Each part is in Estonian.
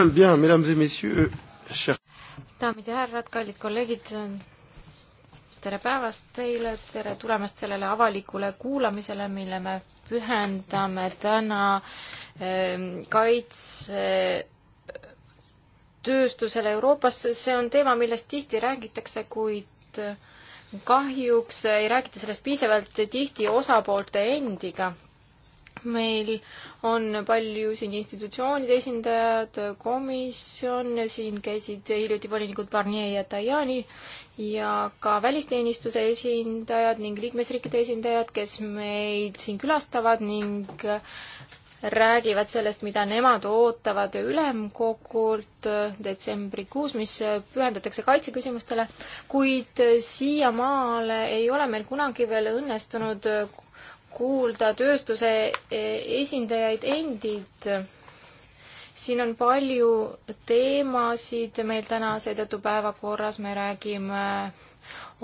Bien, mesdames et messieurs, euh, chers... daamid ja härrad, kallid kolleegid, tere päevast teile, tere tulemast sellele avalikule kuulamisele, mille me pühendame täna ähm, kaitsetööstusele Euroopas. see on teema, millest tihti räägitakse, kuid kahjuks ei räägita sellest piisavalt tihti osapoolte endiga meil on palju siin institutsioonide esindajad, komisjon, siin käisid hiljuti volinikud Barnier ja Tajani ja ka välisteenistuse esindajad ning liikmesriikide esindajad, kes meid siin külastavad ning räägivad sellest, mida nemad ootavad ülemkogult detsembrikuus, mis pühendatakse kaitseküsimustele, kuid siiamaale ei ole meil kunagi veel õnnestunud kuulda tööstuse esindajaid endid. siin on palju teemasid meil täna seetõttu päevakorras, me räägime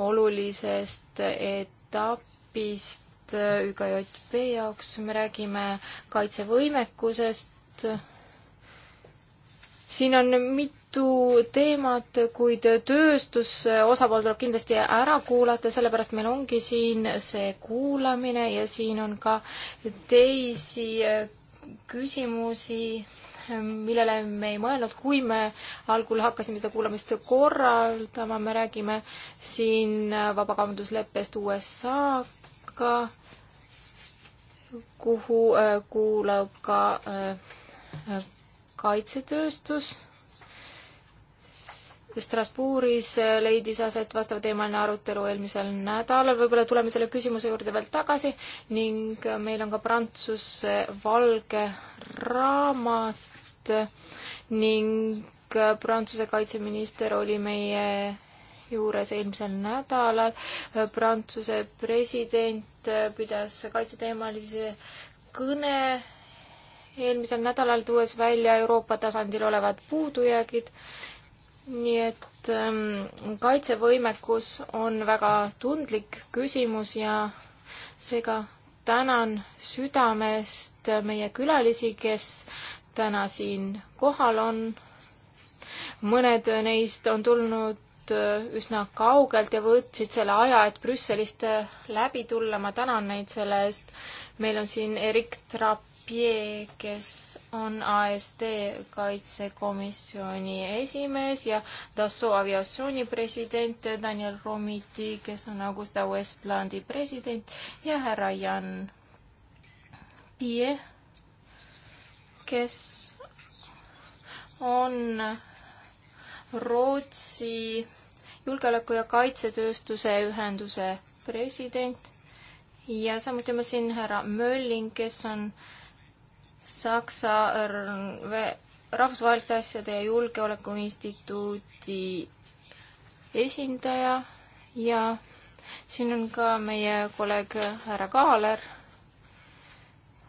olulisest etapist ÜKJP jaoks, me räägime kaitsevõimekusest. siin on mit-, mitu teemat, kuid tööstuse osapool tuleb kindlasti ära kuulata, sellepärast meil ongi siin see kuulamine ja siin on ka teisi äh, küsimusi, äh, millele me ei mõelnud, kui me algul hakkasime seda kuulamist korraldama, me räägime siin äh, vabakaubandusleppest USA-ga, kuhu kuulab ka kaitsetööstus Strasbourgis äh, leidis aset vastavteemaline arutelu eelmisel nädalal, võib-olla tuleme selle küsimuse juurde veel tagasi ning äh, meil on ka Prantsuse valge raamat ning äh, Prantsuse kaitseminister oli meie juures eelmisel nädalal. Prantsuse president pidas kaitseteemalise kõne eelmisel nädalal, tuues välja Euroopa tasandil olevad puudujäägid nii et ähm, kaitsevõimekus on väga tundlik küsimus ja seega tänan südamest meie külalisi, kes täna siin kohal on. mõned neist on tulnud äh, üsna kaugelt ja võtsid selle aja, et Brüsselist äh, läbi tulla. ma tänan neid selle eest. meil on siin Erik Trapp, Pie, kes on ASD kaitsekomisjoni esimees ja Dassault aviatsiooni president Daniel Romiti, kes on Augusta Westlandi president ja härra Jan Pie, kes on Rootsi julgeoleku- ja kaitsetööstuse ühenduse president ja samuti on siin härra Mölling, kes on äh, Saksa rahvusvaheliste asjade ja julgeoleku instituudi esindaja ja siin on ka meie kolleeg härra Kaaler,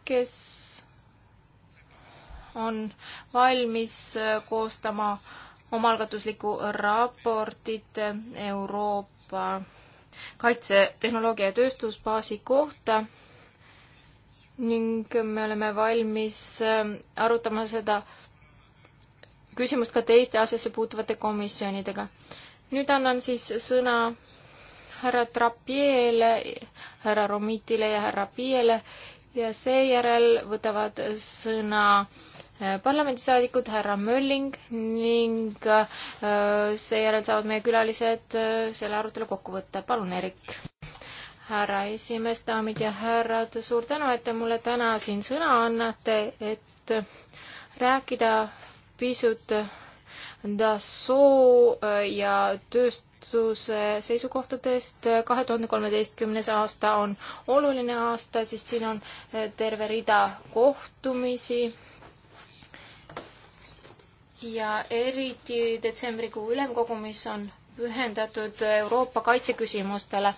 kes on valmis äh, koostama omaalgatuslikku raportit Euroopa kaitsetehnoloogia ja tööstusbaasi kohta ning me oleme valmis ähm, arutama seda küsimust ka teiste asjasse puutuvate komisjonidega. nüüd annan siis sõna härra Trapiele, härra Romitile ja härra Piele ja seejärel võtavad sõna äh, parlamendisaadikud härra Mölling ning äh, seejärel saavad meie külalised äh, selle arutelu kokku võtta. palun, Erik! härra esimees, daamid ja härrad, suur tänu, et te mulle täna siin sõna annate, et rääkida pisut Dassault äh, ja tööstuse seisukohtadest. kahe tuhande kolmeteistkümnes aasta on oluline aasta, sest siin on äh, terve rida kohtumisi ja eriti detsembrikuu ülemkogu, mis on pühendatud Euroopa kaitseküsimustele.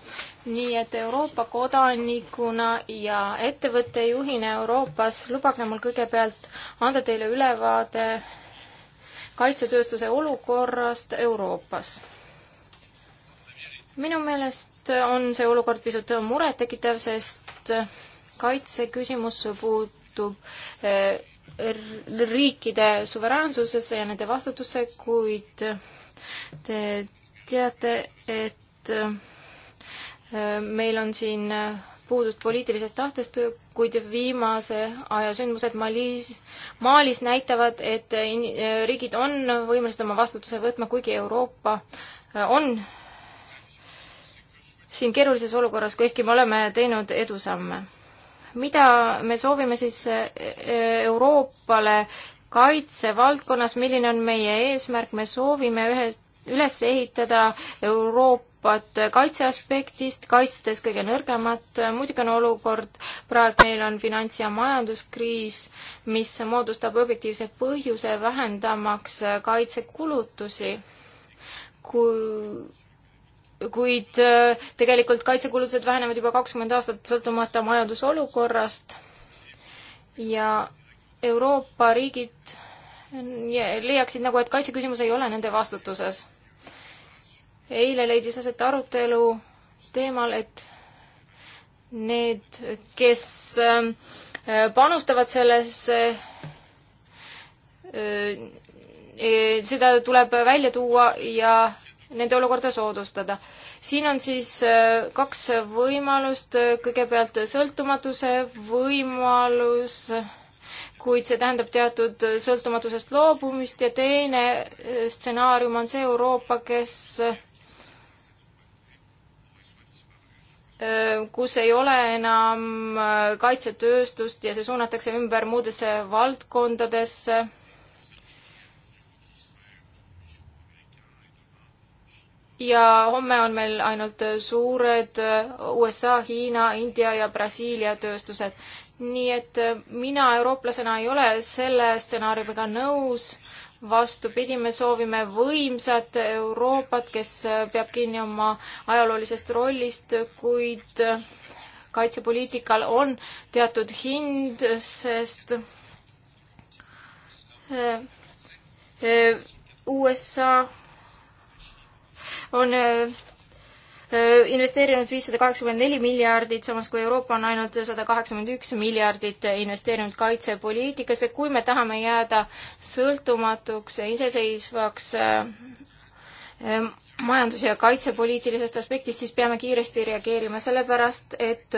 nii et Euroopa kodanikuna ja ettevõtte juhina Euroopas lubage mul kõigepealt anda teile ülevaade kaitsetööstuse olukorrast Euroopas. minu meelest on see olukord pisut murettekitav, sest kaitseküsimus puutub eh, riikide suveräänsusesse ja nende vastutusse, kuid te teate, et äh, meil on siin äh, puudust poliitilisest tahtest, kuid viimase aja sündmused Malis, Malis näitavad, et äh, in, riigid on võimelised oma vastutuse võtma, kuigi Euroopa on siin keerulises olukorras, kuigi me oleme teinud edusamme. mida me soovime siis Euroopale kaitsevaldkonnas, milline on meie eesmärk, me soovime ühest üles ehitada Euroopat kaitseaspektist, kaitstes kõige nõrgemat. muidugi on olukord, praegu meil on finants- ja majanduskriis, mis moodustab objektiivse põhjuse vähendamaks kaitsekulutusi. kui kuid äh, tegelikult kaitsekulutused vähenevad juba kakskümmend aastat sõltumata majandusolukorrast ja Euroopa riigid leiaksid nagu, et kaitseküsimus ei ole nende vastutuses eile leidis aset arutelu teemal, et need, kes ähm, äh, panustavad sellesse, äh, e, seda tuleb välja tuua ja nende olukorda soodustada. siin on siis äh, kaks võimalust, kõigepealt sõltumatuse võimalus, kuid see tähendab teatud sõltumatusest loobumist ja teine stsenaarium on see Euroopa, kes kus ei ole enam äh, kaitsetööstust ja see suunatakse ümber muudesse valdkondadesse. ja homme on meil ainult suured äh, USA, Hiina, India ja Brasiilia tööstused. nii et äh, mina eurooplasena ei ole selle stsenaariumiga nõus vastupidi, me soovime võimsat Euroopat, kes peab kinni oma ajaloolisest rollist, kuid kaitsepoliitikal on teatud hind, sest eh, eh, USA on eh, investeerinud viissada kaheksakümmend neli miljardit, samas kui Euroopa on ainult sada kaheksakümmend üks miljardit investeerinud kaitsepoliitikasse. kui me tahame jääda sõltumatuks ja iseseisvaks äh, äh, majandus- ja kaitsepoliitilisest aspektist, siis peame kiiresti reageerima, sellepärast et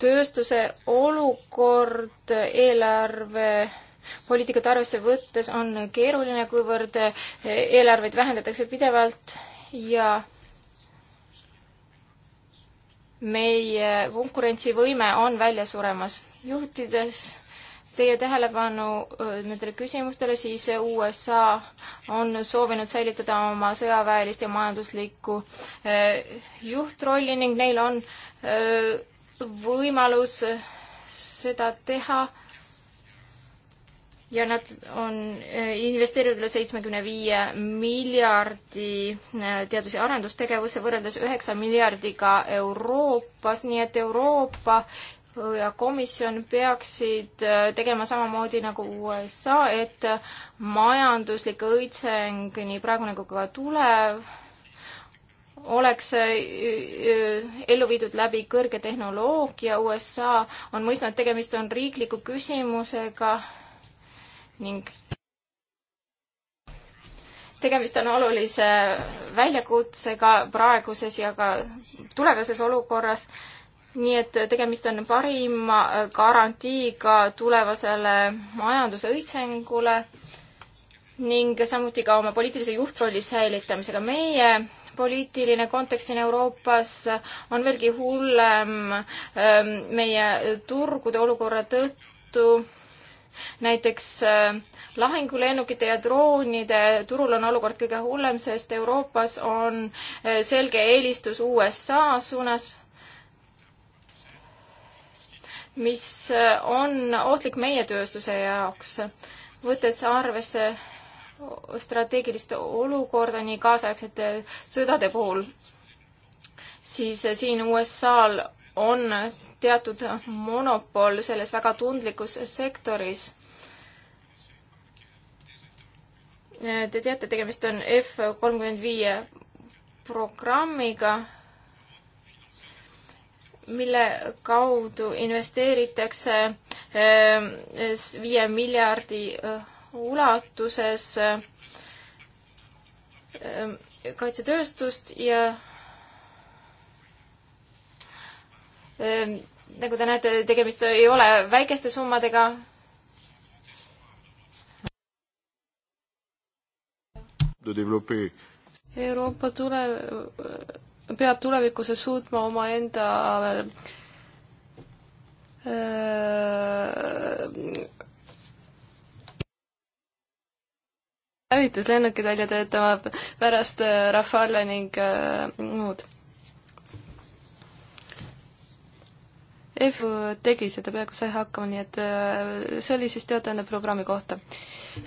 tööstuse olukord eelarve poliitikat arvesse võttes on keeruline, kuivõrd äh, eelarveid vähendatakse pidevalt ja meie konkurentsivõime on välja suremas. juhtides teie tähelepanu nendele küsimustele, siis USA on soovinud säilitada oma sõjaväelist ja majanduslikku juhtrolli ning neil on võimalus seda teha ja nad on eh, investeerinud üle seitsmekümne viie miljardi eh, teadus- ja arendustegevusse võrreldes üheksa miljardiga Euroopas, nii et Euroopa ja komisjon peaksid eh, tegema samamoodi nagu USA, et majanduslik õitseng nii praegune nagu kui ka tulev oleks ellu viidud läbi kõrge tehnoloogia. USA on mõistnud, et tegemist on riikliku küsimusega ning tegemist on olulise väljakutsega praeguses ja ka tulevases olukorras, nii et tegemist on parima garantiiga tulevasele majanduse õitsengule ning samuti ka oma poliitilise juhtrolli säilitamisega. meie poliitiline kontekst siin Euroopas on veelgi hullem ähm, meie turgude olukorra tõttu näiteks äh, lahingulennukite ja droonide turul on olukord kõige hullem, sest Euroopas on äh, selge eelistus USA suunas, mis äh, on ohtlik meie tööstuse jaoks, võttes arvesse strateegilist olukorda nii kaasaegsete sõdade puhul, siis siin USA-l on teatud monopol selles väga tundlikus sektoris. Te teate, tegemist on F kolmkümmend viie programmiga, mille kaudu investeeritakse ähm, viie miljardi äh, ulatuses ähm, kaitsetööstust ja ähm, nagu te näete, tegemist ei ole väikeste summadega. Euroopa tule, peab tulevikus suutma omaenda äh, äh, hävituslennukid välja töötama pärast äh, Rafale ning äh, muud EFU tegi seda, peaaegu sai hakkama, nii et äh, see oli siis teadaanne programmi kohta.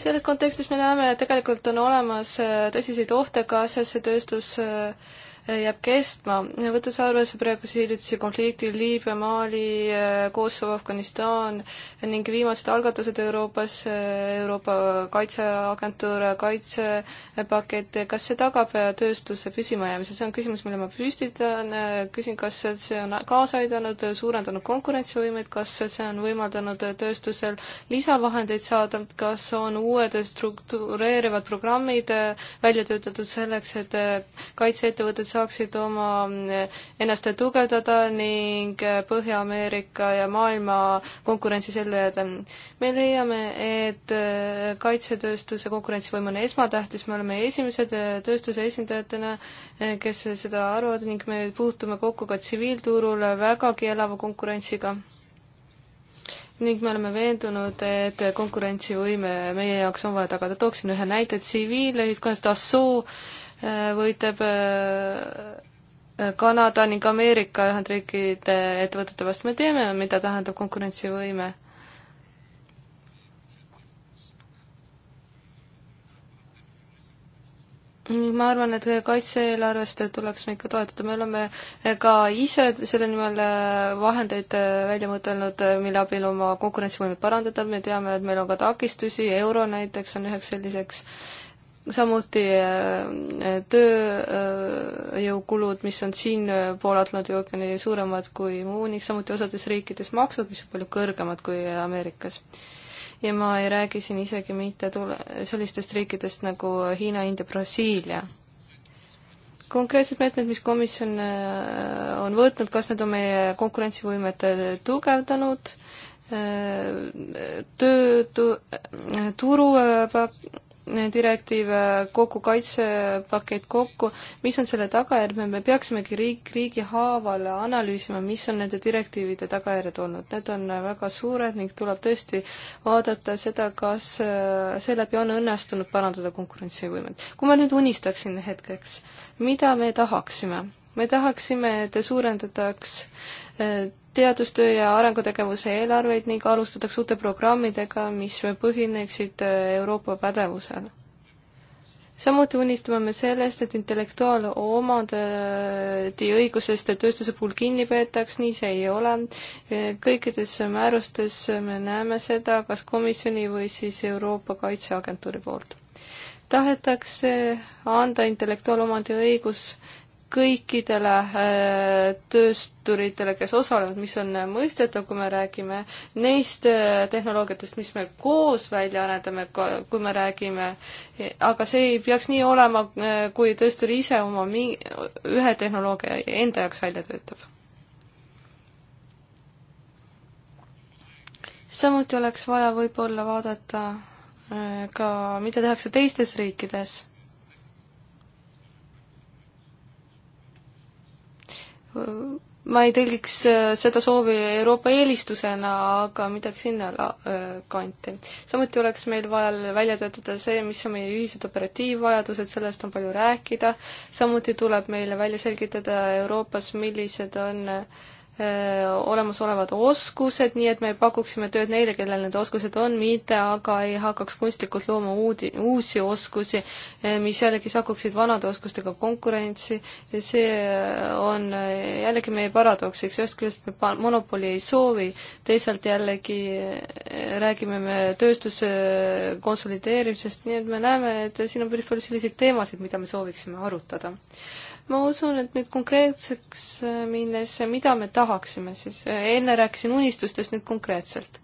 selles kontekstis me näeme, et tegelikult on olemas äh, tõsiseid ohte, kas see tööstus äh, jääb kestma, võttes arvesse praegusi hiljutisi konflikte Liibüa, Mali, eh, Kosovo, Afganistan ning viimased algatused Euroopas, eh, Euroopa Kaitseagentuur, kaitsepakett, kas see tagab eh, tööstuse püsimajäämise, see on küsimus, mille ma püstitan, küsin, kas see on kaasa aidanud, suurendanud konkurentsivõimet, kas see on võimaldanud tööstusel lisavahendeid saada, kas on uued struktureerivad programmid välja töötatud selleks, et kaitseettevõtted saaksid oma ennast tugevdada ning Põhja-Ameerika ja maailma konkurentsis ellu jääda. me leiame, et äh, kaitsetööstuse konkurentsivõime on esmatähtis, me oleme esimesed äh, tööstuse esindajatena, äh, kes seda arvavad ning me puutume kokku ka tsiviilturul vägagi elava konkurentsiga ning me oleme veendunud, et konkurentsivõime meie jaoks on vaja tagada. tooksin ühe näite tsiviilühiskonnast, Dassault võitleb äh, Kanada ning Ameerika Ühendriikide ettevõtete vastu, me teame, mida tähendab konkurentsivõime. ning ma arvan, et kaitse-eelarvest tuleks me ikka toetada, me oleme ka ise selle nimel äh, vahendeid äh, välja mõtelnud, mille abil oma konkurentsivõimet parandada, me teame, et meil on ka takistusi, euro näiteks on üheks selliseks äh, samuti äh, tööjõukulud, mis on siinpool äh, Atlandi ookeani suuremad kui muu ning samuti osades riikides maksud, mis on palju kõrgemad kui Ameerikas. ja ma ei räägi siin isegi mitte tule-, sellistest riikidest nagu Hiina, India, Brasiilia. konkreetsed meetmed, mis komisjon äh, on võtnud, kas need on meie konkurentsivõimet tugevdanud, töö tu,, turu direktiiv, äh, kogu kaitsepakett kokku, mis on selle tagajärg, me peaksimegi riik, riigi haaval analüüsima, mis on nende direktiivide tagajärjed olnud. Need on äh, väga suured ning tuleb tõesti vaadata seda, kas äh, seeläbi on õnnestunud parandada konkurentsivõimet. kui ma nüüd unistaksin hetkeks, mida me tahaksime? me tahaksime, et suurendataks teadustöö ja arengutegevuse eelarveid ning alustatakse uute programmidega, mis põhineksid äh, Euroopa pädevusel. samuti unistame me sellest, et intellektuaalomandi äh, õigusest tööstuse puhul kinni peetaks, nii see ei ole. Äh, kõikides määrustes me näeme seda kas komisjoni või siis Euroopa Kaitseagentuuri poolt. tahetakse anda intellektuaalomandi õigus kõikidele äh, töösturitele, kes osalevad, mis on mõistetav, kui me räägime neist äh, tehnoloogiatest, mis me koos välja arendame, kui me räägime, aga see ei peaks nii olema, äh, kui tööstur ise oma mingi, ühe tehnoloogia enda jaoks välja töötab. samuti oleks vaja võib-olla vaadata ka, mida tehakse teistes riikides ma ei tõlgiks äh, seda soovi Euroopa eelistusena, aga midagi sinna äh, kanti. samuti oleks meil vaja välja töötada see, mis on meie ühised operatiivvajadused, sellest on palju rääkida, samuti tuleb meile välja selgitada Euroopas, millised on äh, olemasolevad oskused, nii et me pakuksime tööd neile, kellel need oskused on, mitte aga ei hakkaks kunstlikult looma uudi, uusi oskusi, mis jällegi sakuksid vanade oskustega konkurentsi ja see on jällegi meie paradoksiks, ühest küljest me monopoli ei soovi, teisalt jällegi räägime me tööstuse konsolideerimisest, nii et me näeme, et siin on päris palju selliseid teemasid, mida me sooviksime arutada ma usun, et nüüd konkreetseks äh, minnes, äh, mida me tahaksime siis, äh, enne rääkisin unistustest, nüüd konkreetselt.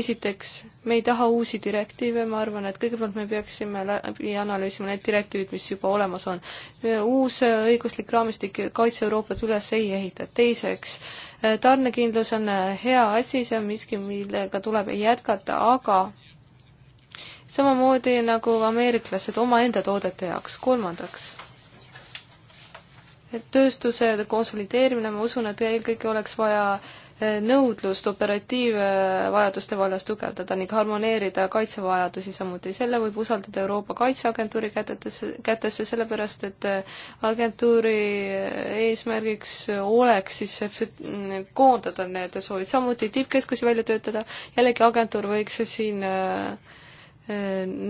esiteks, me ei taha uusi direktiive, ma arvan, et kõigepealt me peaksime läbi analüüsima need direktiivid, mis juba olemas on. uus õiguslik raamistik kaitse Euroopat üles ei ehita, teiseks, tarnekindlus on hea asi, see on miski, millega tuleb jätkata, aga samamoodi nagu ameeriklased omaenda toodete jaoks, kolmandaks tööstuse konsolideerimine, ma usun, et eelkõige oleks vaja e, nõudlust operatiivvajaduste vallas tugevdada ning harmoneerida kaitsevajadusi samuti. selle võib usaldada Euroopa Kaitseagentuuri kätetesse, kätesse, sellepärast et e, agentuuri e, eesmärgiks oleks siis koondada need soovid, samuti tippkeskusi välja töötada, jällegi agentuur võiks siin äh,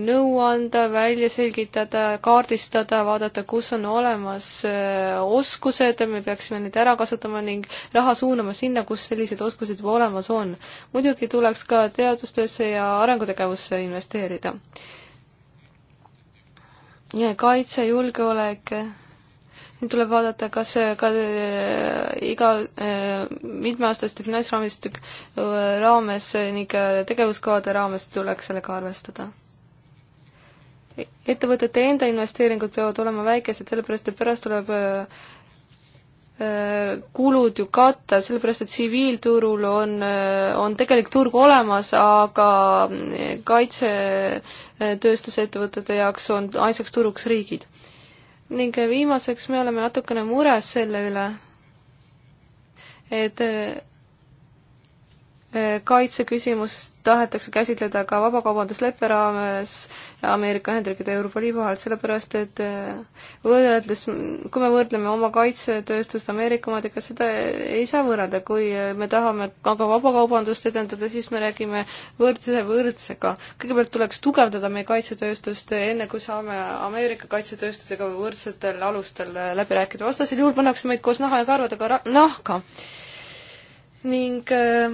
nõu anda, välja selgitada, kaardistada, vaadata, kus on olemas äh, oskused, me peaksime neid ära kasutama ning raha suunama sinna, kus sellised oskused juba olemas on. muidugi tuleks ka teadustöösse ja arengutegevusse investeerida. kaitse, julgeolek tuleb vaadata, kas ka äh, iga äh, mitmeaastaste finantsraamistik äh, raames ning tegevuskavade raames tuleks sellega arvestada. ettevõtete enda investeeringud peavad olema väikesed, sellepärast et pärast tuleb kulud ju katta, sellepärast et tsiviilturul on, on tegelik turg olemas, aga kaitsetööstusettevõtete jaoks on ainsaks turuks riigid ning viimaseks me oleme natukene mures selle üle, et kaitseküsimust tahetakse käsitleda ka vabakaubandusleppe raames Ameerika Ühendriikide ja Euroopa Liidu vahel, sellepärast et äh, võrreldes, kui me võrdleme oma kaitsetööstust Ameerika omadega, seda ei saa võrrelda, kui äh, me tahame aga vabakaubandust edendada, siis me räägime võrdse võrdsega. kõigepealt tuleks tugevdada meie kaitsetööstust, enne kui saame Ameerika kaitsetööstusega võrdsetel alustel äh, läbi rääkida, vastasel juhul pannakse meid koos naha ja karvadega nahka. ning äh,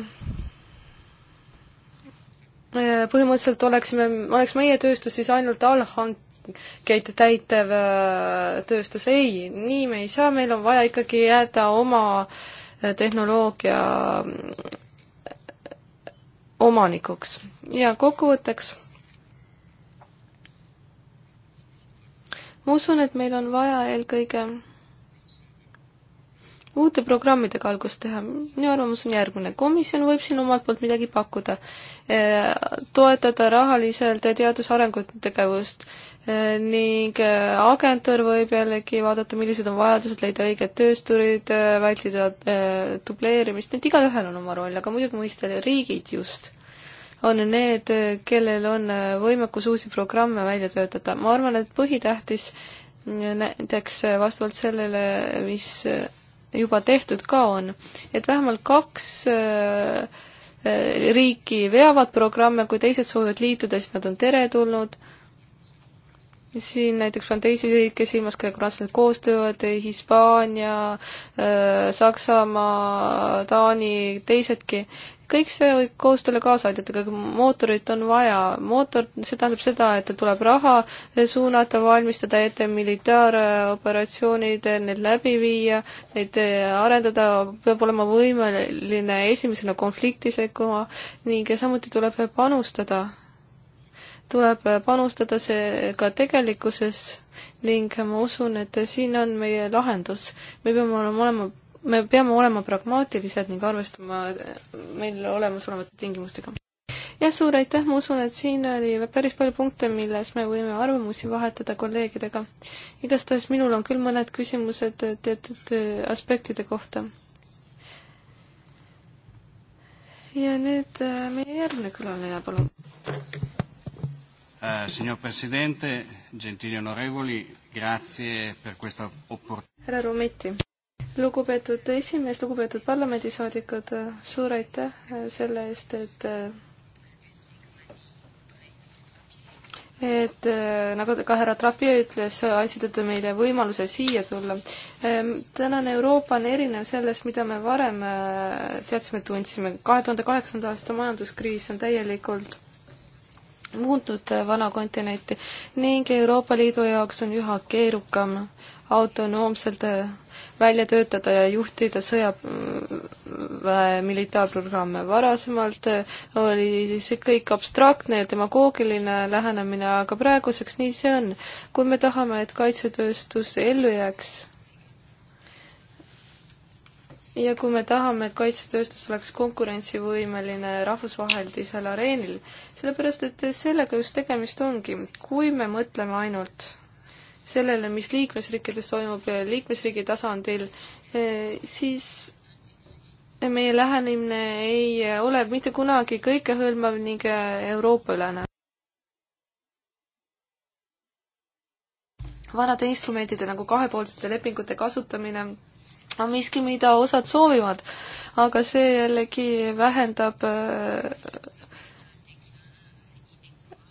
Äh, põhimõtteliselt oleksime, oleks meie tööstus siis ainult allhankeid täitev äh, tööstus, ei, nii me ei saa, meil on vaja ikkagi jääda oma äh, tehnoloogia omanikuks. ja kokkuvõtteks, ma usun, et meil on vaja eelkõige uute programmidega algust teha. minu arvamus on järgmine, komisjon võib siin omalt poolt midagi pakkuda. toetada rahaliselt teadusarengut tegevust ning agentuur võib jällegi vaadata, millised on vajadused, leida õiged töösturid, vältida dubleerimist, nii et igalühel on oma roll, aga muidugi mõista riigid just on need, kellel on võimekus uusi programme välja töötada. ma arvan, et põhitähtis näiteks vastavalt sellele, mis juba tehtud ka on, et vähemalt kaks äh, äh, riiki veavad programme, kui teised soovivad liituda, siis nad on teretulnud. siin näiteks on teisi riike silmas, kellega prantslased koos töövad, Hispaania, äh, Saksamaa, Taani, teisedki, kõik see võib koostööle kaasa aidata, aga mootorit on vaja, mootor, see tähendab seda, et tuleb raha suunata, valmistada ette militaaroperatsioonid, need läbi viia, neid arendada, peab olema võimeline esimesena konflikti sekkuma ning samuti tuleb panustada, tuleb panustada see ka tegelikkuses ning ma usun, et siin on meie lahendus. me peame olema me peame olema pragmaatilised ning arvestama meil olemasolevate tingimustega. jah, suur aitäh, ma usun, et siin oli päris palju punkte, milles me võime arvamusi vahetada kolleegidega. igastahes minul on küll mõned küsimused teatud aspektide kohta. ja nüüd äh, meie järgmine külaline, palun. Uh, signor Presidente, gentili onorevoli, grazie per questa opportunità. härra Rumetti lugupeetud esimees, lugupeetud parlamendisaadikud, äh, suur aitäh äh, selle eest, et äh, et nagu ka härra Trapi ütles, andsite te meile võimaluse siia tulla. Ähm, tänane Euroopa on erinev sellest, mida me varem teadsime, tundsime. kahe tuhande kaheksanda aasta majanduskriis on täielikult muutnud vana kontinenti ning Euroopa Liidu jaoks on üha keerukam autonoomselt välja töötada ja juhtida sõjaväe militaarprogramme. varasemalt oli see kõik abstraktne ja demagoogiline lähenemine, aga praeguseks nii see on. kui me tahame, et kaitsetööstus ellu jääks, ja kui me tahame, et kaitsetööstus oleks konkurentsivõimeline rahvusvahelisel areenil, sellepärast et sellega just tegemist ongi, kui me mõtleme ainult sellele, mis liikmesriikides toimub liikmesriigi tasandil, eh, siis meie lähenemine ei ole mitte kunagi kõikehõlmav ning eh, Euroopa-ülene. vanade instrumentide nagu kahepoolsete lepingute kasutamine on miski, mida osad soovivad, aga see jällegi vähendab eh,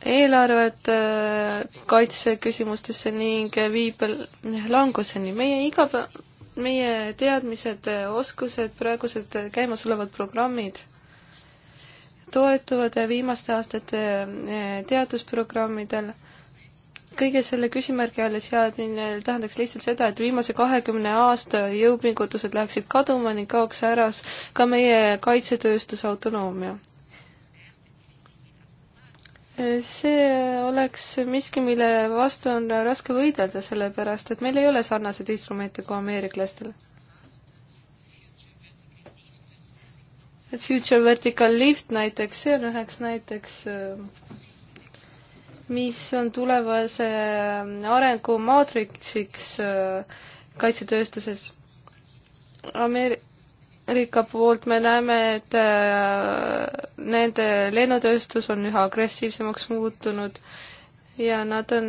eelarvet äh, kaitseküsimustesse ning äh, viib languseni. meie igapäev, meie teadmised, äh, oskused, praegused käimasolevad programmid toetuvad viimaste aastate teadusprogrammidel. kõige selle küsimärgi alla seadmine tähendaks lihtsalt seda, et viimase kahekümne aasta jõupingutused läheksid kaduma ning kaoks ära ka meie kaitsetööstuse autonoomia see oleks miski, mille vastu on raske võidelda, sellepärast et meil ei ole sarnaseid instrumente kui ameeriklastel. Future Vertical Lift näiteks, see on üheks näiteks, mis on tulevase arengu maatriksiks kaitsetööstuses Ameer-, Ameerika poolt me näeme, et äh, nende lennutööstus on üha agressiivsemaks muutunud ja nad on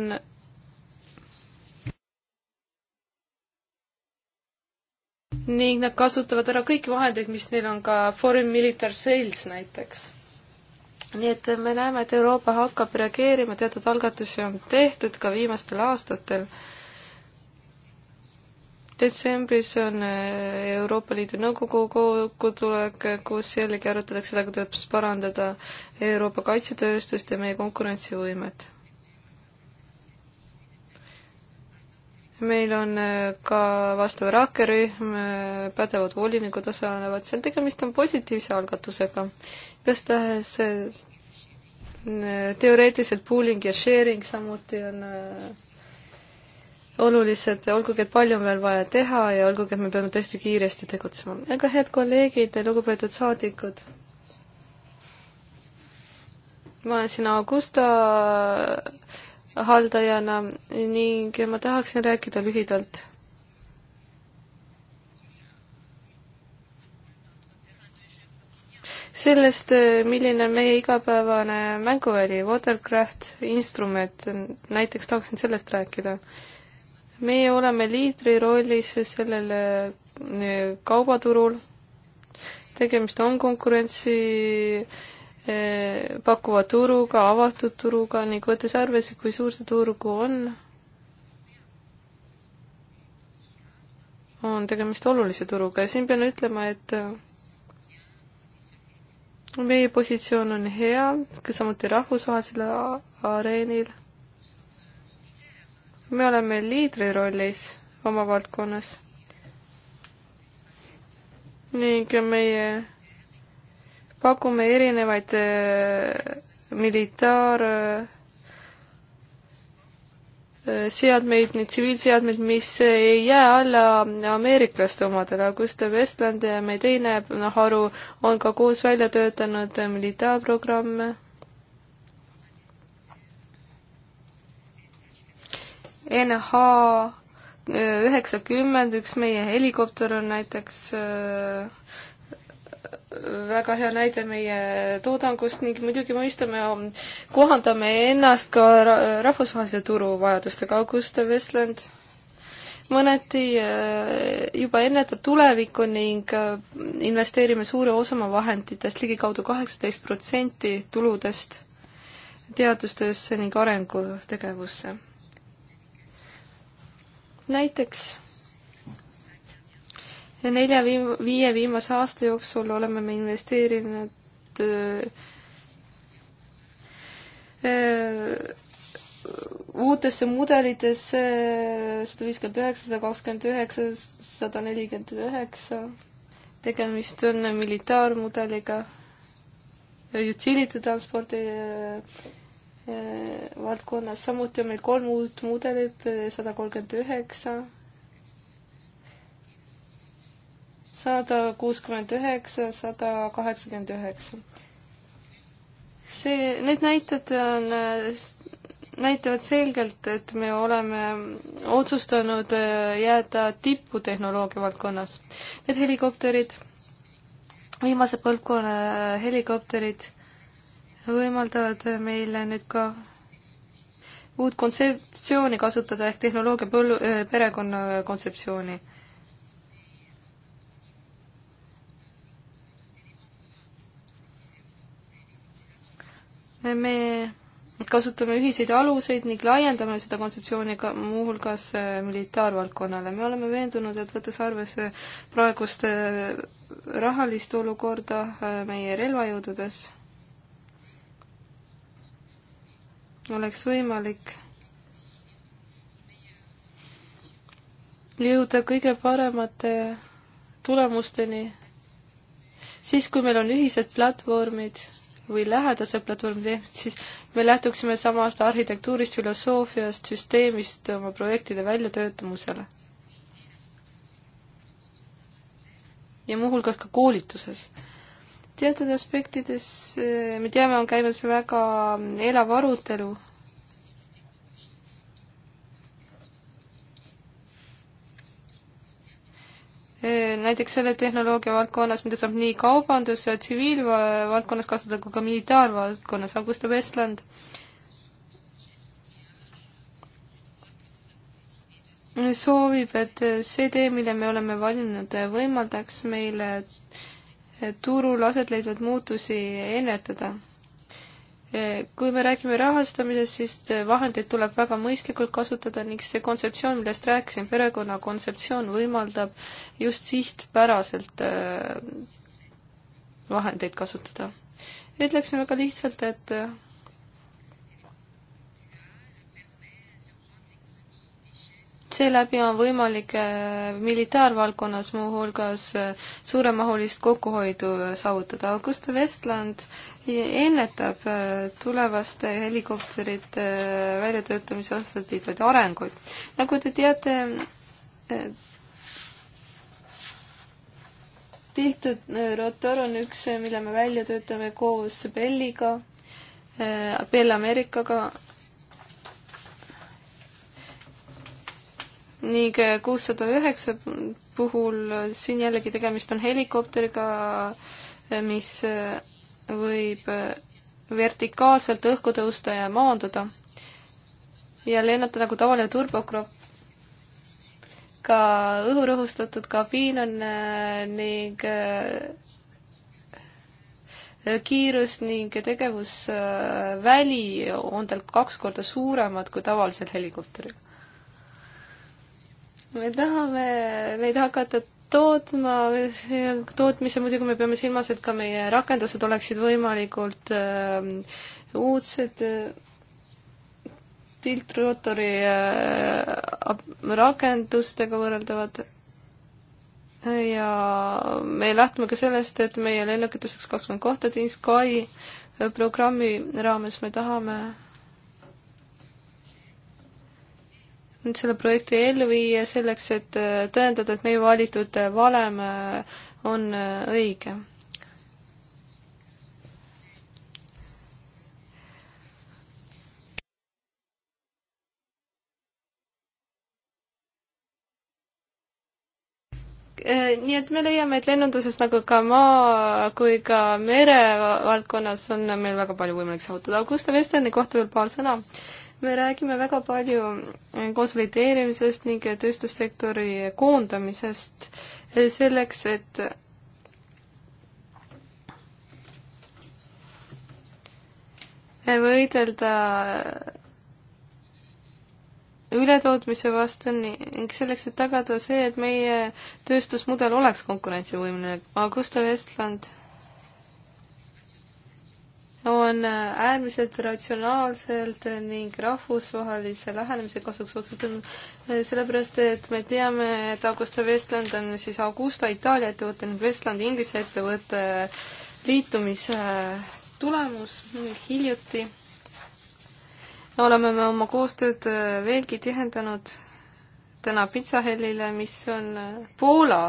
ning nad kasutavad ära kõiki vahendeid, mis neil on ka Foreign Military Sales näiteks. nii et me näeme, et Euroopa hakkab reageerima, teatud algatusi on tehtud ka viimastel aastatel detsembris on äh, Euroopa Liidu Nõukogu kokkutulek, äh, kus jällegi arutatakse seda, kuidas parandada Euroopa kaitsetööstust ja meie konkurentsivõimet. meil on äh, ka vastav rakkerühm, pädevad volinikud osalevad seal, tegemist on positiivse algatusega. igastahes teoreetiliselt pooling ja sharing samuti on olulised, olgugi et palju on veel vaja teha ja olgugi, et me peame tõesti kiiresti tegutsema. aga head kolleegid, lugupeetud saadikud, ma olen siin Augusta haldajana ning ma tahaksin rääkida lühidalt. sellest, milline on meie igapäevane mänguväli, Watercraft, instrument, näiteks tahaksin sellest rääkida meie oleme liidri rollis sellel eh, kaubaturul. tegemist on konkurentsi eh, pakkuva turuga, avatud turuga ning võttes arvesse, kui suur see turgu on, on tegemist olulise turuga ja siin pean ütlema, et eh, meie positsioon on hea, samuti rahvusvahelisel areenil me oleme liidri rollis oma valdkonnas ning meie pakume erinevaid äh, militaar äh, äh, seadmeid, neid tsiviilseadmeid, mis ei jää alla ameeriklaste omadele. Gustav Westland, meie teine noh, haru, on ka koos välja töötanud militaarprogramme NH äh, üheksakümmend, üks meie helikopter on näiteks äh, väga hea näide meie toodangust ning muidugi mõistame, kohandame ennast ka rahvusvahelise turu vajadustega. Augusta Westland mõneti äh, juba ennetab tulevikku ning investeerime suure osa oma vahenditest, ligikaudu kaheksateist protsenti tuludest teadustesse ning arengutegevusse näiteks nelja viim-, viie viimase aasta jooksul oleme me investeerinud öö, uutesse mudelitesse sada viiskümmend üheksa, sada kakskümmend üheksa, sada nelikümmend üheksa. tegemist on militaarmudeliga, utility transpordi öö, Äh, valdkonnas, samuti on meil kolm uut mudelit, äh, sada kolmkümmend üheksa, sada kuuskümmend üheksa, sada kaheksakümmend üheksa. see, need näited on äh, näitavad selgelt, et me oleme otsustanud jääda tippu tehnoloogia valdkonnas. Need helikopterid, viimase põlvkonna helikopterid võimaldavad meile nüüd ka uut kontseptsiooni kasutada ehk tehnoloogia põllu, äh, perekonna kontseptsiooni. me kasutame ühiseid aluseid ning laiendame seda kontseptsiooni ka muuhulgas äh, militaarvaldkonnale. me oleme veendunud, et võttes arvesse praegust äh, rahalist olukorda meie relvajõududes oleks võimalik jõuda kõige paremate tulemusteni siis, kui meil on ühised platvormid või lähedased platvormid, ehk siis me lähtuksime samast arhitektuurist, filosoofiast, süsteemist oma projektide väljatöötamisele. ja muuhulgas ka koolituses teatud aspektides eh, me teame, on käimas väga elav arutelu. Eh, näiteks selle tehnoloogia valdkonnas, mida saab nii kaubandus- ja tsiviilvaldkonnas kasutada kui ka militaarvaldkonnas, Augusta Westland. soovib, et see tee, mille me oleme valinud, võimaldaks meile turul aset leidvaid muutusi ennetada. kui me räägime rahastamisest, siis vahendeid tuleb väga mõistlikult kasutada ning see kontseptsioon, millest rääkisin, perekonna kontseptsioon võimaldab just sihtpäraselt äh, vahendeid kasutada. ütleksin väga lihtsalt, et seeläbi on võimalik äh, militaarvaldkonnas muuhulgas äh, suuremahulist kokkuhoidu äh, saavutada. Augusta Westland ennetab tulevaste helikopterite väljatöötamise aastat liitvaid arenguid. nagu te teate, tehtud rotor on üks, mille me välja töötame koos Belliga, Bell Ameerikaga ning kuussada üheksa puhul siin jällegi tegemist on helikopteriga, mis võib vertikaalselt õhku tõusta ja maanduda ja lennata nagu tavaline turbokrop. ka õhurõhustatud kabiin on äh, ning äh, kiirus ning tegevusväli äh, on tal kaks korda suuremad kui tavalisel helikopteril me tahame neid hakata tootma, tootmise muidugi me peame silmas, et ka meie rakendused oleksid võimalikult äh, uudsed äh, tiltrootori äh, rakendustega võrreldavad. ja me lähtume ka sellest, et meie lennukites oleks kakskümmend kohta, Team Sky programmi raames me tahame äh, selle projekti ellu viia selleks, et äh, tõendada, et meie valitud äh, valem äh, on õige. nii et me leiame, et lennunduses nagu ka maa kui ka mere valdkonnas on meil väga palju võimalik saavutada. Gustav Estlani kohta veel paar sõna me räägime väga palju äh, konsolideerimisest ning äh, tööstussektori koondamisest äh, selleks, et võidelda ületootmise vastu ning selleks, et tagada see, et meie tööstusmudel oleks konkurentsivõimeline. Augusta Vestland on äärmiselt ratsionaalselt ning rahvusvahelise lähenemise kasuks otsustanud, sellepärast et me teame, et Augusta Westland on siis Augusta Itaalia ettevõte ning Westland Inglise ettevõtte liitumise tulemus hiljuti. oleme me oma koostööd veelgi tihendanud täna Pitsahellile, mis on Poola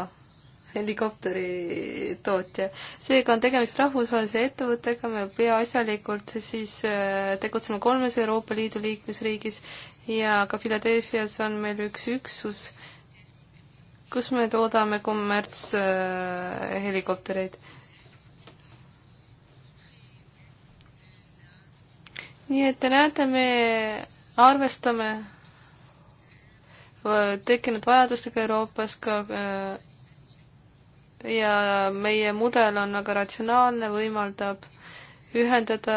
helikopteri tootja. seega on tegemist rahvusvahelise ettevõttega, me peaasjalikult siis äh, tegutseme kolmes Euroopa Liidu liikmesriigis ja ka Philadelphia's on meil üks üksus, kus me toodame kommertshelikoptereid äh,. nii et te näete, me arvestame äh, tekkinud vajadustega Euroopas ka äh, ja meie mudel on aga ratsionaalne, võimaldab ühendada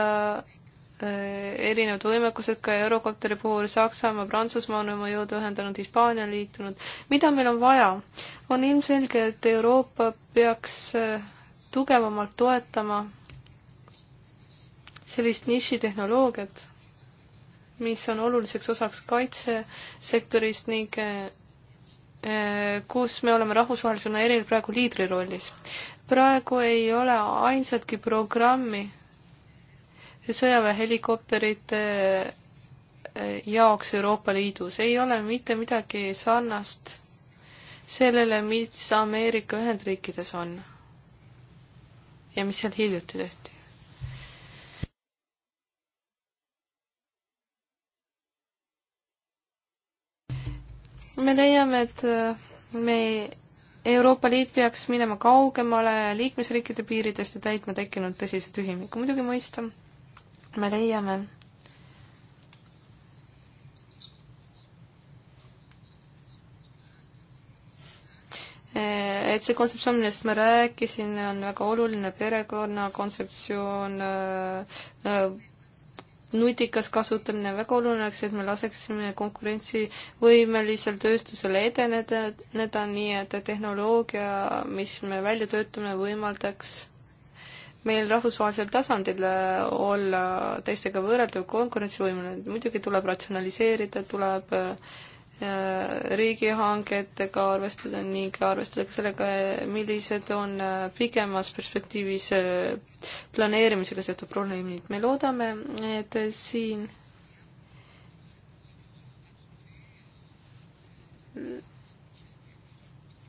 äh, erinevad võimekused ka Eurokopteri puhul Saksamaa, Prantsusmaa on oma jõud ühendanud, Hispaania on liitunud. mida meil on vaja? on ilmselge, et Euroopa peaks äh, tugevamalt toetama sellist nišitehnoloogiat, mis on oluliseks osaks kaitsesektorist ning äh, Äh, kus me oleme rahvusvahelisena eril praegu liidri rollis. praegu ei ole ainsatki programmi sõjaväehelikopterite äh, jaoks Euroopa Liidus, ei ole mitte midagi sarnast sellele, mis Ameerika Ühendriikides on. ja mis seal hiljuti tehti. me leiame, et äh, me, Euroopa Liit peaks minema kaugemale liikmesriikide piiridest ja täitma tekkinud tõsise tühimiku, muidugi mõista. me leiame, äh, et see kontseptsioon, millest ma rääkisin, on väga oluline, perekonna kontseptsioon, äh, nutikas kasutamine on väga oluline, eks, et me laseksime konkurentsivõimelisel tööstusel edeneda, edeneda nii, et tehnoloogia, mis me välja töötame, võimaldaks meil rahvusvahelisel tasandil äh, olla teistega võrreldav konkurentsivõimeline, muidugi tuleb ratsionaliseerida, tuleb äh, riigihangetega arvestada ning arvestada ka sellega, millised on äh, pikemas perspektiivis äh, planeerimisega seotud probleemid. me loodame, et siin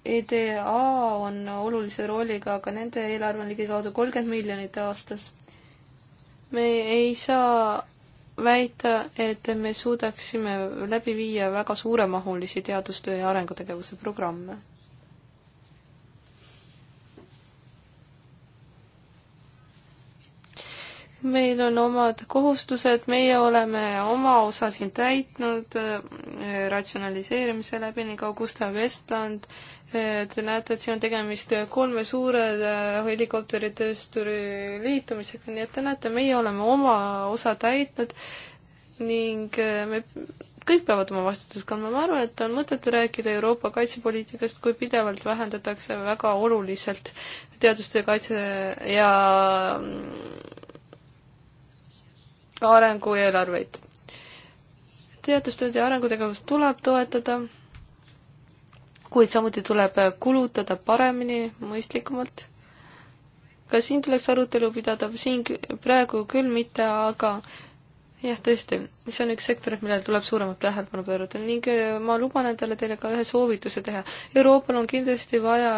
EDA on olulise rolliga, aga nende eelarve on ligikaudu kolmkümmend miljonit aastas. me ei saa väita, et me suudaksime läbi viia väga suuremahulisi teadustöö ja arengutegevuse programme. meil on omad kohustused, meie oleme oma osa siin täitnud eh, ratsionaliseerimise läbi, nii ka Gustav Westland äh, Te näete, et siin on tegemist kolme suure äh, helikopteritöösturi liitumisega, nii et te näete, meie oleme oma osa täitnud ning äh, me kõik peavad oma vastutust kandma, ma arvan, et on mõttetu rääkida Euroopa kaitsepoliitikast, kui pidevalt vähendatakse väga oluliselt teadustöö kaitse ja mm, arengueelarveid. teadustööd ja arengutegevust tuleb toetada kuid samuti tuleb kulutada paremini, mõistlikumalt. ka siin tuleks arutelu pidada, siin praegu küll mitte, aga jah, tõesti, see on üks sektor, millele tuleb suuremat tähelepanu pöörata ning äh, ma luban endale teile ka ühe soovituse teha. Euroopal on kindlasti vaja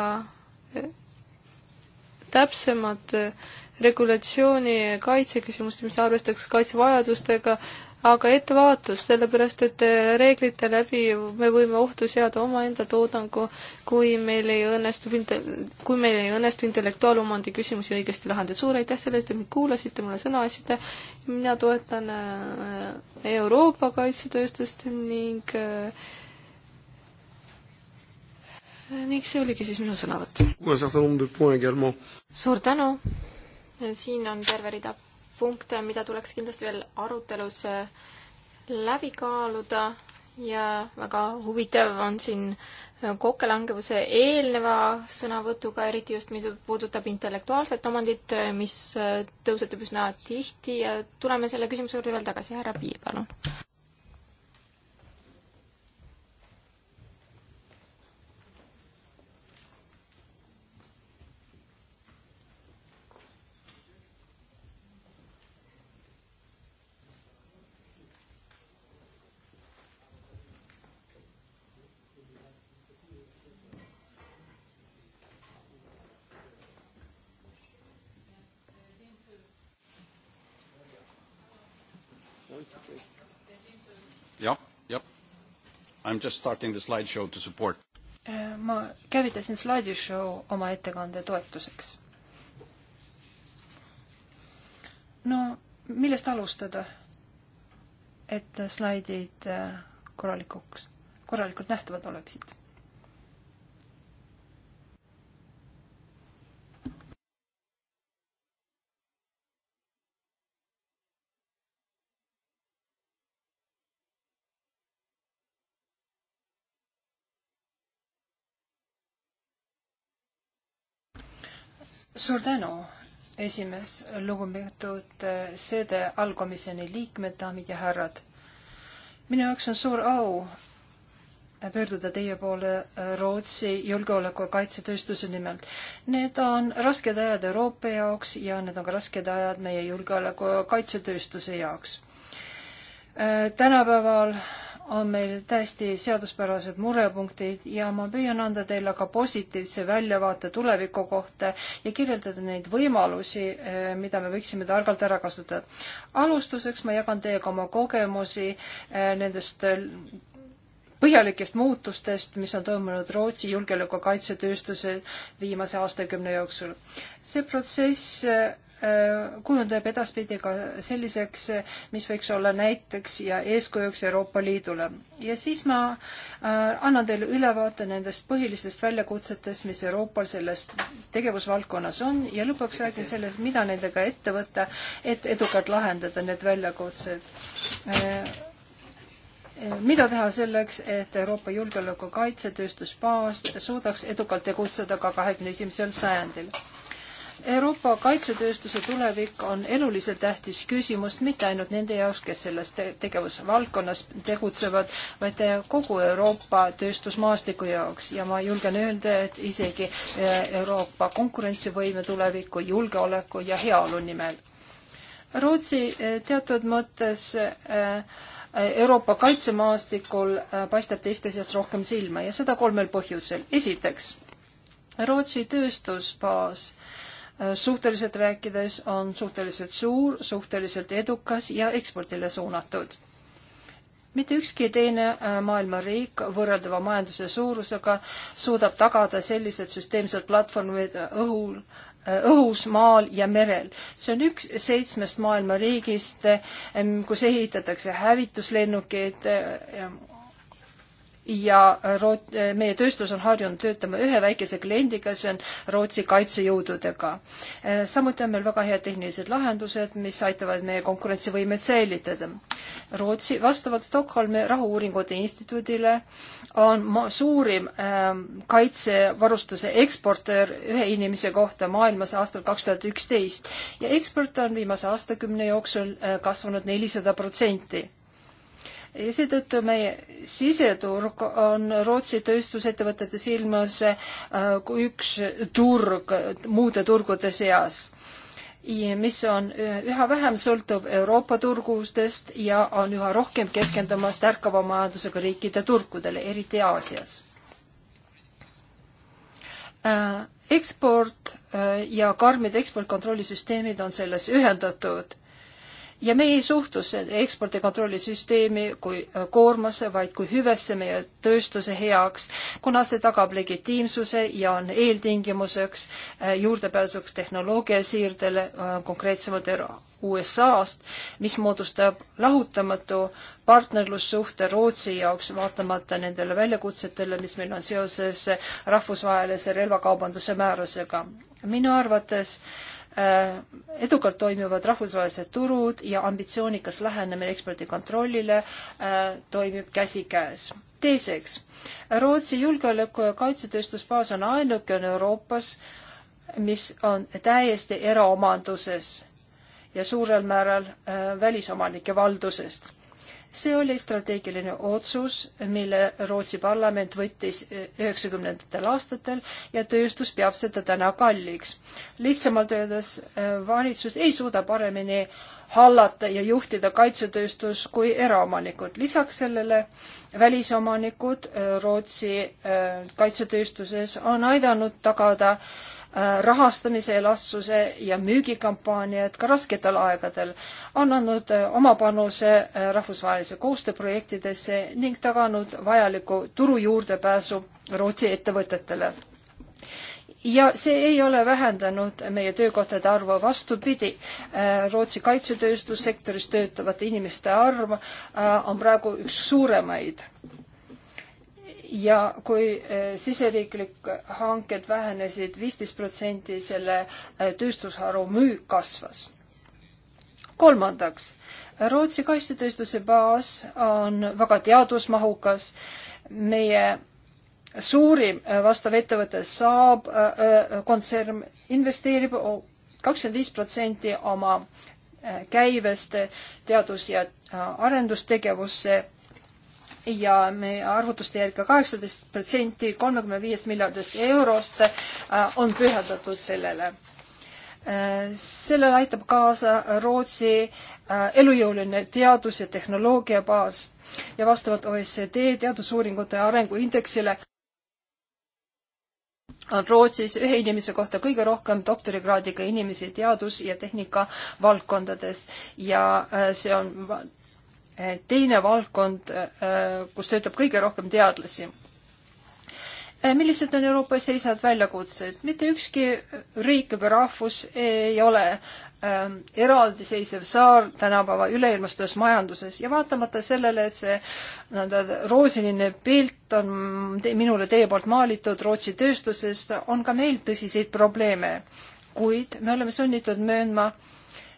äh, täpsemat äh, regulatsiooni kaitseküsimust, mis arvestaks kaitsevajadustega äh,, aga ettevaatust, sellepärast et äh, reeglite läbi me võime ohtu seada omaenda toodangu, kui meil ei õnnestu, kui meil ei õnnestu intellektuaalomandi küsimusi õigesti lahendada. suur aitäh selle eest, et mind kuulasite, mulle sõna andsite. mina toetan äh, Euroopa kaitsetööstust ning äh, ning see oligi siis minu sõnavõtt. suur tänu. siin on terve rida punkte, mida tuleks kindlasti veel arutelus äh, läbi kaaluda ja väga huvitav on siin äh, kokkelangevuse eelneva sõnavõtuga, eriti just, mida puudutab intellektuaalset omandit, äh, mis tõusetub üsna tihti ja tuleme selle küsimuse juurde veel tagasi, härra Piir, palun. jah, jah. I am just starting the slideshow to support. Eh, ma käivitasin slaidishow oma ettekande toetuseks. no millest alustada, et slaidid eh, korralikuks, korralikult nähtavad oleksid? suur tänu, esimees, lugupeetud eh, Sede allkomisjoni liikmed, daamid ja härrad. minu jaoks on suur au eh, pöörduda teie poole eh, Rootsi julgeoleku ja kaitsetööstuse nimel. Need on rasked ajad Euroopa jaoks ja need on ka rasked ajad meie julgeoleku ja kaitsetööstuse jaoks. tänapäeval äh, on meil täiesti seaduspärased murepunktid ja ma püüan anda teile ka positiivse väljavaate tuleviku kohta ja kirjeldada neid võimalusi, eh, mida me võiksime targalt ära kasutada. alustuseks ma jagan teiega oma kogemusi eh, nendest eh, põhjalikest muutustest, mis on toimunud Rootsi julgeoleku kaitsetööstuse viimase aastakümne jooksul. see protsess Äh, kujundab edaspidi ka selliseks, mis võiks olla näiteks ja eeskujuks Euroopa Liidule. ja siis ma äh, annan teile ülevaate nendest põhilistest väljakutsetest, mis Euroopal selles tegevusvaldkonnas on ja lõpuks räägin sellest, mida nendega ette võtta, et edukalt lahendada need väljakutsed. Äh, mida teha selleks, et Euroopa julgeoleku kaitsetööstusbaas suudaks edukalt tegutseda ka kahekümne esimesel sajandil Euroopa kaitsetööstuse tulevik on eluliselt tähtis küsimus mitte ainult nende jaoks, kes selles te tegevusvaldkonnas tegutsevad, vaid kogu Euroopa tööstusmaastiku jaoks ja ma julgen öelda, et isegi eh, Euroopa konkurentsivõime tuleviku, julgeoleku ja heaolu nimel. Rootsi eh, teatud mõttes eh, Euroopa kaitsemaastikul paistab teiste seas rohkem silma ja seda kolmel põhjusel. esiteks, Rootsi tööstusbaas äh, Äh, suhteliselt rääkides on suhteliselt suur, suhteliselt edukas ja ekspordile suunatud. mitte ükski teine äh, maailma riik võrreldava majanduse suurusega suudab tagada sellised süsteemsed platvormid äh, õhul, õhus, maal ja merel. see on üks seitsmest maailma riigist, kus ehitatakse hävituslennukeid ja Root-, meie tööstus on harjunud töötama ühe väikese kliendiga, see on Rootsi kaitsejõududega. samuti on meil väga head tehnilised lahendused, mis aitavad meie konkurentsivõimet säilitada. Rootsi, vastavalt Stockholmi Rahu-uuringute Instituudile on suurim ähm, kaitsevarustuse eksportöör ühe inimese kohta maailmas aastal kaks tuhat üksteist ja eksport on viimase aastakümne jooksul äh, kasvanud nelisada protsenti ja seetõttu meie siseturg on Rootsi tööstusettevõtete silmas äh, üks turg muude turgude seas mis on üha vähem sõltuv Euroopa turgudest ja on üha rohkem keskendumas tärkava majandusega riikide turgudele, eriti Aasias. Äh, eksport äh, ja karmid eksportkontrollisüsteemid on selles ühendatud ja me ei suhtu ekspordikontrolli süsteemi kui äh, koormuse, vaid kui hüvesse meie tööstuse heaks, kuna see tagab legitiimsuse ja on eeltingimuseks äh, juurdepääsuks tehnoloogiasiirdele äh, konkreetsemalt USA-st, mis moodustab lahutamatu partnerlussuhte Rootsi jaoks, vaatamata nendele väljakutsetele, mis meil on seoses rahvusvahelise relvakaubanduse määrusega. minu arvates äh, Äh, edukalt toimivad rahvusvahelised turud ja ambitsioonikas lähenemine ekspordikontrollile äh, toimib käsikäes. teiseks, Rootsi julgeoleku- ja kaitsetööstusbaas on ainukene Euroopas, mis on täiesti eraomanduses ja suurel määral äh, välisomanike valdusest see oli strateegiline otsus, mille Rootsi parlament võttis üheksakümnendatel aastatel ja tööstus peab seda täna kalliks. lihtsamalt öeldes äh, valitsus ei suuda paremini hallata ja juhtida kaitsetööstus kui eraomanikud. lisaks sellele välisomanikud äh, Rootsi äh, kaitsetööstuses on aidanud tagada äh, Äh, rahastamise elastsuse ja müügikampaaniad ka rasketel aegadel, on andnud äh, oma panuse äh, rahvusvahelise koostööprojektidesse ning taganud vajaliku turu juurdepääsu Rootsi ettevõtetele. ja see ei ole vähendanud meie töökohtade arvu, vastupidi, Rootsi kaitsetööstussektoris töötavate inimeste arv on praegu üks suuremaid ja kui eh, siseriiklik hanked vähenesid viisteist protsenti, selle eh, tööstusharu müük kasvas. kolmandaks, Rootsi kaitsetööstuse baas on väga teadusmahukas. meie suurim eh, vastav ettevõte Saab kontsern investeerib kakskümmend viis protsenti oma käibest teadus- ja arendustegevusse ja meie arvutuste järgi kaheksateist protsenti kolmekümne viiest miljardist eurost äh, on pühendatud sellele. Äh, sellele aitab kaasa Rootsi äh, elujõuline teadus- ja tehnoloogiabaas ja vastavalt OECD teadusuuringute arenguindeksile on Rootsis ühe inimese kohta kõige rohkem doktorikraadiga inimesi teadus- ja tehnikavaldkondades ja see on teine valdkond, äh, kus töötab kõige rohkem teadlasi. Äh, millised on Euroopas seisvad väljakutsed? mitte ükski riik ega rahvus ei ole ähm, eraldiseisev saar tänapäeva üleilmastuses majanduses ja vaatamata sellele, et see nii-öelda roosiline pilt on te, minule teie poolt maalitud Rootsi tööstusest, on ka meil tõsiseid probleeme. kuid me oleme sunnitud möönma,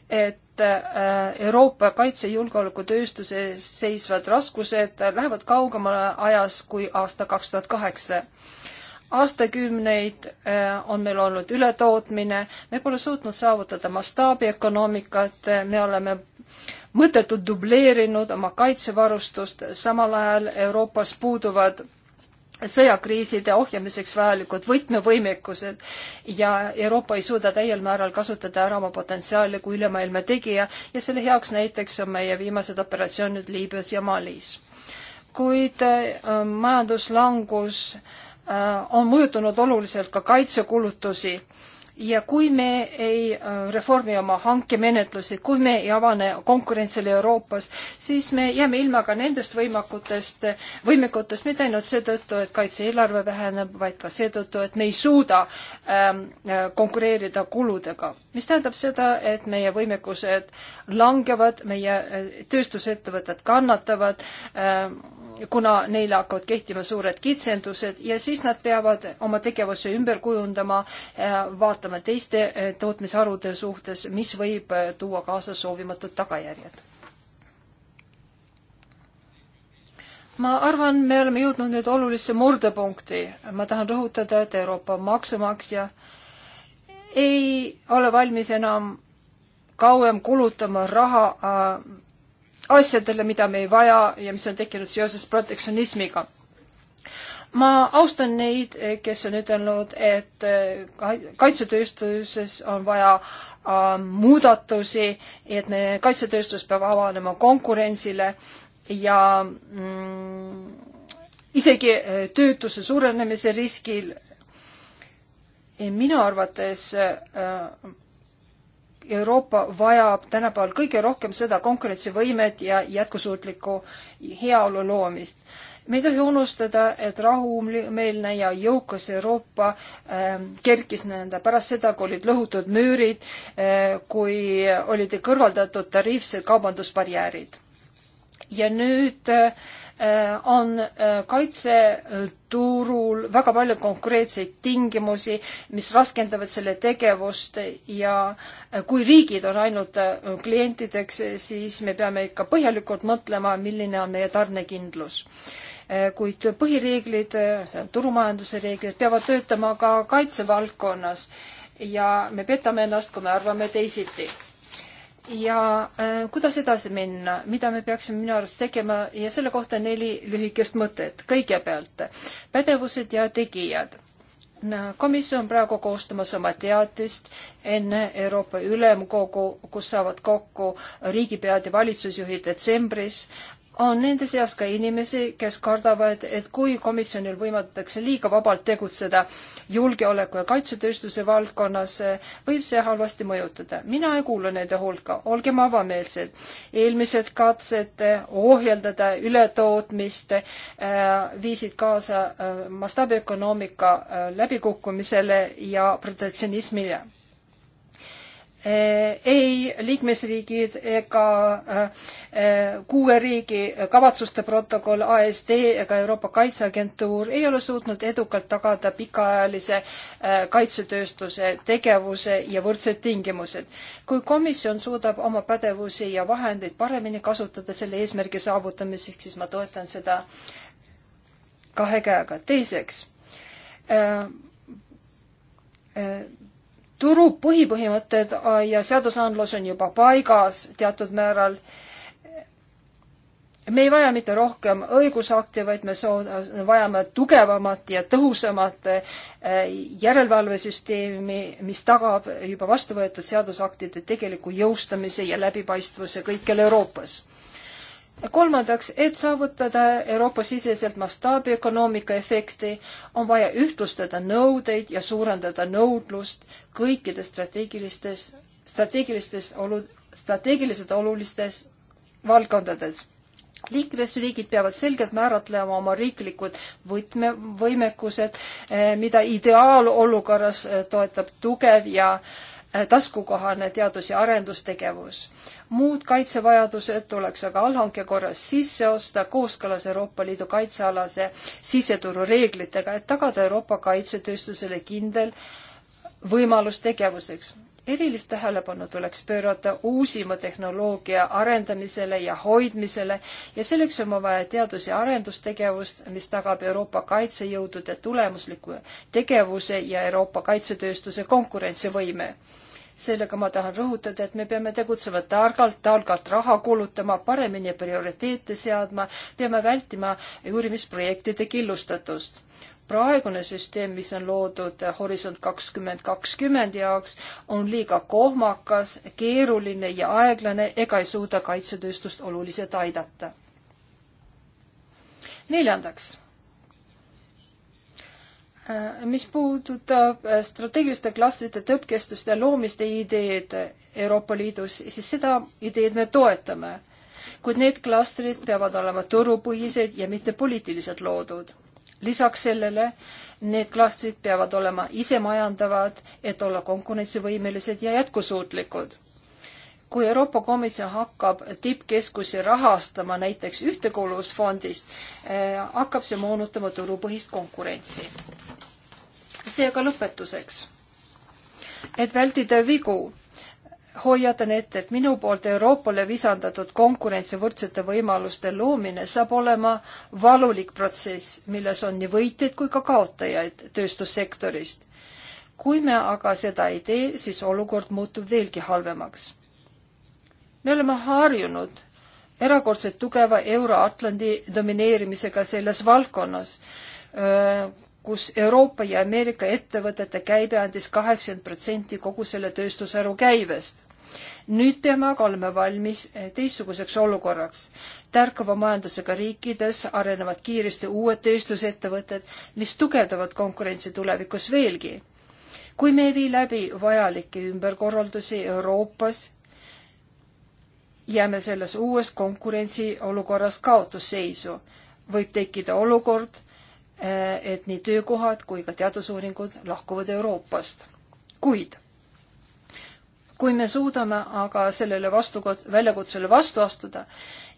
et et äh, Euroopa kaitse- ja julgeolekutööstuse seisvad raskused lähevad kaugemale ajas kui aasta kaks tuhat kaheksa aastakümneid äh, on meil olnud ületootmine, me pole suutnud saavutada mastaabiökonoomikat, me oleme mõttetult dubleerinud oma kaitsevarustust, samal ajal Euroopas puuduvad sõjakriiside ohjamiseks vajalikud võtmevõimekused ja Euroopa ei suuda täiel määral kasutada ära oma potentsiaali kui ülemaailma tegija ja selle heaks näiteks on meie viimased operatsioonid Liibüas ja Malis. kuid äh, majanduslangus äh, on mõjutanud oluliselt ka kaitsekulutusi äh, ja kui me ei äh, reformi oma hankemenetlusi, kui me ei avane konkurentsile Euroopas, siis me jääme ilma ka nendest võimakutest, võimekutest mitte ainult seetõttu, et kaitse-eelarve väheneb, vaid ka seetõttu, et me ei suuda ähm, äh, konkureerida kuludega. mis tähendab seda, et meie võimekused langevad, meie äh, tööstusettevõtted kannatavad ähm,, kuna neile hakkavad kehtima suured kitsendused ja siis nad peavad oma tegevuse ümber kujundama, äh, vaatama teiste äh, tootmisharude suhtes, mis võib äh, tuua kaasa soovimatud tagajärjed. ma arvan, me oleme jõudnud nüüd olulisse murdepunkti. ma tahan rõhutada, et Euroopa maksumaksja ei ole valmis enam kauem kulutama raha asjadele, mida me ei vaja ja mis on tekkinud seoses protektsionismiga. ma austan neid, kes on ütelnud, et eh, kaitsetööstuses on vaja eh, muudatusi, et meie kaitsetööstus peab avanema konkurentsile ja mm, isegi eh, töötuse suurenemise riskil minu arvates äh, Euroopa vajab tänapäeval kõige rohkem seda konkurentsivõimet ja jätkusuutlikku heaolu loomist. me ei tohi unustada, et rahumeelne ja jõukas Euroopa äh, kerkis nii-öelda pärast seda, kui olid lõhutud müürid äh,, kui olid kõrvaldatud tariifsed kaubandusbarjäärid. ja nüüd äh, Äh, on äh, kaitseturul väga palju konkreetseid tingimusi, mis raskendavad selle tegevust ja äh, kui riigid on ainult klientideks, siis me peame ikka põhjalikult mõtlema, milline on meie tarnekindlus kuid põhireeglid, turumajanduse reeglid peavad töötama ka kaitsevaldkonnas ja me petame ennast, kui me arvame teisiti ja äh, kuidas edasi minna, mida me peaksime minu arust tegema ja selle kohta neli lühikest mõtet. kõigepealt pädevused ja tegijad no,. komisjon praegu koostamas oma teatist enne Euroopa Ülemkogu, kus saavad kokku riigipead ja valitsusjuhid detsembris on nende seas ka inimesi, kes kardavad, et kui komisjonil võimaldatakse liiga vabalt tegutseda julgeoleku ja kaitsetööstuse valdkonnas, võib see halvasti mõjutada. mina ei kuulu nende hulka, olgem avameelsed. eelmised katsed eh, ohjeldada ületootmist äh, viisid kaasa äh, eh, mastaabiökonoomika äh, läbikukkumisele ja protektsionismile Äh, ei liikmesriigid ega äh, äh, kuue riigi kavatsuste protokoll ASD ega Euroopa Kaitseagentuur ei ole suutnud edukalt tagada pikaajalise kaitsetööstuse tegevuse ja võrdsed tingimused. kui komisjon suudab oma pädevusi ja vahendeid paremini kasutada selle eesmärgi saavutamiseks, siis ma toetan seda kahe käega. teiseks äh,, äh, turu põhipõhimõtted äh, ja seadusandlus on juba paigas teatud määral. me ei vaja mitte rohkem õigusakte, vaid me soov-, äh, vajame tugevamat ja tõhusamat äh, järelevalvesüsteemi, mis tagab juba vastu võetud seadusaktide tegeliku jõustamise ja läbipaistvuse kõikjal Euroopas kolmandaks, et saavutada Euroopa-siseselt mastaabiökonoomika efekti, on vaja ühtlustada nõudeid ja suurendada nõudlust kõikides strateegilistes, strateegilistes olu, strateegiliselt olulistes valdkondades. liikmesriigid peavad selgelt määratlema oma riiklikud võtme, võimekused, eh, mida ideaalolukorras eh, toetab tugev ja äh, Äh, taskukohane teadus- ja arendustegevus. muud kaitsevajadused tuleks aga allhanke korras sisse osta kooskõlas Euroopa Liidu kaitsealase siseturu reeglitega, et tagada Euroopa kaitsetööstusele kindel võimalus tegevuseks erilist tähelepanu tuleks pöörata uusima tehnoloogia arendamisele ja hoidmisele ja selleks on vaja teadus- ja arendustegevust, mis tagab Euroopa kaitsejõudude tulemusliku tegevuse ja Euroopa kaitsetööstuse konkurentsivõime. sellega ma tahan rõhutada, et me peame tegutsema targalt, targalt raha kulutama, paremini prioriteete seadma, peame vältima uurimisprojektide killustatust praegune süsteem, mis on loodud Horisont kakskümmend kakskümmend jaoks, on liiga kohmakas, keeruline ja aeglane ega ei suuda kaitsetööstust oluliselt aidata. neljandaks, äh, mis puudutab äh, strateegiliste klastrite tõppkestuste loomiste ideed Euroopa Liidus, siis seda ideed me toetame kuid need klastrid peavad olema turupõhised ja mitte poliitiliselt loodud lisaks sellele need klastrid peavad olema isemajandavad, et olla konkurentsivõimelised ja jätkusuutlikud. kui Euroopa Komisjon hakkab tippkeskusi rahastama näiteks ühtekuuluvusfondist eh,, hakkab see moonutama turupõhist konkurentsi. seega lõpetuseks, et vältida vigu hoiatan ette, et minu poolt Euroopale visandatud konkurentsi võrdsete võimaluste loomine saab olema valulik protsess, milles on nii võitjaid kui ka kaotajaid tööstussektorist. kui me aga seda ei tee, siis olukord muutub veelgi halvemaks. me oleme harjunud erakordselt tugeva Euro-Atlandi domineerimisega selles valdkonnas kus Euroopa ja Ameerika ettevõtete käibe andis kaheksakümmend protsenti kogu selle tööstusharu käibest. nüüd peame aga olema valmis eh, teistsuguseks olukorraks. tärkava majandusega riikides arenevad kiiresti uued tööstusettevõtted, mis tugevdavad konkurentsi tulevikus veelgi. kui me ei vii läbi vajalikke ümberkorraldusi Euroopas, jääme selles uues konkurentsiolukorras kaotusseisu. võib tekkida olukord Eh, et nii töökohad kui ka teadusuuringud lahkuvad Euroopast. kuid kui me suudame aga sellele vastu, väljakutsele vastu astuda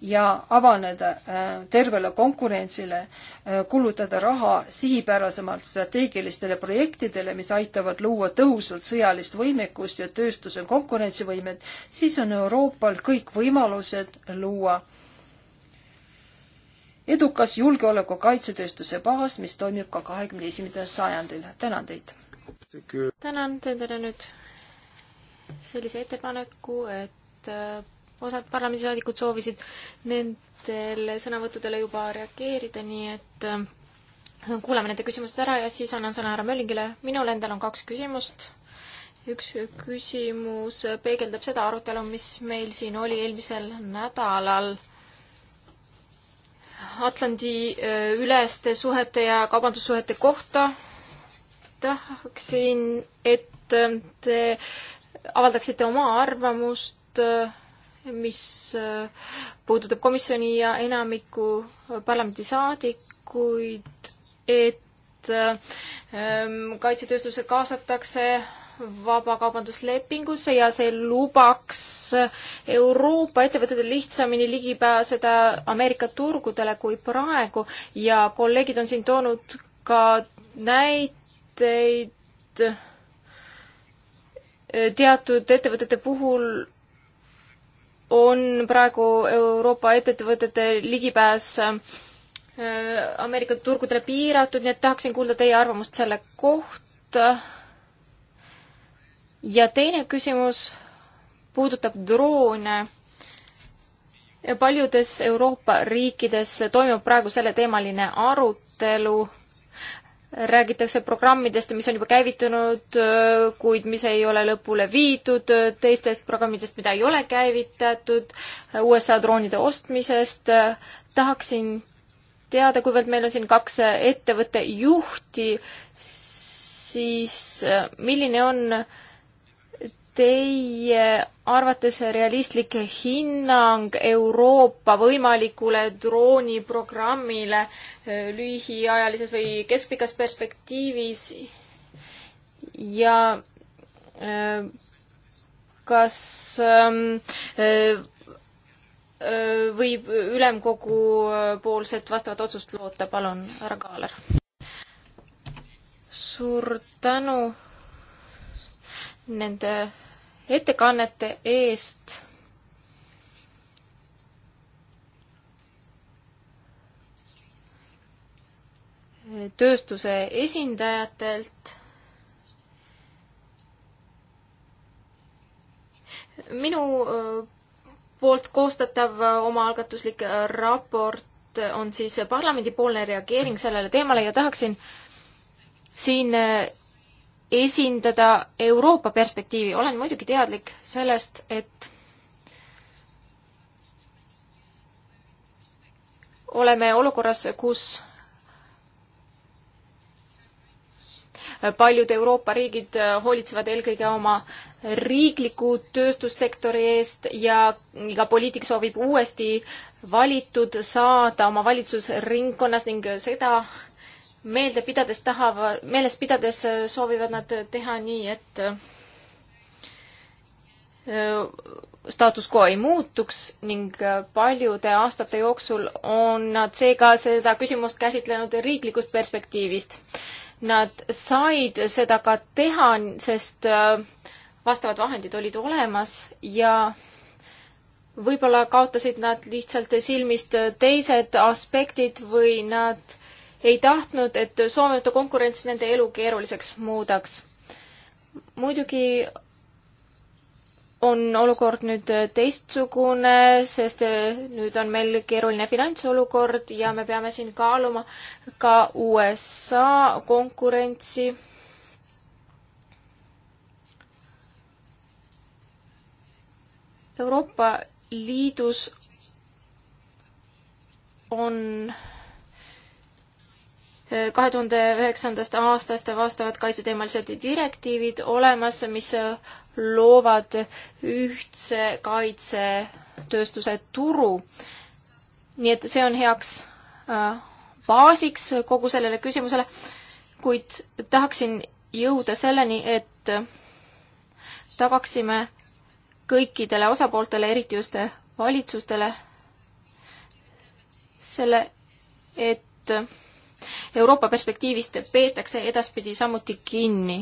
ja avaneda eh, tervele konkurentsile, eh, kulutada raha sihipärasemalt strateegilistele projektidele, mis aitavad luua tõhusalt sõjalist võimekust ja tööstuse konkurentsivõimet, siis on Euroopal kõik võimalused luua äh, edukas julgeoleku kaitsetööstuse baas, mis toimib ka kahekümne esimendal sajandil. tänan teid! tänan teile nüüd sellise ettepaneku, et äh, osad parlamendisaadikud soovisid nendele sõnavõttudele juba reageerida, nii et äh, kuulame nende küsimused ära ja siis annan sõna härra Möllingile. minul endal on kaks küsimust. üks küsimus peegeldab seda arutelu, mis meil siin oli eelmisel nädalal Atlandi äh, üleste suhete ja kaubandussuhete kohta. tahaksin, et äh, te avaldaksite oma arvamust, äh, mis puudutab komisjoni ja enamiku parlamendisaadikuid, et ähm, kaitsetööstuse kaasatakse vabakaubanduslepingusse ja see lubaks Euroopa ettevõtetel lihtsamini ligi pääseda Ameerika turgudele kui praegu ja kolleegid on siin toonud ka näiteid teatud ettevõtete puhul on praegu Euroopa ettevõtete ligipääs äh, Ameerika turgudele piiratud, nii et tahaksin kuulda teie arvamust selle kohta ja teine küsimus puudutab droone. paljudes Euroopa riikides toimub praegu selleteemaline arutelu räägitakse programmidest, mis on juba käivitunud, kuid mis ei ole lõpule viidud, teistest programmidest, mida ei ole käivitatud, USA droonide ostmisest. tahaksin teada, kuivõrd meil on siin kaks ettevõtte juhti, siis milline on äh, teie arvates realistlik hinnang Euroopa võimalikule drooniprogrammile eh, lühiajalises või keskpikas perspektiivis ja eh, kas ehm, eh, võib ülemkogu poolset vastavat otsust loota, palun, härra Kaaler? suur tänu nende ettekannete eest. tööstuse esindajatelt minu äh, poolt koostatav äh, omaalgatuslik äh, raport on siis parlamendipoolne reageering sellele teemale ja tahaksin siin esindada Euroopa perspektiivi, olen muidugi teadlik sellest, et oleme olukorras, kus paljud Euroopa riigid hoolitsevad eelkõige oma riikliku tööstussektori eest ja iga poliitik soovib uuesti valitud saada oma valitsusringkonnas ning seda meelde pidades tahavad, meeles pidades äh, soovivad nad teha nii, et äh, staatus quo ei muutuks ning äh, paljude aastate jooksul on nad seega seda küsimust käsitlenud riiklikust perspektiivist. Nad said seda ka teha, sest vastavad vahendid olid olemas ja võib-olla kaotasid nad lihtsalt silmist teised aspektid või nad ei tahtnud, et soovimatu konkurents nende elu keeruliseks muudaks. muidugi on olukord nüüd teistsugune, sest eh, nüüd on meil keeruline finantsolukord ja me peame siin kaaluma ka USA konkurentsi. Euroopa Liidus on kahe tuhande üheksandast aastast vastavad kaitseteemalised direktiivid olemas, mis loovad ühtse kaitsetööstuse turu. nii et see on heaks äh, baasiks kogu sellele küsimusele, kuid tahaksin jõuda selleni, et tagaksime kõikidele osapooltele, eriti just valitsustele, selle, et Euroopa perspektiivist peetakse edaspidi samuti kinni.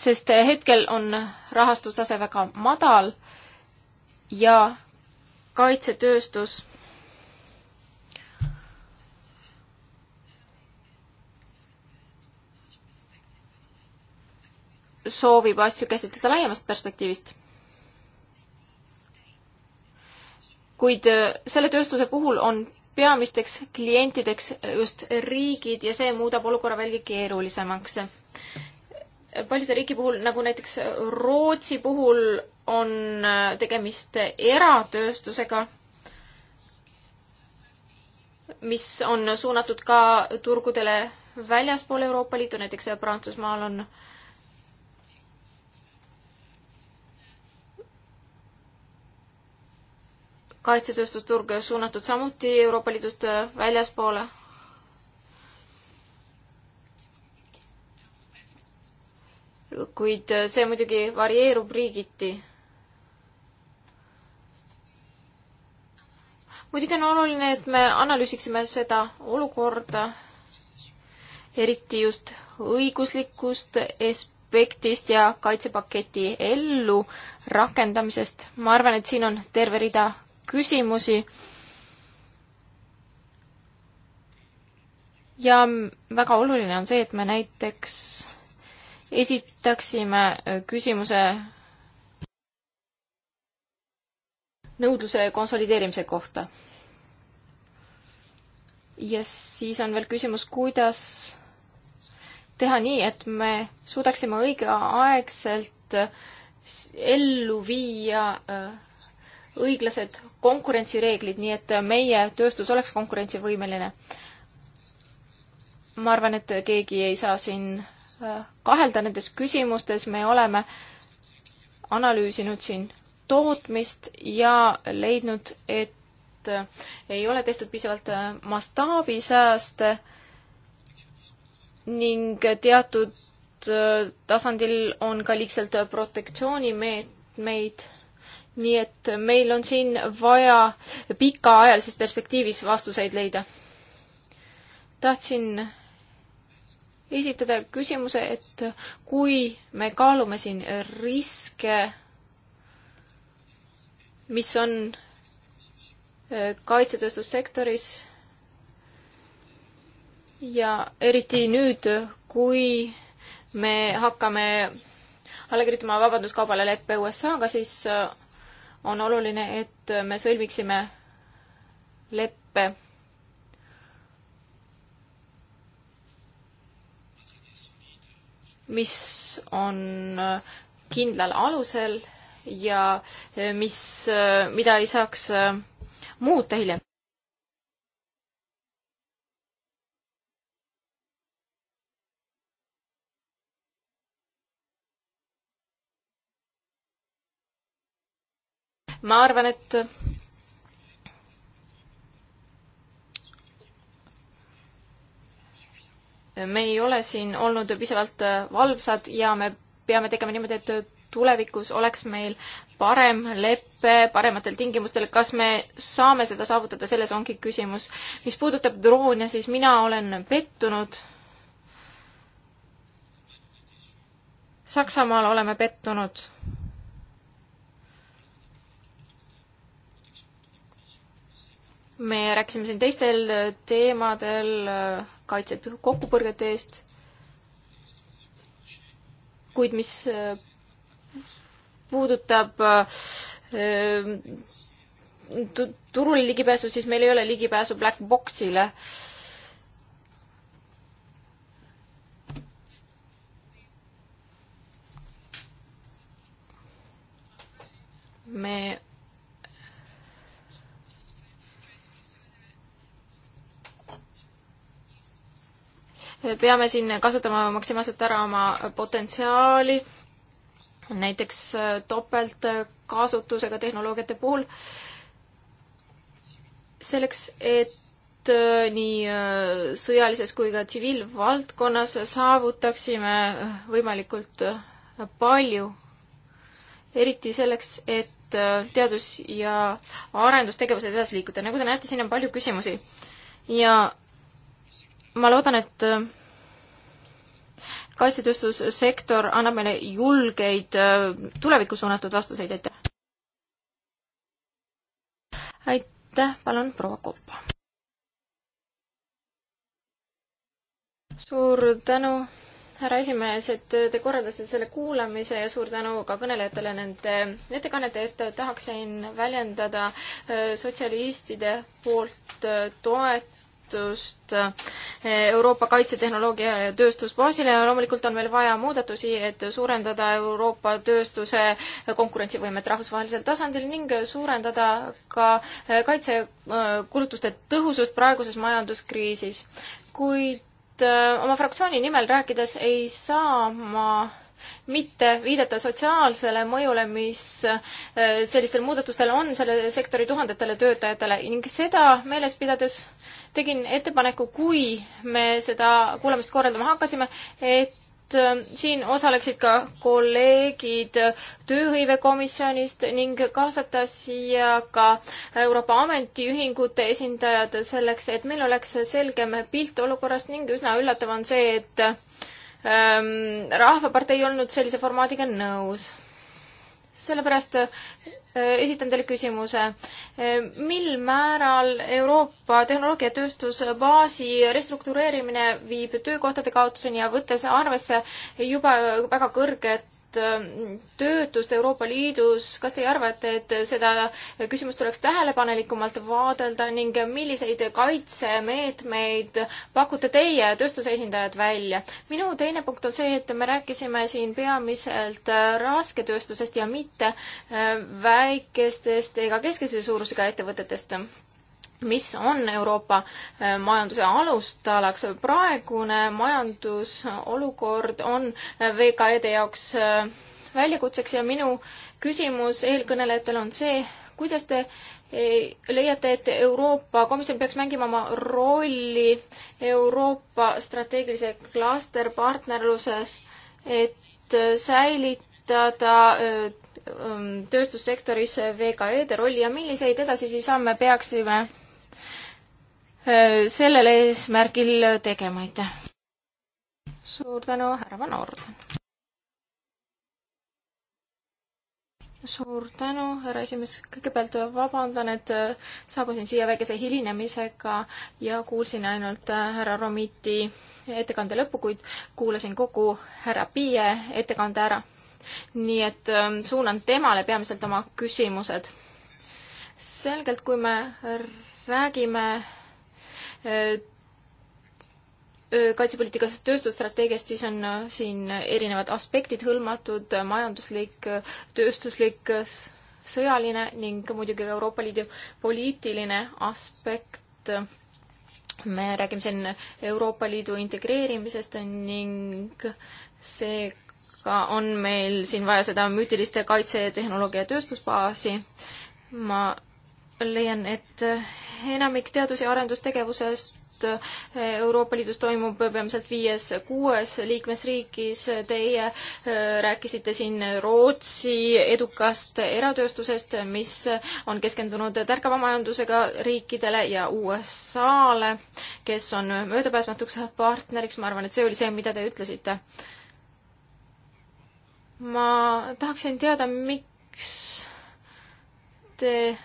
sest hetkel on rahastustase väga madal ja kaitsetööstus soovib asju käsitleda laiemast perspektiivist. kuid äh, selle tööstuse puhul on peamisteks klientideks just riigid ja see muudab olukorra veelgi keerulisemaks. paljude riigi puhul, nagu näiteks Rootsi puhul, on tegemist eratööstusega, mis on suunatud ka turgudele väljaspool Euroopa Liitu, näiteks Prantsusmaal on äh, kaitsetööstusturg suunatud samuti Euroopa Liidust äh, väljaspoole. kuid äh, see muidugi varieerub riigiti. muidugi on oluline, et me analüüsiksime seda olukorda, eriti just õiguslikust aspektist ja kaitsepaketi ellu rakendamisest. ma arvan, et siin on terve rida küsimusi. ja väga oluline on see, et me näiteks esitaksime äh, küsimuse nõudluse konsolideerimise kohta. ja siis on veel küsimus, kuidas teha nii, et me suudaksime õigeaegselt ellu viia äh, õiglased konkurentsireeglid, nii et meie tööstus oleks konkurentsivõimeline. ma arvan, et keegi ei saa siin äh, kahelda nendes küsimustes, me oleme analüüsinud siin tootmist ja leidnud, et äh, ei ole tehtud piisavalt äh, mastaabisääste ning teatud tasandil on ka liigselt protektsioonimeetmeid nii et meil on siin vaja pikaajalises perspektiivis vastuseid leida. tahtsin esitada küsimuse, et kui me kaalume siin riske, mis on äh, kaitsetööstussektoris ja eriti nüüd, kui me hakkame alla kirjutama vabanduskaubale leppe USA-ga, siis äh, on oluline, et me sõlmiksime leppe mis on kindlal alusel ja mis, mida ei saaks muuta hiljem. ma arvan, et me ei ole siin olnud piisavalt valvsad ja me peame tegema niimoodi, et tulevikus oleks meil parem lepe parematel tingimustel, kas me saame seda saavutada, selles ongi küsimus. mis puudutab droone, siis mina olen pettunud. Saksamaal oleme pettunud me rääkisime siin teistel äh, teemadel, äh, kaitset kokkupõrgete eest, kuid mis äh, puudutab turule ligipääsu, siis meil ei ole ligipääsu black box'ile. me peame siin kasutama maksimaalselt ära oma potentsiaali, näiteks äh, topeltkasutusega tehnoloogiate puhul, selleks, et äh, nii äh, sõjalises kui ka tsiviilvaldkonnas saavutaksime võimalikult palju, eriti selleks, et teadus- ja arendustegevused edasi liikuda. nagu te näete, siin on palju küsimusi ja ma loodan, et äh, kaitsetööstussektor annab meile julgeid äh, tulevikku suunatud vastuseid, aitäh! aitäh, palun proua Koppa! suur tänu, härra esimees, et te korraldasite selle kuulamise ja suur tänu ka kõnelejatele nende ettekannete eest. tahaksin väljendada äh, sotsialistide poolt toetust tööstust, eh, Euroopa kaitsetehnoloogia ja tööstusbaasile ja loomulikult on meil vaja muudatusi, et suurendada Euroopa tööstuse konkurentsivõimet rahvusvahelisel tasandil ning suurendada ka eh, kaitsekulutuste eh, tõhusust praeguses majanduskriisis. kuid oma fraktsiooni nimel rääkides ei saa ma mitte viidata sotsiaalsele mõjule, mis äh, sellistel muudatustel on selle sektori tuhandetele töötajatele ning seda meeles pidades tegin ettepaneku, kui me seda kuulamist korraldama hakkasime, et äh, siin osaleksid ka kolleegid tööhõivekomisjonist ning kaasata siia ka Euroopa Ametiühingute esindajad selleks, et meil oleks selgem pilt olukorrast ning üsna üllatav on see, et Ehm, rahvapartei ei olnud sellise formaadiga nõus. sellepärast eh, esitan teile küsimuse. Ehm, mil määral Euroopa tehnoloogiatööstusbaasi restruktureerimine viib töökohtade kaotuseni ja võttes arvesse juba väga kõrget Ähm, töötust Euroopa Liidus, kas teie arvate, et seda küsimust tuleks tähelepanelikumalt vaadelda ning milliseid kaitsemeetmeid pakute teie, tööstuse esindajad, välja? minu teine punkt on see, et me rääkisime siin peamiselt äh, rasketööstusest ja mitte äh, väikestest ega keskmise suurusega ettevõtetest mis on Euroopa äh, majanduse alustalaks. praegune majandusolukord on äh, VKE-de jaoks äh, väljakutseks ja minu küsimus eelkõnelejatele on see, kuidas te leiate, et Euroopa Komisjon peaks mängima oma rolli Euroopa strateegilise klasterpartnerluses, et säilitada ähm, tööstussektoris VKE-de rolli ja milliseid edasisi samme peaksime Äh, sellel eesmärgil tegema, aitäh. suur tänu, härra Van Orden. suur tänu, härra esimees. kõigepealt vabandan, et äh, saabusin siia väikese hilinemisega ja kuulsin ainult äh, härra Romiti ettekande lõppu, kuid kuulasin kogu härra Piie ettekande ära. nii et ähm, suunan temale peamiselt oma küsimused. selgelt, kui me räägime Äh, äh, kaitsepoliitikas tööstusstrateegiast, siis on äh, siin erinevad aspektid hõlmatud, majanduslik, tööstuslik, sõjaline ning muidugi ka Euroopa Liidu poliitiline aspekt. me räägime siin Euroopa Liidu integreerimisest ning seega on meil siin vaja seda müütiliste kaitsetehnoloogia tööstusbaasi. ma leian, et eh, enamik teadus- ja arendustegevusest eh, Euroopa Liidus toimub peamiselt viies, kuues liikmesriigis. Teie eh, rääkisite siin Rootsi edukast eratööstusest, mis on keskendunud tärkava majandusega riikidele ja USA-le, kes on möödapääsmatuks partneriks. ma arvan, et see oli see, mida te ütlesite. ma tahaksin teada, miks te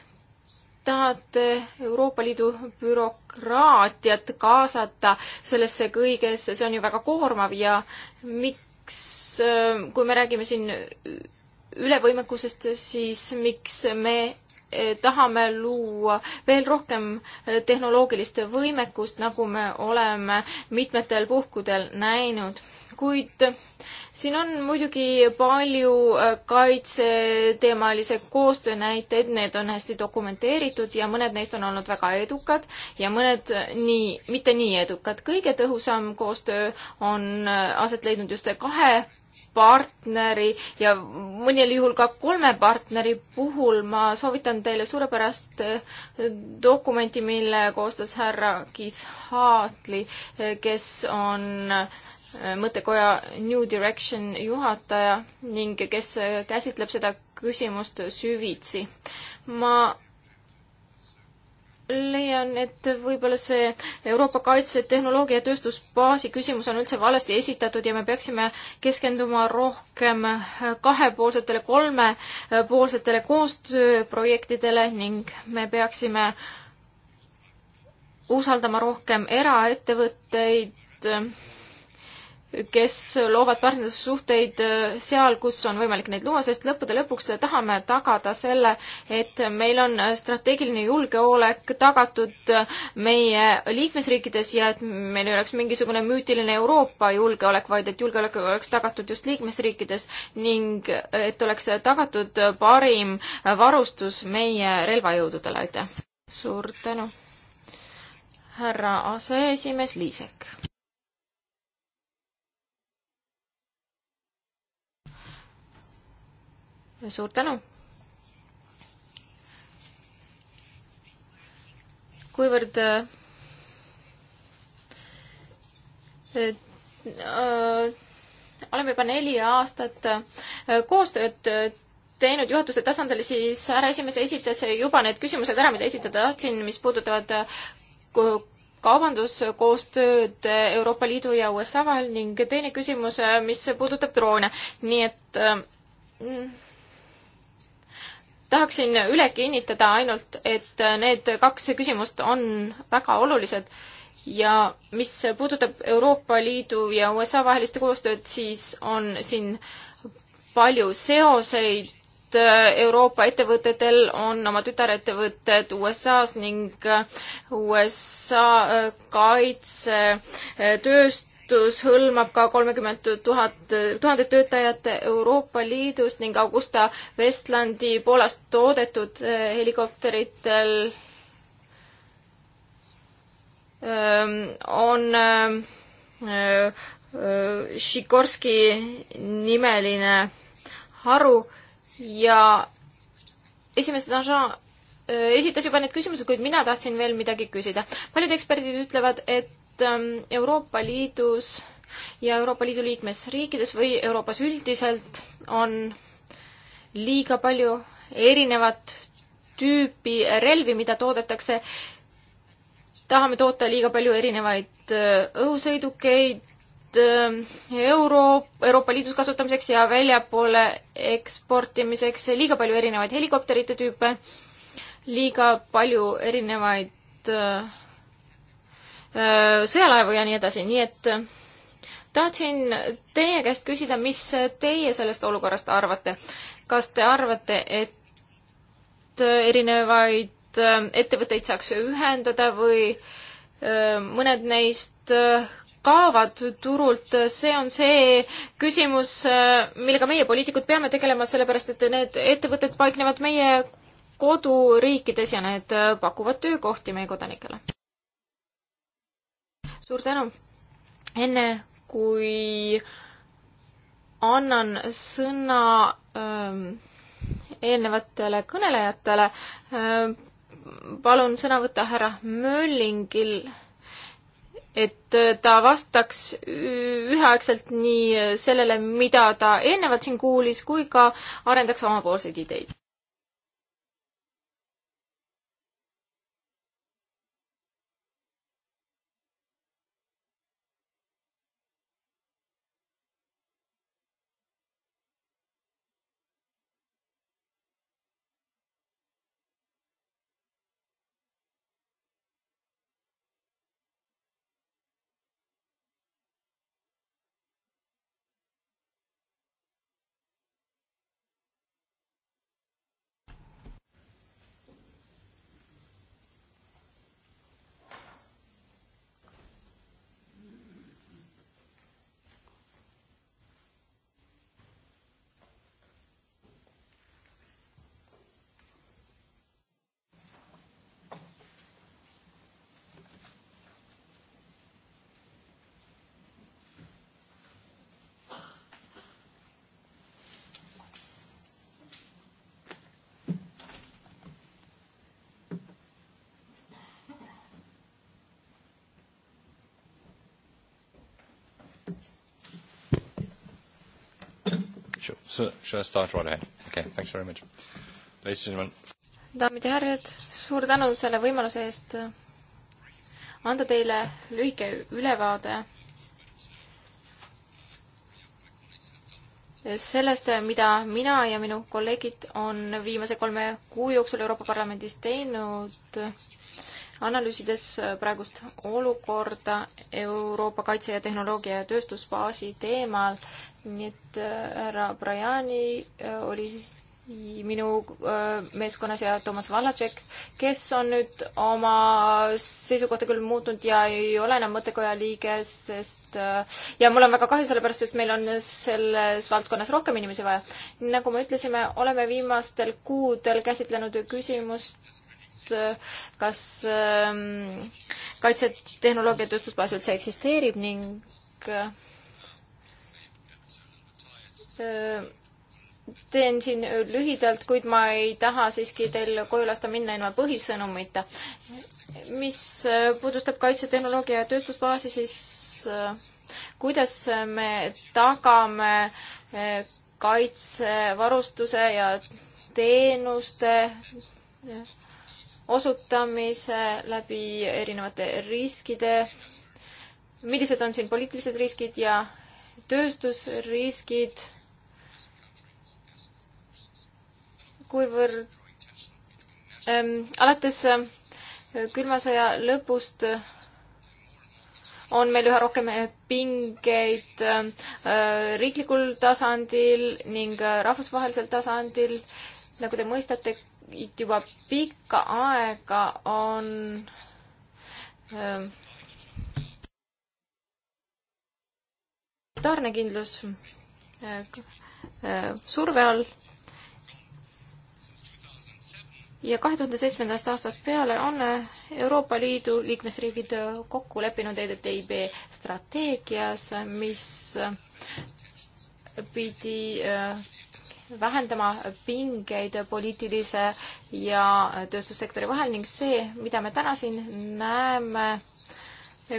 tahate Euroopa Liidu bürokraatiat kaasata sellesse kõigesse, see on ju väga koormav ja miks, äh, kui me räägime siin ülevõimekusest, siis miks me äh, tahame luua veel rohkem äh, tehnoloogilist võimekust, nagu me oleme mitmetel puhkudel näinud kuid siin on muidugi palju äh, kaitseteemalise koostöö näiteid, need on hästi dokumenteeritud ja mõned neist on olnud väga edukad ja mõned äh, nii, mitte nii edukad. kõige tõhusam koostöö on äh, aset leidnud just kahe partneri ja mõnel juhul ka kolme partneri puhul ma soovitan teile suurepärast dokumenti, mille koostas härra Keith Hartley, kes on mõttekoja New Direction juhataja ning kes käsitleb seda küsimust süvitsi. ma leian, et võib-olla see Euroopa kaitsetehnoloogia tööstusbaasi küsimus on üldse valesti esitatud ja me peaksime keskenduma rohkem kahepoolsetele, kolmepoolsetele koostööprojektidele ning me peaksime usaldama rohkem eraettevõtteid kes loovad partnerlussuhteid äh, seal, kus on võimalik neid luua, sest lõppude lõpuks tahame tagada selle, et meil on strateegiline julgeolek tagatud äh, meie liikmesriikides ja et meil ei oleks mingisugune müütiline Euroopa julgeolek, vaid et julgeolek oleks tagatud just liikmesriikides ning äh, et oleks tagatud parim varustus meie relvajõududele, aitäh! suur tänu! härra aseesimees Liisek suur tänu! kuivõrd äh, äh, oleme juba neli aastat äh, koostööd teinud juhatuse tasandil, siis härra esimees esitas juba need küsimused ära, mida esitada tahtsin, mis puudutavad kaubanduskoostööd Euroopa Liidu ja USA vahel ning teine küsimus, mis puudutab droone. nii et mm, tahaksin üle kinnitada ainult, et need kaks küsimust on väga olulised ja mis puudutab Euroopa Liidu ja USA vahelist koostööd, siis on siin palju seoseid. Euroopa ettevõtetel on oma tütarettevõtted USA-s ning USA kaitsetööst-, toetus hõlmab ka kolmekümmet tuhat, tuhandet töötajat Euroopa Liidust ning Augusta Westlandi Poolast toodetud eh, helikopteritel ehm, on Šikorski eh, eh, nimeline haru ja esimest esitas juba need küsimused, kuid mina tahtsin veel midagi küsida. paljud eksperdid ütlevad, et Ähm, Euroopa Liidus ja Euroopa Liidu liikmesriikides või Euroopas üldiselt on liiga palju erinevat tüüpi relvi, mida toodetakse. tahame toota liiga palju erinevaid äh, õhusõidukeid ähm, euro, Euroopa Liidus kasutamiseks ja väljapoole eksportimiseks, liiga palju erinevaid helikopterite tüüpe, liiga palju erinevaid äh, Äh, sõjalaevu ja nii edasi, nii et äh, tahtsin teie käest küsida, mis teie sellest olukorrast arvate. kas te arvate, et äh, erinevaid ettevõtteid saaks ühendada või mõned neist kaovad turult, see on see küsimus, millega meie poliitikud peame tegelema, sellepärast et need ettevõtted paiknevad meie koduriikides ja need pakuvad töökohti meie kodanikele suur tänu. enne kui annan sõna ähm, eelnevatele kõnelejatele ähm,, palun sõna võtta härra Möllingil, et äh, ta vastaks üheaegselt nii sellele, mida ta eelnevalt siin kuulis, kui ka arendaks omapoolseid ideid. Should, should I start right ahead? Okay, thanks very much. Ladies and gentlemen. daamid ja härjad, suur tänu selle võimaluse eest anda teile lühike ülevaade sellest, mida mina ja minu kolleegid on viimase kolme kuu jooksul Euroopa Parlamendis teinud, analüüsides praegust olukorda Euroopa kaitse- ja tehnoloogia- ja tööstusbaasi teemal nii et äh, härra Brajani äh, oli minu äh, meeskonnas ja Toomas Vallatšek, kes on nüüd oma seisukohta küll muutnud ja ei ole enam mõttekoja liige, sest ja mul on väga kahju, sellepärast et meil on selles valdkonnas rohkem inimesi vaja. nagu me ütlesime, oleme viimastel kuudel käsitlenud küsimust, kas ähm, kaitsetehnoloogia tööstusbaas üldse eksisteerib ning Äh, teen siin lühidalt, kuid ma ei taha siiski teil koju lasta minna ilma põhisõnumita. mis äh, puudutab kaitsetehnoloogia ja tööstusbaasi, siis äh, kuidas me tagame kaitsevarustuse ja teenuste osutamise läbi erinevate riskide, millised on siin poliitilised riskid ja tööstusriskid kuivõrd ähm, alates äh, külma sõja lõpust äh, on meil üha rohkem äh, pingeid äh, äh, riiklikul tasandil ning rahvusvahelisel tasandil. nagu te mõistate, juba pikka aega on ähm, äh, tarnekindlus äh, surve all ja kahe tuhande seitsmendast aastast peale on Euroopa Liidu liikmesriigid kokku leppinud EDTIB strateegias, mis pidi äh, vähendama pingeid poliitilise ja tööstussektori vahel ning see, mida me täna siin näeme,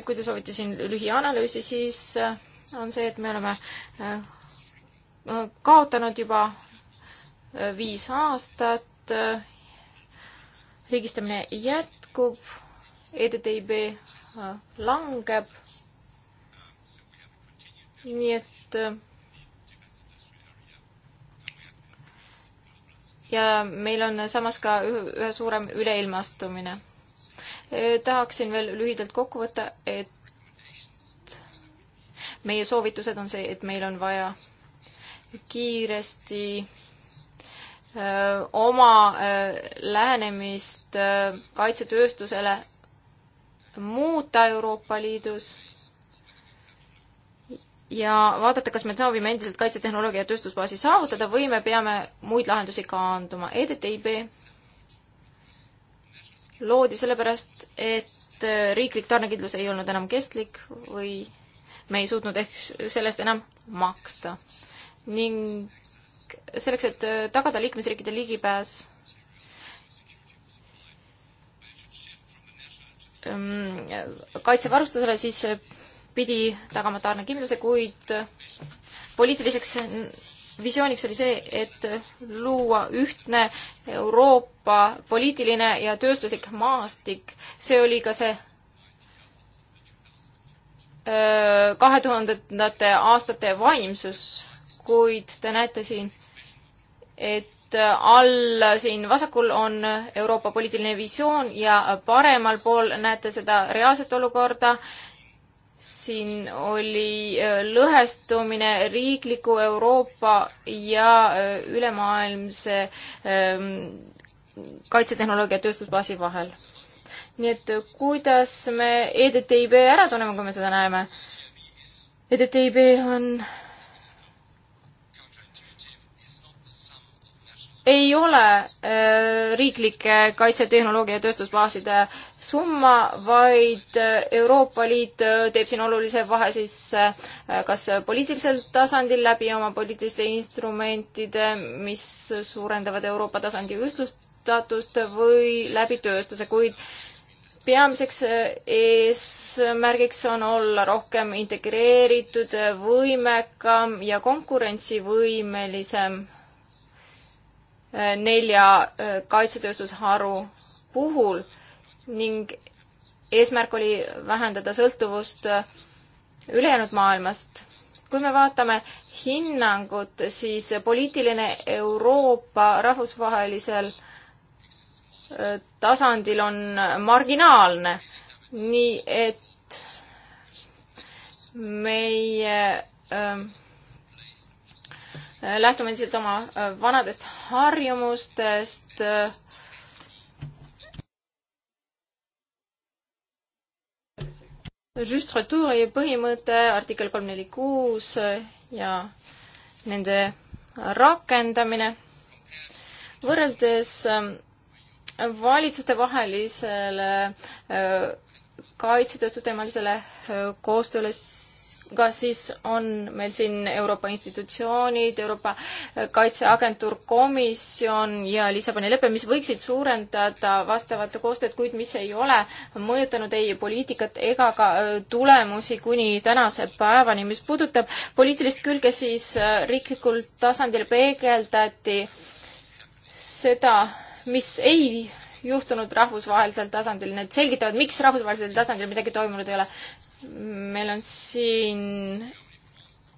kui te soovite siin lühianalüüsi, siis äh, on see, et me oleme äh, kaotanud juba viis aastat riigistamine jätkub, EDTIB äh, langeb. nii et äh, ja meil on samas ka ühe suurem üleilmastumine. Äh, tahaksin veel lühidalt kokku võtta, et meie soovitused on see, et meil on vaja kiiresti oma lähenemist kaitsetööstusele muuta Euroopa Liidus ja vaadata, kas me soovime endiselt kaitsetehnoloogia tööstusbaasi saavutada või me peame muid lahendusi kaanduma. EDTIB loodi sellepärast, et riiklik tarnekindlus ei olnud enam kestlik või me ei suutnud ehk sellest enam maksta. ning selleks, et äh, tagada liikmesriikide ligipääs ähm, kaitsevarustusele, siis äh, pidi tagama tarnekindluse, kuid äh, poliitiliseks visiooniks oli see, et luua ühtne Euroopa poliitiline ja tööstuslik maastik. see oli ka see kahe tuhandendate aastate vaimsus, kuid te näete siin et all siin vasakul on Euroopa poliitiline visioon ja paremal pool näete seda reaalset olukorda. siin oli äh, lõhestumine riikliku Euroopa ja äh, ülemaailmse ähm, kaitsetehnoloogia tööstusbaasi vahel. nii et äh, kuidas me EDTIB ära tunneme, kui me seda näeme? EDTIB on ei ole äh, riiklike kaitsetehnoloogia ja tööstusbaaside summa, vaid äh, Euroopa Liit äh, teeb siin olulise vahe siis kas poliitilisel tasandil läbi oma poliitiliste instrumentide, mis suurendavad Euroopa tasandi ühtlustatust või läbi tööstuse, kuid peamiseks eesmärgiks on olla rohkem integreeritud, võimekam ja konkurentsivõimelisem nelja äh, kaitsetööstusharu puhul ning eesmärk oli vähendada sõltuvust äh, ülejäänud maailmast. kui me vaatame hinnangut, siis poliitiline Euroopa rahvusvahelisel äh, tasandil on marginaalne, nii et meie äh, lähtume endiselt oma äh, vanadest harjumustest. Äh, Just retour'i põhimõte, artikkel kolm neli kuus äh, ja nende rakendamine. võrreldes valitsustevahelisele kaitsetööstusteemalisele koostööle ka siis on meil siin Euroopa institutsioonid, Euroopa Kaitseagentuur, komisjon ja Lissaboni lepe, mis võiksid suurendada vastavat koostööd, kuid mis ei ole mõjutanud ei poliitikat ega ka äh, tulemusi kuni tänase päevani. mis puudutab poliitilist külge, siis äh, riiklikul tasandil peegeldati seda, mis ei juhtunud rahvusvahelisel tasandil, need selgitavad, miks rahvusvahelisel tasandil midagi toimunud ei ole meil on siin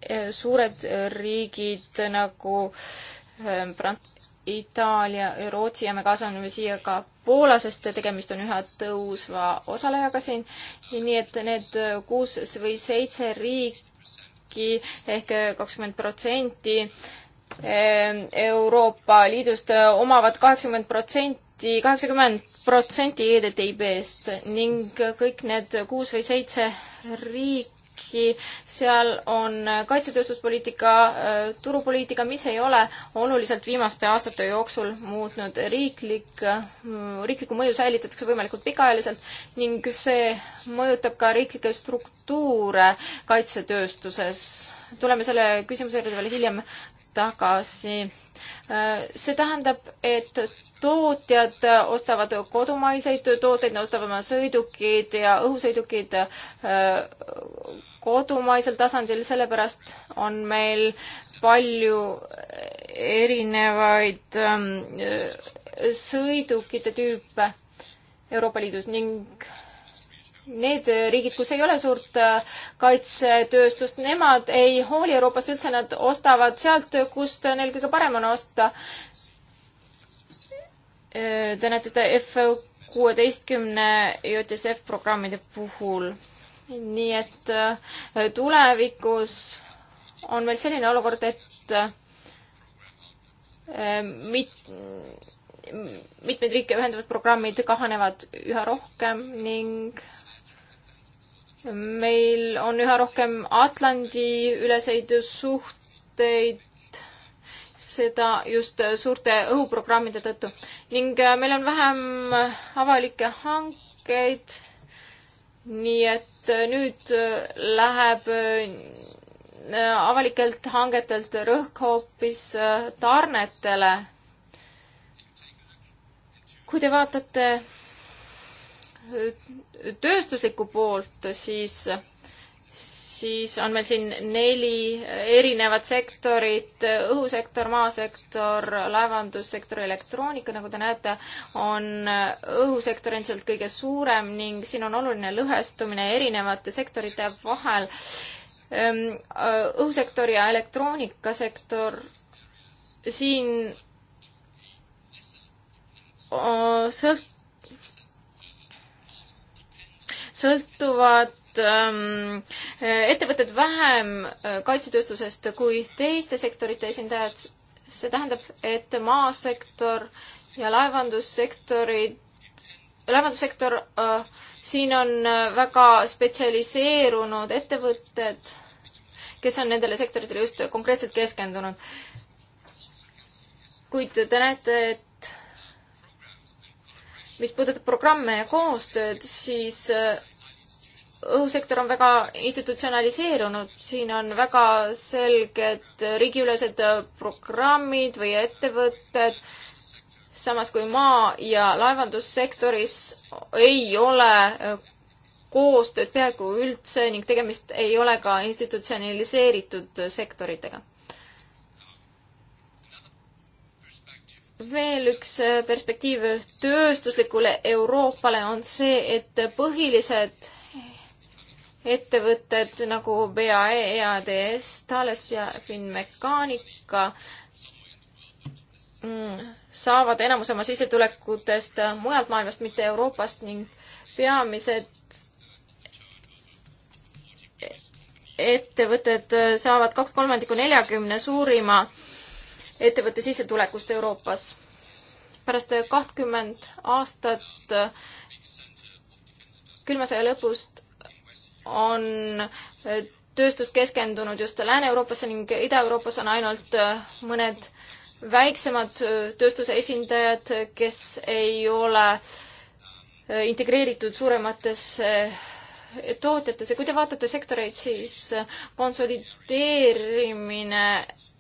eh, suured eh, riigid nagu eh, Prant-, Itaalia, Rootsi ja me kaasame siia ka Poola, sest tegemist on üha tõusva osalejaga siin. nii et need kuus või seitse riiki ehk kakskümmend protsenti Euroopa Liidust omavad kaheksakümmend protsenti eraldati kaheksakümmend protsenti EDTIB-st ning kõik need kuus või seitse riiki, seal on kaitsetööstuspoliitika, turupoliitika, mis ei ole oluliselt viimaste aastate jooksul muutnud. riiklik, riiklikku mõju säilitatakse võimalikult pikaajaliselt ning see mõjutab ka riiklikke struktuure kaitsetööstuses. tuleme selle küsimuse juurde veel hiljem tagasi. see tähendab, et tootjad ostavad kodumaiseid tooteid, nad ostavad oma sõidukid ja õhusõidukid äh, kodumaisel tasandil, sellepärast on meil palju erinevaid ähm, sõidukite tüüpe Euroopa Liidus ning need riigid, kus ei ole suurt äh, kaitsetööstust, nemad ei hooli Euroopast üldse, nad ostavad sealt, kust neil kõige parem on osta. Äh, te näete seda F kuueteistkümne JTSF programmide puhul. nii et äh, tulevikus on meil selline olukord, et mit-, mitmed riike ühendavad programmid kahanevad üha rohkem ning meil on üha rohkem Atlandi üleseid suhteid, seda just suurte õhuprogrammide tõttu. ning äh, meil on vähem äh, avalikke hankeid, nii et äh, nüüd läheb avalikelt hangetelt rõhk hoopis tarnetele. kui te vaatate tööstuslikku poolt, siis, siis on meil siin neli erinevat sektorit, õhusektor, maasektor, laevandussektor, elektroonika, nagu te näete, on õhusektor endiselt kõige suurem ning siin on oluline lõhestumine erinevate sektorite vahel. Ehm, õhusektor ja elektroonikasektor, siin sõlt-, sõltuvad ähm, ettevõtted vähem äh, kaitsetööstusest kui teiste sektorite esindajad. see tähendab, et maasektor ja laevandussektorid, laevandussektor äh,, siin on äh, väga spetsialiseerunud ettevõtted, kes on nendele sektoritele just konkreetselt keskendunud. kuid te näete, et mis puudutab programme ja koostööd, siis äh, õhusektor on väga institutsionaliseerunud, siin on väga selged riigiülesed äh, programmid või ettevõtted, samas kui maa- ja laevandussektoris ei ole äh, koostööd peaaegu üldse ning tegemist ei ole ka institutsionaliseeritud sektoritega veel üks äh, perspektiiv tööstuslikule Euroopale on see, et põhilised ettevõtted nagu BAE, EADS, Thales ja Finmecaanika mm, saavad enamus oma sissetulekutest mujalt maailmast, mitte Euroopast ning peamised ettevõtted saavad kaks kolmandikku neljakümne suurima äh, ettevõtte sissetulekust Euroopas. pärast kahtkümmend aastat külma sõja lõpust on tööstus keskendunud just Lääne-Euroopasse ning Ida-Euroopas on ainult mõned väiksemad tööstuse esindajad, kes ei ole integreeritud suurematesse tootjatesse, kui te vaatate sektoreid, siis äh, konsolideerimine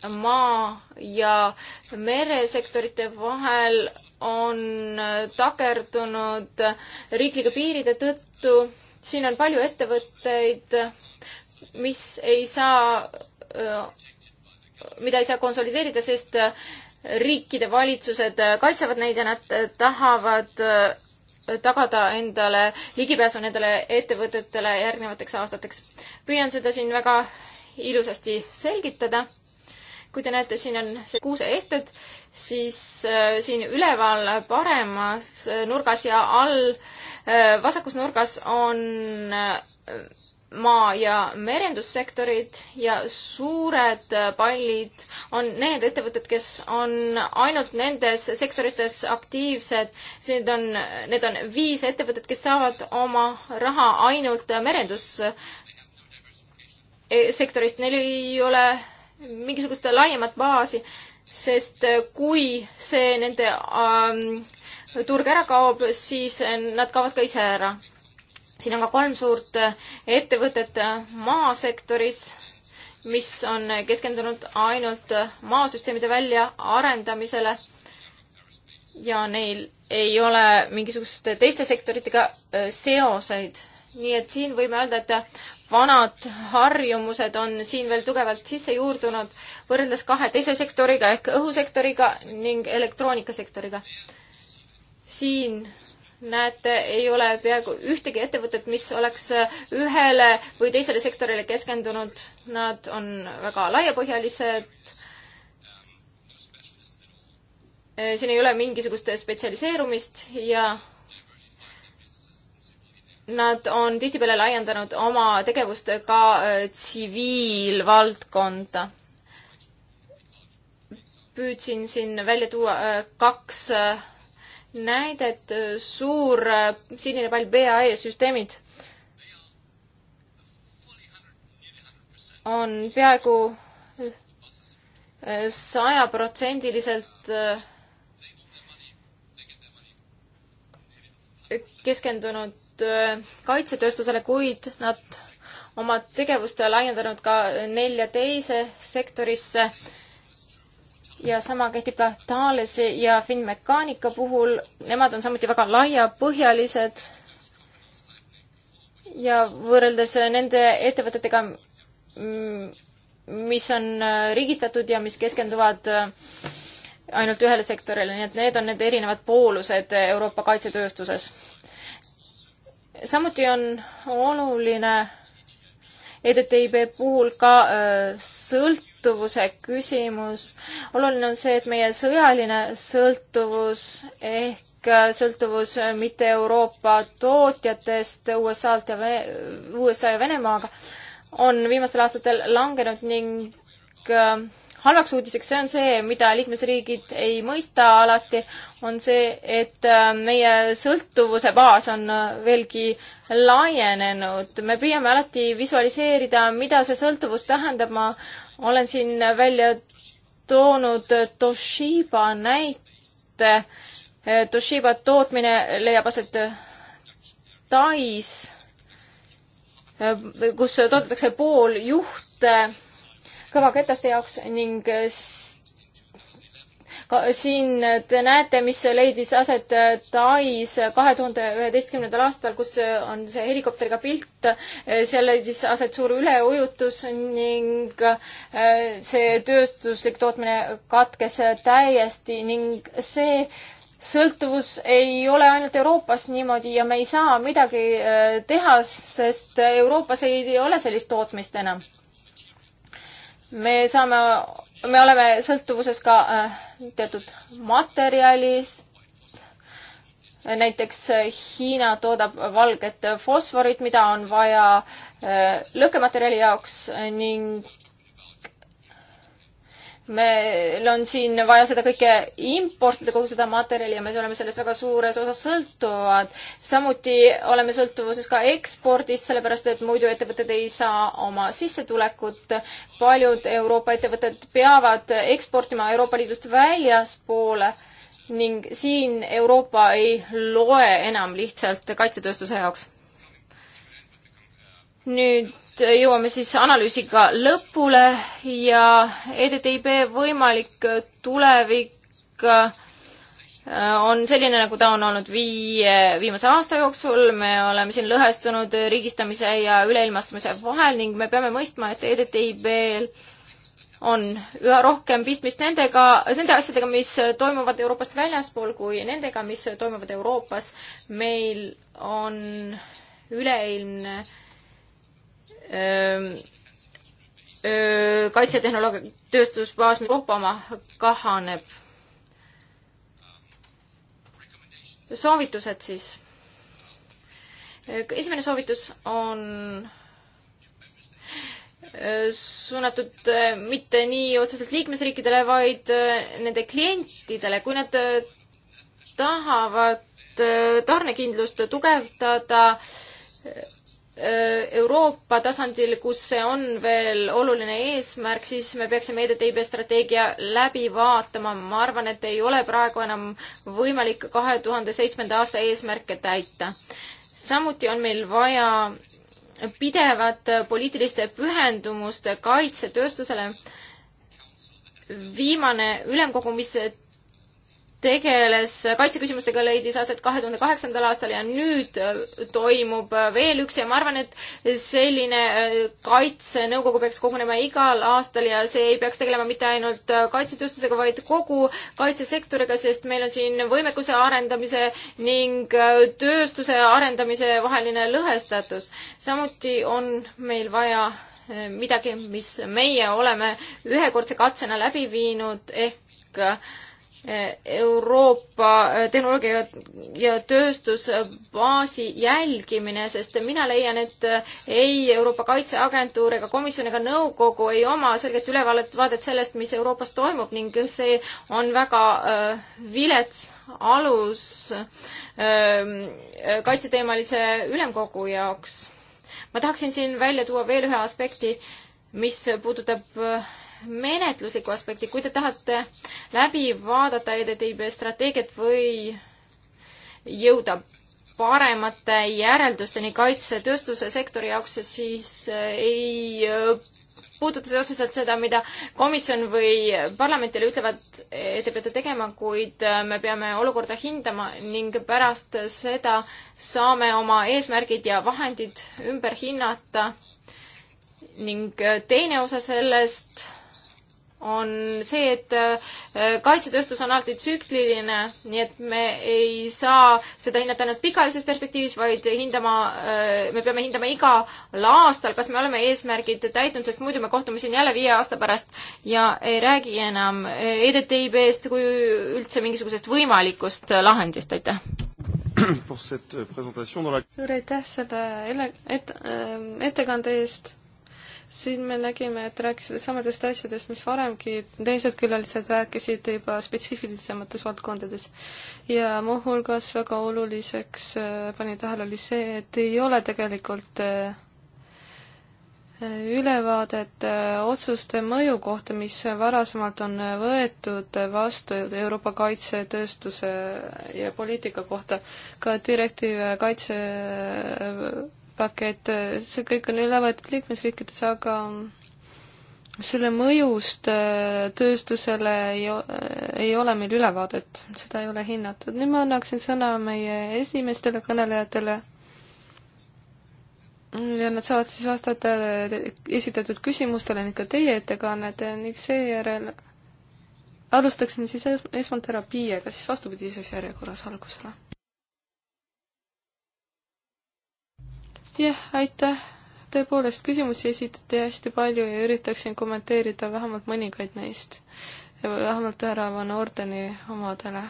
maa ja meresektorite vahel on äh, takerdunud äh, riiklike piiride tõttu. siin on palju ettevõtteid, mis ei saa, mida ei saa konsolideerida, sest riikide valitsused kaitsevad neid ja nad tahavad tagada endale ligipääsu nendele ettevõtetele järgnevateks aastateks. püüan seda siin väga ilusasti selgitada. kui te näete, siin on see kuuseehted, siis äh, siin üleval paremas äh, nurgas ja all äh, vasakus nurgas on maa- ja merendussektorid ja suured pallid on need ettevõtted, kes on ainult nendes sektorites aktiivsed. Need on, need on viis ettevõtet, kes saavad oma raha ainult merendussektorist. Neil ei ole mingisugust laiemat baasi, sest kui see nende ähm, turg ära kaob, siis nad kaovad ka ise ära siin on ka kolm suurt äh, ettevõtet äh, maasektoris, mis on äh, keskendunud ainult maasüsteemide väljaarendamisele ja neil ei ole mingisuguste teiste sektoritega seoseid. nii et siin võime öelda, et vanad harjumused on siin veel tugevalt sisse juurdunud võrreldes kahe teise sektoriga ehk õhusektoriga ning elektroonikasektoriga. siin näete, ei ole peaaegu ühtegi ettevõtet, mis oleks ühele või teisele sektorile keskendunud. Nad on väga laiapõhjalised. Eh, siin ei ole mingisugust spetsialiseerumist ja nad on tihtipeale laiendanud oma tegevust ka eh, tsiviilvaldkonda püüdsin siin välja tuua eh, kaks näidet, äh, suur äh, sinine pall BAE süsteemid on peaaegu äh, sajaprotsendiliselt keskendunud kaitsetööstusele, kuid nad oma tegevust laiendanud ka nelja teise sektorisse ja sama kehtib ka Thalese ja Finmecaanika puhul, nemad on samuti väga laiapõhjalised ja võrreldes nende ettevõtetega, mis on äh, riigistatud ja mis keskenduvad äh, ainult ühele sektorile, nii et need on need erinevad poolused Euroopa kaitsetööstuses. samuti on oluline EDTIB puhul ka äh, sõlt-, sõltuvuse küsimus. oluline on see, et meie sõjaline sõltuvus ehk sõltuvus mitte Euroopa tootjatest USA-lt ja USA ja Venemaaga on viimastel aastatel langenud ning äh, halvaks uudiseks see on see, mida liikmesriigid ei mõista alati, on see, et äh, meie sõltuvuse baas on äh, veelgi laienenud. me püüame alati visualiseerida, mida see sõltuvus tähendab. ma olen siin välja toonud Toshiba näite. Toshiba tootmine leiab aset Tais, kus toodetakse pooljuhte kõvaketaste jaoks ning siin te näete, mis leidis aset äh, Tais kahe tuhande üheteistkümnendal aastal, kus äh, on see helikopteriga pilt. Äh, seal leidis aset suur üleujutus ning see tööstuslik tootmine katkes täiesti ning see sõltuvus ei ole ainult Euroopas niimoodi ja me ei saa midagi teha, sest Euroopas ei ole sellist tootmist enam. me saame me oleme sõltuvuses ka äh, teatud materjalist. näiteks äh, Hiina toodab valget fosforit, mida on vaja äh, lõkkematerjali jaoks ning meil on siin vaja seda kõike importida, kogu seda materjali ja me oleme sellest väga suures osas sõltuvad. samuti oleme sõltuvuses ka ekspordist, sellepärast et muidu ettevõtted ei saa oma sissetulekut. paljud Euroopa ettevõtted peavad eksportima Euroopa Liidust väljaspoole ning siin Euroopa ei loe enam lihtsalt kaitsetööstuse jaoks nüüd jõuame siis analüüsiga lõpule ja EDTIB võimalik tulevik äh, on selline, nagu ta on olnud viie, viimase aasta jooksul, me oleme siin lõhestunud riigistamise ja üleilmastumise vahel ning me peame mõistma, et EDTIB-l on üha rohkem pistmist nendega, nende asjadega, mis toimuvad Euroopast väljaspool, kui nendega, mis toimuvad Euroopas. meil on üleilmne äh, kaitsetehnoloogia tööstusbaas, mis Obama kahaneb. soovitused siis. esimene soovitus on suunatud mitte nii otseselt liikmesriikidele, vaid nende klientidele, kui nad tahavad tarnekindlust tugevdada, Äh, Euroopa tasandil, kus see on veel oluline eesmärk, siis me peaksime EDTIB e strateegia läbi vaatama. ma arvan, et ei ole praegu enam võimalik kahe tuhande seitsmenda aasta eesmärke täita. samuti on meil vaja pidevat poliitiliste pühendumuste kaitse tööstusele. viimane ülemkogu, mis tegeles kaitseküsimustega, leidis aset kahe tuhande kaheksandal aastal ja nüüd äh, toimub äh, veel üks ja ma arvan, et selline äh, kaitsenõukogu peaks kogunema igal aastal ja see ei peaks tegelema mitte ainult kaitsetööstusega, vaid kogu kaitsesektoriga, sest meil on siin võimekuse arendamise ning tööstuse arendamise vaheline lõhestatus. samuti on meil vaja midagi, mis meie oleme ühekordse katsena läbi viinud ehk ehk Euroopa tehnoloogia ja tööstusbaasi jälgimine, sest mina leian, et ei Euroopa Kaitseagentuur ega komisjon ega nõukogu ei oma selget ülevaadet vaadet sellest, mis Euroopas toimub ning see on väga äh, vilets alus äh, kaitseteemalise ülemkogu jaoks. ma tahaksin siin välja tuua veel ühe aspekti, mis puudutab äh, menetluslikku aspekti, kui te tahate läbi vaadata EDTIB strateegiat või jõuda paremate järeldusteni kaitsetööstuse sektori jaoks, siis eh, ei puuduta see otseselt seda, mida komisjon või parlamentile ütlevad, et te peate tegema, kuid eh, me peame olukorda hindama ning pärast seda saame oma eesmärgid ja vahendid ümber hinnata. ning eh, teine osa sellest on see, et äh, kaitsetööstus on alati tsükliline, nii et me ei saa seda hinnata ainult pikaajalises perspektiivis, vaid hindama, äh, me peame hindama igal aastal, kas me oleme eesmärgid täitnud, sest muidu me kohtume siin jälle viie aasta pärast ja ei räägi enam EDTIB-st kui üldse mingisugusest võimalikust lahendist, aitäh! suur aitäh selle ele-, et-, äh, ettekande eest siin me nägime, et rääkisid samadest asjadest, mis varemgi teised külalised rääkisid juba spetsiifilisemates valdkondades. ja muuhulgas väga oluliseks äh, panin tähele, oli see, et ei ole tegelikult äh, ülevaadet äh, otsuste mõju kohta, mis varasemalt on võetud vastu Euroopa kaitsetööstuse ja poliitika kohta. ka direktiiv kaitse pakett, see kõik on üle võetud liikmesriikides, aga selle mõjust äh, tööstusele ei, äh, ei ole meil ülevaadet, seda ei ole hinnatud. nüüd ma annaksin sõna meie esimestele kõnelejatele. ja nad saavad siis vastata äh, esitatud küsimustele ning ka teie ettekannete ning seejärel alustaksin siis esmalt ära Piiega, siis vastupidises järjekorras algusele jah, aitäh. tõepoolest, küsimusi esitati hästi palju ja üritaksin kommenteerida vähemalt mõningaid neist. vähemalt härra Van Ordeni omadele.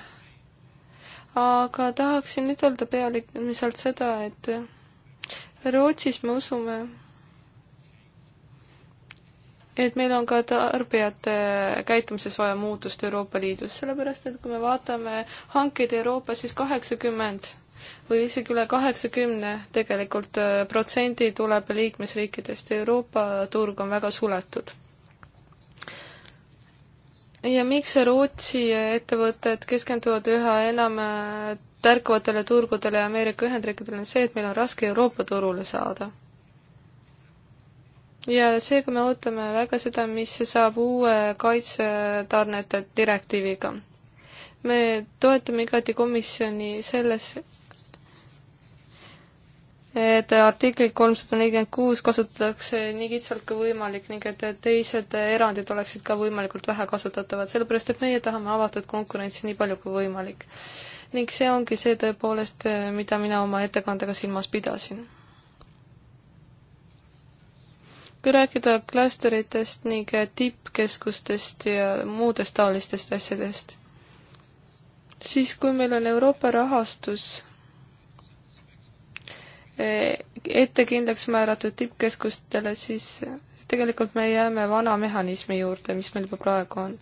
aga tahaksin ütelda pealiselt seda, et Rootsis me usume, et meil on ka tarbijate käitumises vaja muutust Euroopa Liidus, sellepärast et kui me vaatame hankeid Euroopas, siis kaheksakümmend või isegi üle kaheksakümne tegelikult äh, protsendi tuleb liikmesriikidest. Euroopa turg on väga suletud. ja miks Rootsi ettevõtted keskenduvad üha enam äh, tärkavatele turgudele ja Ameerika Ühendriikidele, on see, et meil on raske Euroopa turule saada ja seega me ootame väga seda, mis saab uue kaitsetarnete direktiiviga. me toetame igati komisjoni selles, et artiklit kolmsada nelikümmend kuus kasutatakse nii kitsalt kui võimalik ning et teised erandid oleksid ka võimalikult vähe kasutatavad, sellepärast et meie tahame avatud konkurentsi nii palju kui võimalik. ning see ongi see tõepoolest, mida mina oma ettekandega silmas pidasin. kui rääkida klasteritest ning tippkeskustest ja muudest taolistest asjadest, siis kui meil on Euroopa rahastus ette kindlaks määratud tippkeskustele, siis tegelikult me jääme vana mehhanismi juurde, mis meil juba praegu on.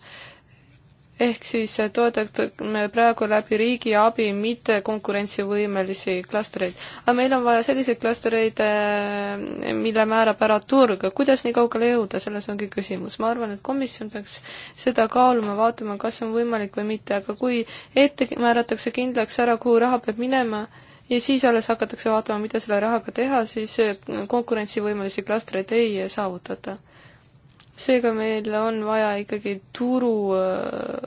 ehk siis toodame praegu läbi riigiabi mitte konkurentsivõimelisi klastreid. aga meil on vaja selliseid klastreid, eh, mille määrab ära turg. kuidas nii kaugele jõuda, selles ongi küsimus. ma arvan, et komisjon peaks seda kaaluma, vaatama, kas on võimalik või mitte, aga kui ette määratakse kindlaks ära, kuhu raha peab minema, ja siis alles hakatakse vaatama, mida selle rahaga teha, siis konkurentsivõimelisi klastreid ei saavutata. seega meil on vaja ikkagi turu äh,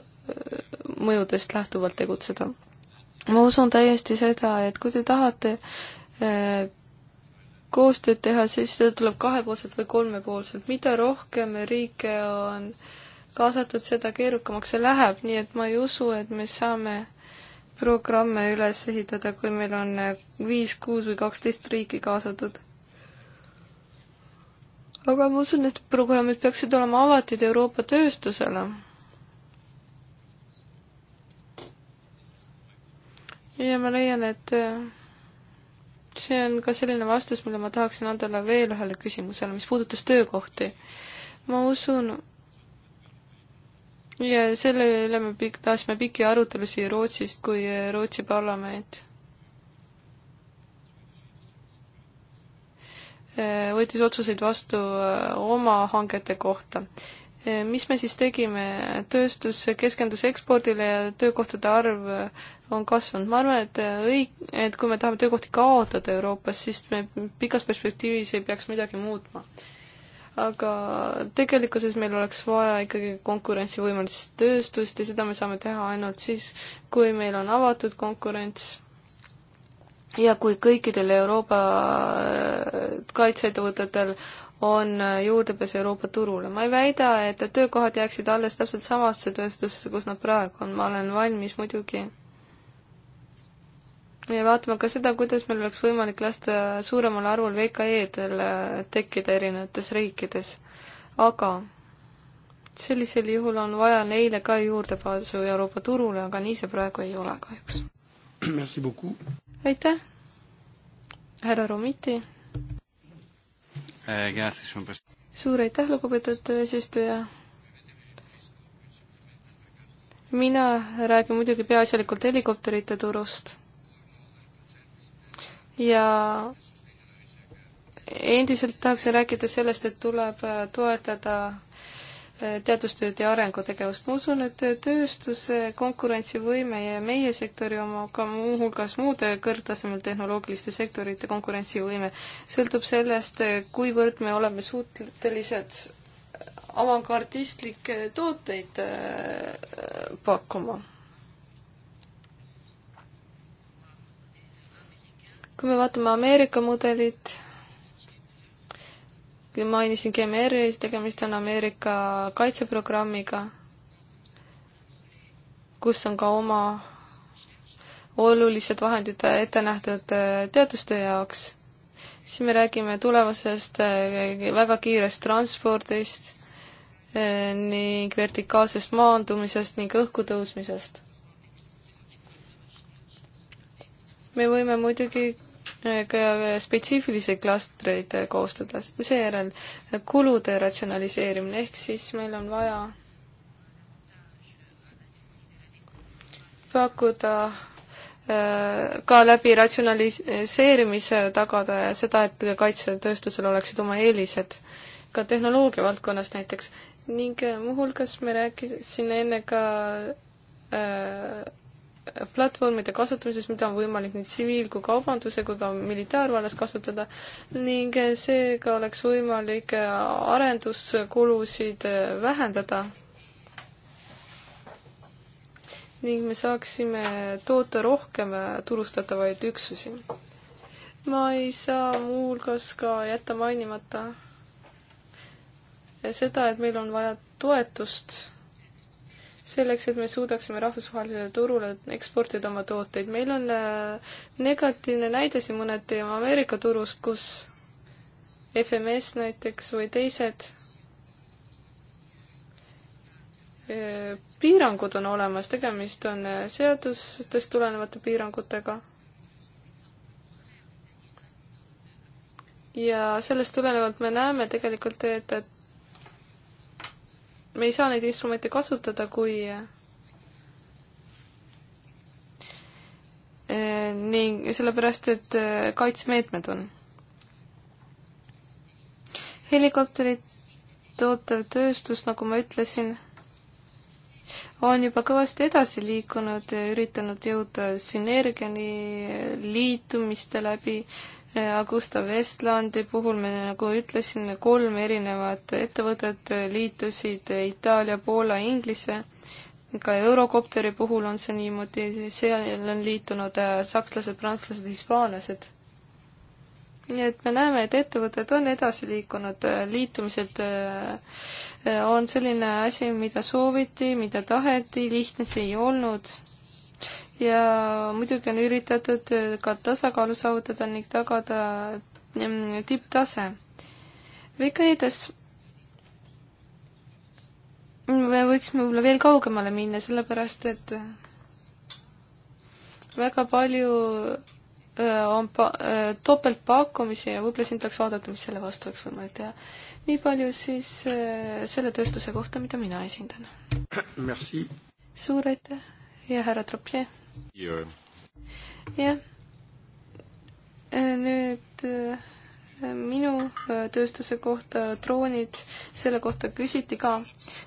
mõjudest lähtuvalt tegutseda. ma usun täiesti seda, et kui te tahate äh, koostööd teha, siis seda tuleb kahepoolselt või kolmepoolselt, mida rohkem riike on kaasatud, seda keerukamaks see läheb, nii et ma ei usu, et me saame programme üles ehitada, kui meil on viis, kuus või kaksteist riiki kaasatud. aga ma usun, et programmid peaksid olema avatud Euroopa tööstusele. ja ma leian, et äh, see on ka selline vastus, mille ma tahaksin anda veel ühele küsimusele, mis puudutas töökohti. ma usun, ja selle üle me pikk, tahtsime pikki arutelusid Rootsist kui Rootsi parlament. võttis otsuseid vastu äh, oma hangete kohta äh, mis me siis tegime, tööstus keskendus ekspordile ja töökohtade arv äh, on kasvanud, ma arvan, et õig-, et kui me tahame töökohti kaotada Euroopas, siis me pikas perspektiivis ei peaks midagi muutma aga tegelikkuses meil oleks vaja ikkagi konkurentsivõimelist tööstust ja seda me saame teha ainult siis, kui meil on avatud konkurents ja kui kõikidel Euroopa äh, kaitseettevõtetel on äh, juurdepääs Euroopa turule. ma ei väida, et töökohad jääksid alles täpselt samasse tööstusesse, kus nad praegu on, ma olen valmis muidugi ja vaatama ka seda, kuidas meil oleks võimalik lasta suuremal arvul VKE-del äh, tekkida erinevates riikides. aga sellisel juhul on vaja neile ka juurdepääsu Euroopa turule, aga nii see praegu ei ole kahjuks. aitäh, härra Romiti eh,. suur aitäh, lugupeetud eesistuja. mina räägin muidugi peaasjalikult helikopterite turust ja endiselt tahaksin rääkida sellest, et tuleb äh, toetada äh, teadustööd ja arengutegevust. ma usun, et äh, tööstuse konkurentsivõime ja meie sektori oma, ka muuhulgas muude kõrgtasemel tehnoloogiliste sektorite konkurentsivõime sõltub sellest, kuivõrd me oleme suutelised avangardistlikke tooteid pakkuma kui me vaatame Ameerika mudelit, mainisin GMR-i, tegemist on Ameerika kaitseprogrammiga, kus on ka oma olulised vahendid ette nähtud äh, teadustöö jaoks, siis me räägime tulevasest äh, väga kiirest transpordist äh, ning vertikaalsest maandumisest ning õhku tõusmisest. me võime muidugi ka spetsiifilisi klastreid koostada, seejärel kulude ratsionaliseerimine, ehk siis meil on vaja pakkuda äh, ka läbi ratsionaliseerimise tagada ja seda, et kaitsetööstusel oleksid oma eelised ka tehnoloogia valdkonnas näiteks ning äh, muuhulgas me rääkisime enne ka äh, platvormide kasutamises, mida on võimalik nii tsiviil- kui kaubanduse kui ka militaarvallas kasutada ning seega oleks võimalik arenduskulusid vähendada. ning me saaksime toota rohkem turustatavaid üksusi. ma ei saa muuhulgas ka jätta mainimata seda, et meil on vaja toetust selleks, et me suudaksime rahvusvahelisele turule eksportida oma tooteid. meil on äh, negatiivne näide siin mõneti Ameerika turust, kus FMS näiteks või teised äh, piirangud on olemas, tegemist on äh, seadustest tulenevate piirangutega. ja sellest tulenevalt me näeme tegelikult, et, et me ei saa neid instrumente kasutada, kui eh, ning sellepärast, et eh, kaitsmeetmed on. helikopterid tootev tööstus, nagu ma ütlesin, on juba kõvasti edasi liikunud ja üritanud jõuda sünergiani liitumiste läbi äh, Augusta Westlandi puhul me, nagu ütlesin, kolm erinevat ettevõtet liitusid Itaalia, Poola, Inglise. ka Eurocopteri puhul on see niimoodi, seal on liitunud äh, sakslased, prantslased, hispaanlased. nii et me näeme, et ettevõtted on edasi liikunud, äh, liitumised äh, on selline asi, mida sooviti, mida taheti, lihtne see ei olnud ja muidugi on üritatud ka tasakaalu saavutada ning tagada mm, tipptase. VKI-des me võiksime võib-olla veel kaugemale minna, sellepärast et väga palju on pa-, topeltpakkumisi ja võib-olla siin tuleks vaadata, mis selle vastu oleks võimalik teha. nii palju siis selle tööstuse kohta, mida mina esindan. suur aitäh ja härra Tropier! jah. Äh, nüüd äh, minu äh, tööstuse kohta droonid, selle kohta küsiti ka.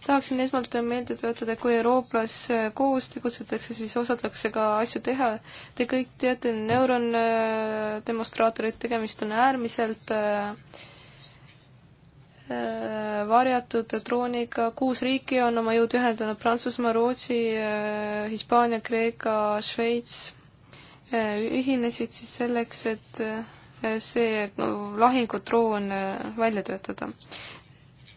tahaksin esmalt meelde tuletada, et kui Euroopas koos tegutsetakse, siis osatakse ka asju teha. Te kõik teate Neuron demonstraatorit, tegemist on äärmiselt äh, Äh, varjatud drooniga, kuus riiki on oma jõud ühendanud, Prantsusmaa, Rootsi, äh, Hispaania, Kreeka, Šveits äh, ühinesid siis selleks, et see no, lahingutroon välja töötada.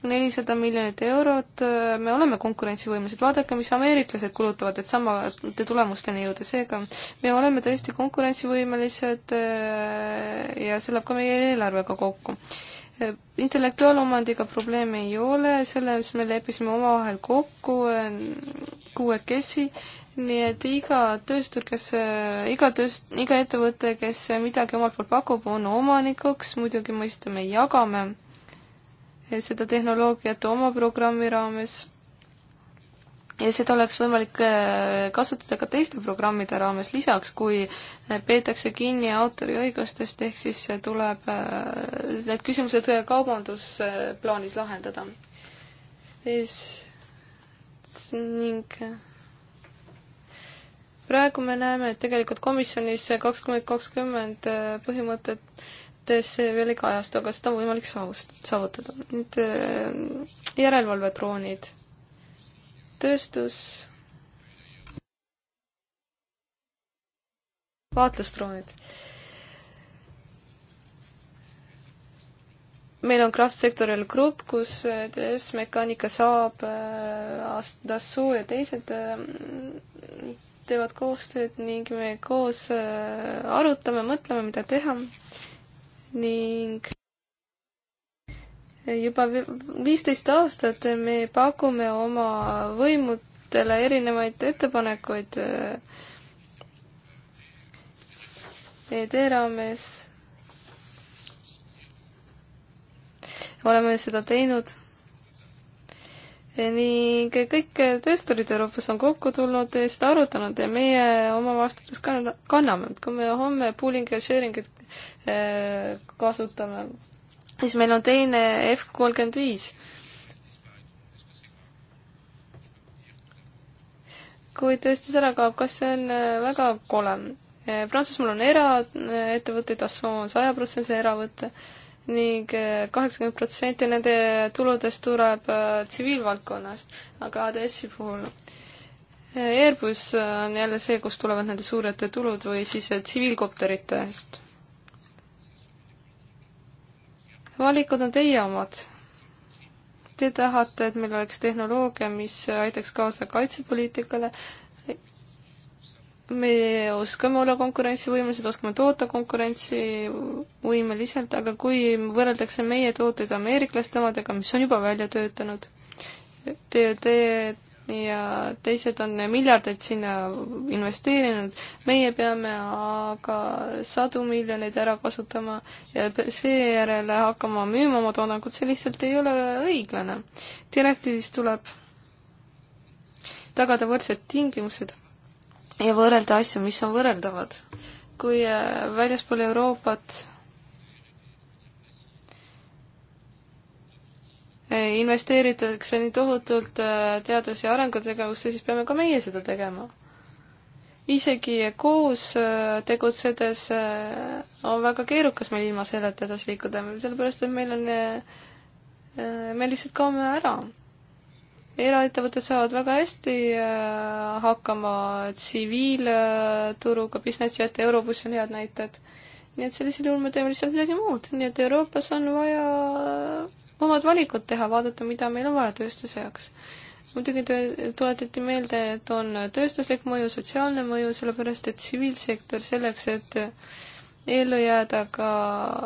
nelisada miljonit eurot, me oleme konkurentsivõimelised, vaadake, mis ameeriklased kulutavad, et samade tulemusteni jõuda, seega me oleme tõesti konkurentsivõimelised ja see läheb ka meie eelarvega kokku intellektuaalomandiga probleeme ei ole, selles me leppisime omavahel kokku kuuekesi, nii et iga tööstur, kes, iga tööst-, iga ettevõte, kes midagi omalt poolt pakub, on omanikuks, muidugi mõista me jagame seda tehnoloogiat oma programmi raames ja seda oleks võimalik äh, kasutada ka teiste programmide raames lisaks, kui äh, peetakse kinni autoriõigustest, ehk siis äh, tuleb need küsimused kaubandusplaanis lahendada. ning praegu me näeme, et tegelikult komisjonis kakskümmend kakskümmend põhimõtet mõttes veel ei kajastu, aga seda on võimalik saavutada. nüüd järelevalvetroonid tööstus, vaatlusdroonid. meil on krahvsektoril grupp, kus eh, TS Mehaanika saab, eh, Dassu ja teised eh, teevad koostööd ning me koos arutame, mõtleme, mida teha ning juba viisteist aastat me pakume oma võimudele erinevaid ettepanekuid äh, ED raames. oleme seda teinud ning kõik testurid Euroopas on kokku tulnud ja seda arutanud ja meie oma vastutust kanname, kui me homme pooling ja sharing'it äh, kasutame siis meil on teine F kolmkümmend viis. kui tõesti ära kaob, kas see on äh, väga kole? Äh, Prantsusmaal on eraettevõtteid, Asson on sajaprotsendise eravõte ning äh, kaheksakümmend protsenti nende tuludest tuleb tsiviilvaldkonnast, aga ADS-i puhul Airbus on jälle see, kust tulevad nende suured tulud või siis tsiviilkopterite eest valikud on teie omad. Te tahate, et meil oleks tehnoloogia, mis aitaks kaasa kaitsepoliitikale. me oskame olla konkurentsivõimelised, oskame toota konkurentsivõimeliselt, aga kui võrreldakse meie tooteid ameeriklaste omadega, mis on juba välja töötanud, te, te ja teised on miljardeid sinna investeerinud, meie peame aga sadu miljoneid ära kasutama ja seejärel hakkama müüma oma toodangut, see lihtsalt ei ole õiglane. direktiivis tuleb tagada võrdsed tingimused ja võrrelda asju, mis on võrreldavad. kui äh, väljaspool Euroopat investeeritakse nii tohutult äh, teadus- ja arengutegevusse, siis peame ka meie seda tegema. isegi koos äh, tegutsedes äh, on väga keerukas meil ilma selleta edasi liikuda, sellepärast et meil on, me lihtsalt kaome ära. eraettevõtted saavad väga hästi hakkama tsiviilturuga, Businessjet ja Eurobus on head näited. nii et sellisel juhul me teeme lihtsalt midagi muud, nii et Euroopas on vaja omad valikud teha, vaadata, mida meil on vaja tööstuse jaoks. muidugi töö, tuletati meelde, et on tööstuslik mõju, sotsiaalne mõju, sellepärast et tsiviilsektor selleks, et ellu jääda ka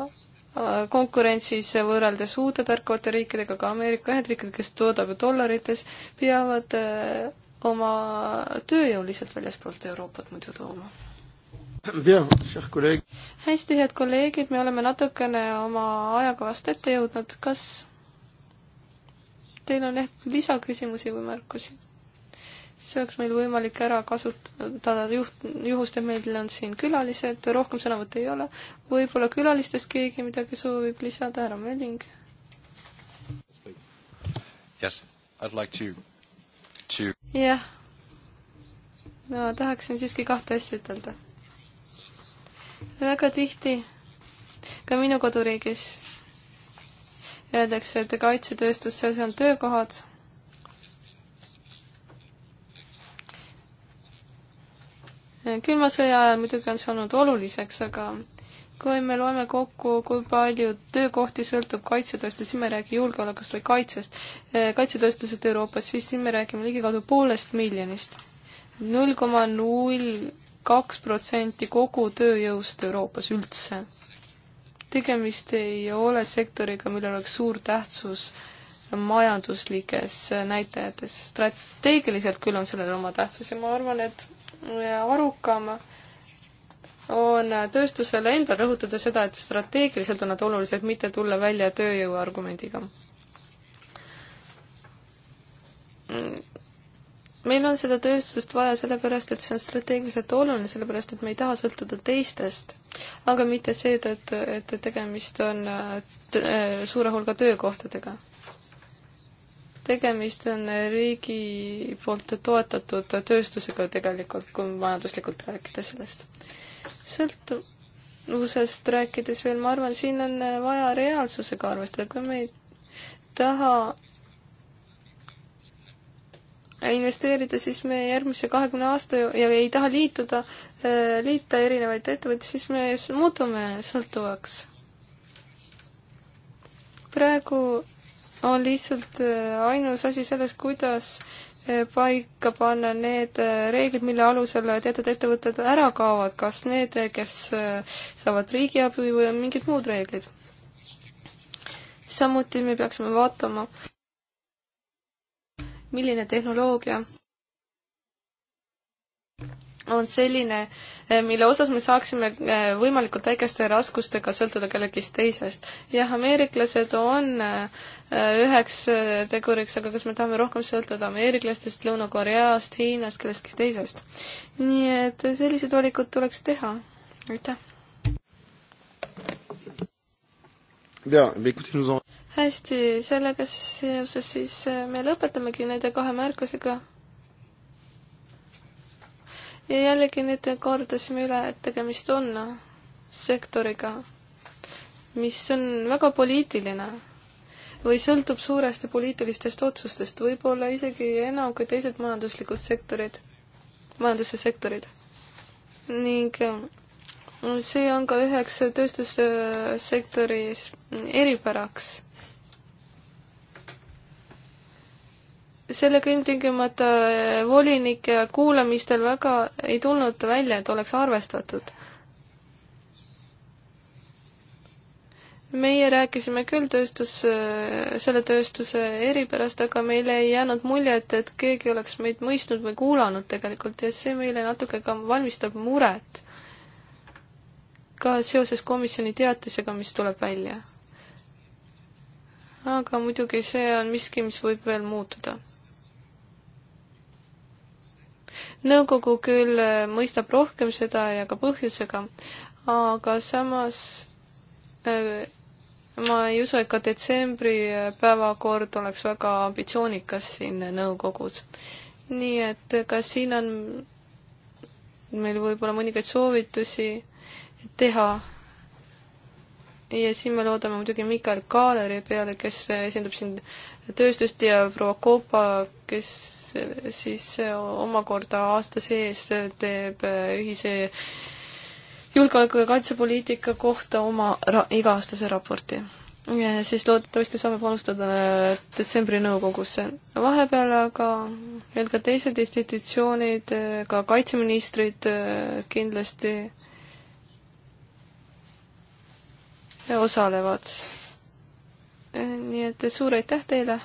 äh, konkurentsis võrreldes uute tarkvate riikidega, ka Ameerika Ühendriikid, kes toodab ju dollarites, peavad äh, oma tööjõu lihtsalt väljaspoolt Euroopat muidu tooma. Bien, cher collègue hästi, head kolleegid, me oleme natukene oma ajakavast ette jõudnud, kas teil on ehk lisaküsimusi või märkusi? siis oleks meil võimalik ära kasutada juht, juhust, et meil on siin külalised, rohkem sõnavõtte ei ole. võib-olla külalistest keegi midagi soovib lisada, härra Mölling? jah, ma tahaksin siiski kahte asja ütelda väga tihti ka minu koduriigis öeldakse, et kaitsetööstus, seal, seal on töökohad. külma sõja ajal muidugi on see olnud oluliseks, aga kui me loeme kokku, kui palju töökohti sõltub kaitsetööstus, siis me ei räägi julgeolekust, vaid kaitsest, eh, kaitsetööstusest Euroopas, siis siin me räägime ligikaudu poolest miljonist. null koma null kaks protsenti kogu tööjõust Euroopas üldse. tegemist ei ole sektoriga, millel oleks suur tähtsus majanduslikes näitajates, strateegiliselt küll on sellel oma tähtsus ja ma arvan, et arukam on tööstusele endal rõhutada seda, et strateegiliselt on nad olulised, mitte tulla välja tööjõu argumendiga meil on seda tööstust vaja sellepärast, et see on strateegiliselt oluline, sellepärast et me ei taha sõltuda teistest, aga mitte seetõttu, et tegemist on äh, äh, suure hulga töökohtadega. tegemist on riigi poolt toetatud tööstusega tegelikult, kui majanduslikult rääkida sellest. sõltuvusest rääkides veel, ma arvan, siin on vaja reaalsusega arvestada, kui me ei taha investeerida, siis me järgmise kahekümne aasta ja ei taha liituda, äh, liita erinevaid ettevõtteid, siis me muutume sõltuvaks. praegu on lihtsalt äh, ainus asi selles, kuidas äh, paika panna need reeglid, mille alusel teatud ettevõtted ära kaovad, kas need, kes saavad riigiabi või mingid muud reeglid. samuti me peaksime vaatama milline tehnoloogia on selline, eh, mille osas me saaksime eh, võimalikult väikeste raskustega sõltuda kellegist teisest. jah, ameeriklased on eh, üheks teguriks, aga kas me tahame rohkem sõltuda ameeriklastest, Lõuna-Koreast, Hiinast, kellestki teisest. nii et sellised valikud tuleks teha. aitäh hästi, sellega seoses siis äh, me lõpetamegi nende kahe märkusega. ja jällegi nüüd kordasime üle, et tegemist on sektoriga, mis on väga poliitiline või sõltub suuresti poliitilistest otsustest, võib-olla isegi enam kui teised majanduslikud sektorid, majanduse sektorid. ning äh, see on ka üheks tööstussektori eripäraks sellega ilmtingimata eh, volinike kuulamistel väga ei tulnud välja, et oleks arvestatud. meie rääkisime küll tööstus, selle tööstuse eripärast, aga meile ei jäänud muljet, et keegi oleks meid mõistnud või kuulanud tegelikult ja see meile natuke ka valmistab muret. ka seoses komisjoni teatisega, mis tuleb välja. aga muidugi see on miski, mis võib veel muutuda nõukogu küll äh, mõistab rohkem seda ja ka põhjusega, aga samas äh, ma ei usu, et ka detsembri äh, päevakord oleks väga ambitsioonikas siin nõukogus. nii et ka siin on meil võib-olla mõningaid soovitusi teha. ja siin me loodame muidugi Mikael Kaaleri peale, kes esindab siin tööstust ja proua Koopa, kes siis omakorda aasta sees teeb ühise julgeoleku- ja kaitsepoliitika kohta oma ra-, iga-aastase raporti. siis loodetavasti saame panustada detsembri nõukogusse. vahepeal aga veel ka teised institutsioonid, ka kaitseministrid kindlasti osalevad. nii et suur aitäh teile!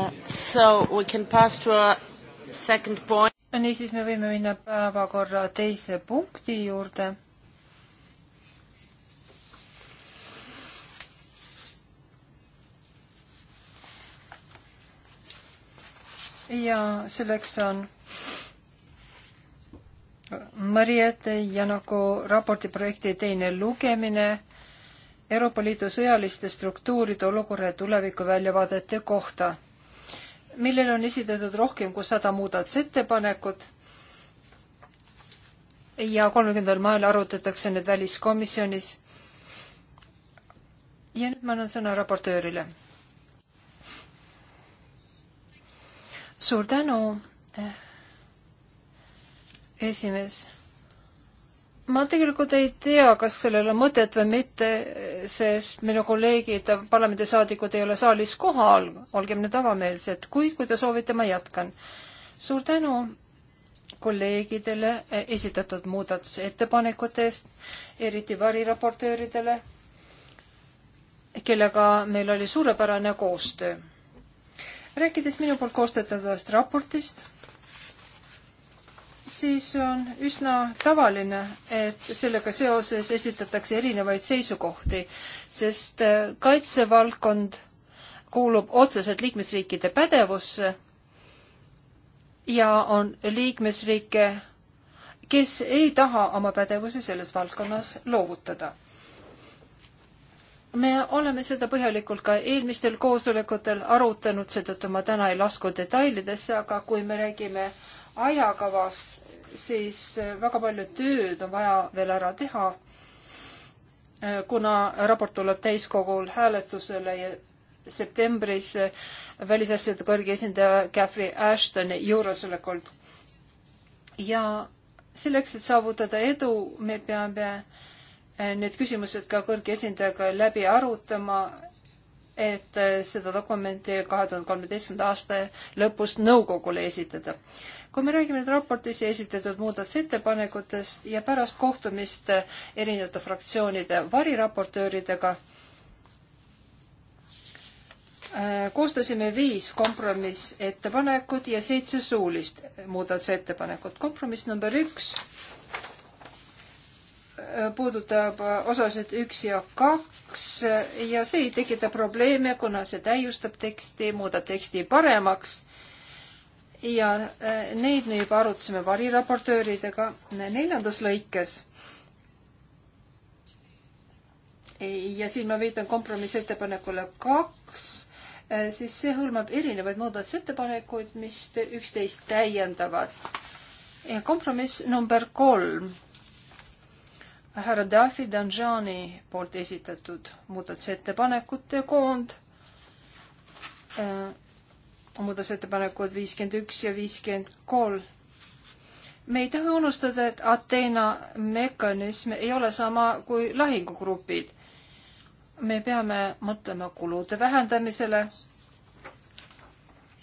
Uh, so we can pass to a second point. niisiis, me võime minna päevakorra teise punkti juurde. ja selleks on Mariette Janako raporti projekti teine lugemine Euroopa Liidu sõjaliste struktuuride olukorra ja tuleviku väljavaadete kohta millele on esitatud rohkem kui sada muudatusettepanekut ja kolmekümnendal mail arutatakse need väliskomisjonis. ja nüüd ma annan sõna raportöörile. suur tänu, eh, esimees. ma tegelikult ei tea, kas sellel on mõtet või mitte sest minu kolleegid parlamendisaadikud ei ole saalis kohal, olgem nüüd avameelsed, kuid kui te soovite, ma jätkan. suur tänu kolleegidele eh, esitatud muudatusettepanekute eest, eriti variraportööridele, kellega meil oli suurepärane koostöö. rääkides minu poolt koostatavast raportist siis on üsna tavaline, et sellega seoses esitatakse erinevaid seisukohti, sest äh, kaitsevaldkond kuulub otseselt liikmesriikide pädevusse ja on liikmesriike, kes ei taha oma pädevusi selles valdkonnas loovutada. me oleme seda põhjalikult ka eelmistel koosolekutel arutanud, seetõttu ma täna ei lasku detailidesse, aga kui me räägime ajakavast, siis eh, väga palju tööd on vaja veel ära teha, eh, kuna raport tuleb täiskogul hääletusele ja septembris eh, välisasjade kõrge esindaja Catherine Ashton juuresolekult. ja selleks, et saavutada edu, me peame need küsimused ka kõrge esindajaga läbi arutama, et seda dokumenti kahe tuhande kolmeteistkümnenda aasta lõpus nõukogule esitada kui me räägime nüüd raportis esitatud muudatusettepanekutest ja pärast kohtumist erinevate fraktsioonide variraportööridega, äh, koostasime viis kompromissettepanekut ja seitse suulist muudatusettepanekut. kompromiss number üks äh, puudutab äh, osasid üks ja kaks ja see ei tekita probleeme, kuna see täiustab teksti, muudab teksti paremaks ja äh, neid me juba arutasime variraportööridega neljandas lõikes. ja siin ma viitan kompromissettepanekule kaks, äh, siis see hõlmab erinevaid muudatusettepanekuid, mis üksteist täiendavad. kompromiss number kolm härra Dafi Danjani poolt esitatud muudatusettepanekute koond. Äh, muudatusettepanekud viiskümmend üks ja viiskümmend kolm. me ei tohi unustada, et Ateena mekanism ei ole sama kui lahingugrupid. me peame mõtlema kulude vähendamisele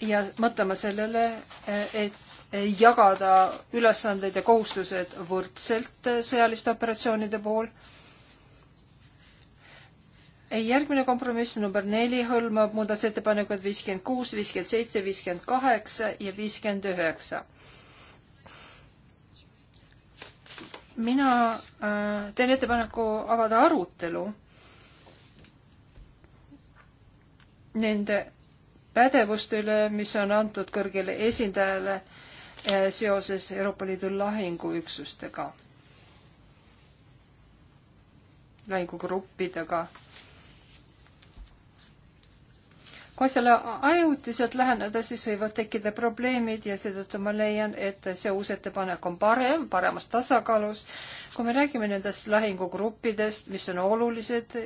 ja mõtlema sellele, et jagada ülesanded ja kohustused võrdselt sõjaliste operatsioonide puhul järgmine kompromiss number neli hõlmab muudatusettepanekud viiskümmend kuus, viiskümmend seitse, viiskümmend kaheksa ja viiskümmend üheksa. mina äh, teen ettepaneku avada arutelu nende pädevuste üle, mis on antud kõrgele esindajale äh, seoses Euroopa Liidu lahinguüksustega, lahingugruppidega kui asjale ajutiselt läheneda, siis võivad tekkida probleemid ja seetõttu ma leian, et see uus ettepanek on parem, paremas tasakaalus. kui me räägime nendest lahingugruppidest, mis on olulised,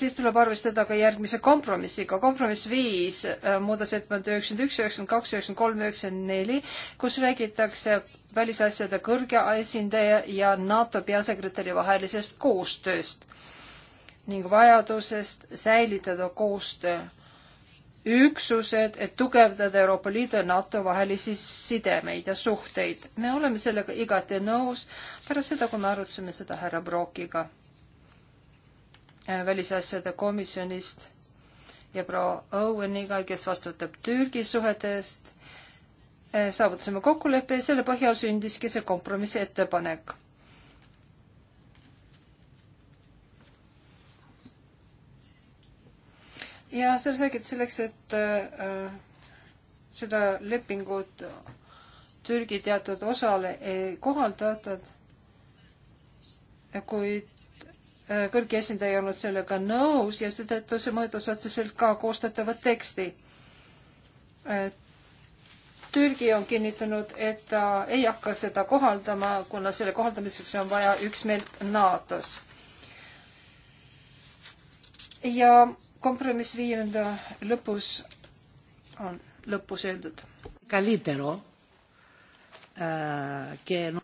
siis tuleb arvestada ka järgmise kompromissiga. kompromiss viis äh, muudatusettepanek üheksakümmend üks, üheksakümmend kaks, üheksakümmend kolm, üheksakümmend neli, kus räägitakse välisasjade kõrge esindaja ja NATO peasekretäri vahelisest koostööst ning vajadusest säilitada koostöö üksused, et tugevdada Euroopa Liidu ja NATO vahelisi sidemeid ja suhteid. me oleme sellega igati nõus pärast seda, kui me arutasime seda härra Brokiga äh, välisasjade komisjonist ja proua Oweniga, kes vastutab Türgi suhete eest, äh, saavutasime kokkuleppe ja selle põhjal sündiski see kompromissettepanek ja seda selgelt selleks, et äh, seda lepingut Türgi teatud osale ei kohaldatud, kuid äh, kõrge esindaja ei olnud sellega nõus ja seetõttu see mõjutas otseselt ka koostatavat teksti. Türgi on kinnitanud, et ta ei hakka seda kohaldama, kuna selle kohaldamiseks on vaja üksmeelt NATO-s ja kompromiss viienda lõpus on lõpus öeldud. Äh,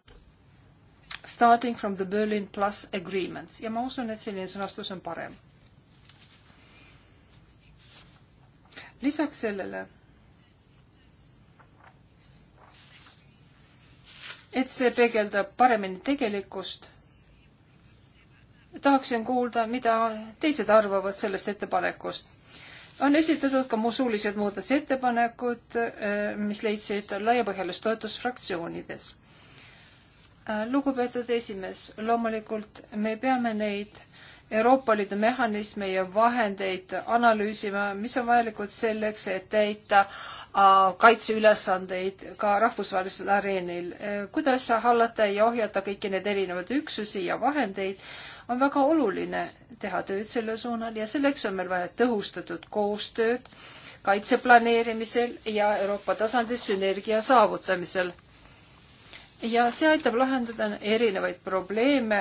Starting from the Berlin Plus Agreements ja ma usun, et selline sõnastus on parem. lisaks sellele, et see peegeldab paremini tegelikkust tahaksin kuulda, mida teised arvavad sellest ettepanekust. on esitatud ka mu suulised muudatusettepanekud, eh, mis leidsid laiapõhjalist toetust fraktsioonides. Eh, lugupeetud esimees, loomulikult me peame neid Euroopa Liidu mehhanisme ja vahendeid analüüsima, mis on vajalikud selleks, et täita eh, kaitseülesandeid ka rahvusvahelisel areenil. kuidas hallata ja ohjata kõiki neid erinevaid üksusi ja vahendeid on väga oluline teha tööd selle suunal ja selleks on meil vaja tõhustatud koostööd kaitseplaneerimisel ja Euroopa tasandil sünergia saavutamisel. ja see aitab lahendada erinevaid probleeme,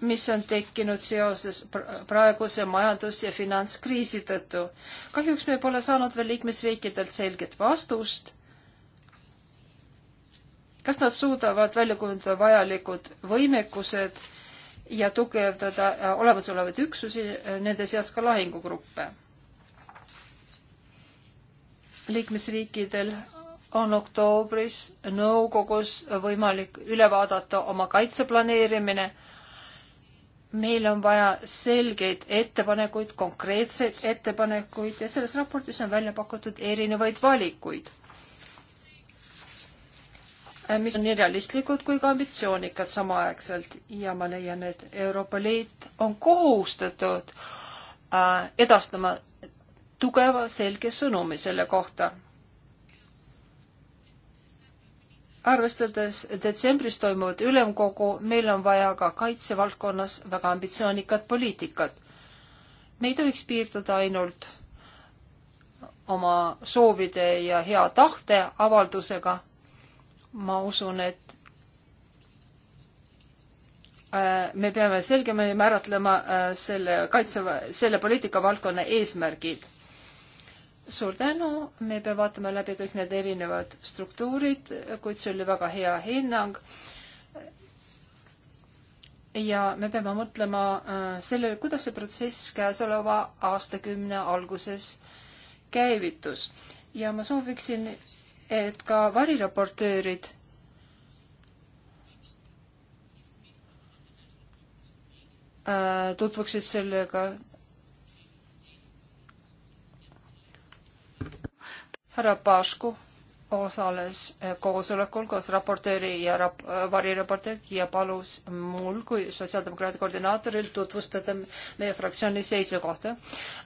mis on tekkinud seoses praeguse majandus- ja finantskriisi tõttu. kahjuks me pole saanud veel liikmesriikidelt selget vastust kas nad suudavad välja kujundada vajalikud võimekused ja tugevdada äh, olemasolevaid üksusi, äh, nende seas ka lahingugruppe. liikmesriikidel on oktoobris nõukogus võimalik üle vaadata oma kaitseplaneerimine. meil on vaja selgeid ettepanekuid, konkreetseid ettepanekuid ja selles raportis on välja pakutud erinevaid valikuid Äh, mis on nii realistlikud kui ka ambitsioonikad samaaegselt ja ma leian, et Euroopa Liit on kohustatud äh, edastama tugeva selge sõnumi selle kohta. arvestades detsembris toimuvat ülemkogu, meil on vaja ka kaitsevaldkonnas väga ambitsioonikat poliitikat. me ei tohiks piirduda ainult oma soovide ja hea tahte avaldusega ma usun, et äh, me peame selgemini määratlema äh, selle kaitse, selle poliitikavaldkonna eesmärgid. suur tänu, me peame vaatama läbi kõik need erinevad struktuurid, kuid see oli väga hea hinnang. ja me peame mõtlema äh, sellele, kuidas see protsess käesoleva aastakümne alguses käivitus ja ma sooviksin et ka variraportöörid äh, tutvuksid sellega. härra Paasku osales eh, koosolekul koos raportööri ja rap-, eh, variraportööri ja palus mul kui sotsiaaldemokraadi koordinaatoril tutvustada meie fraktsiooni seisukohta.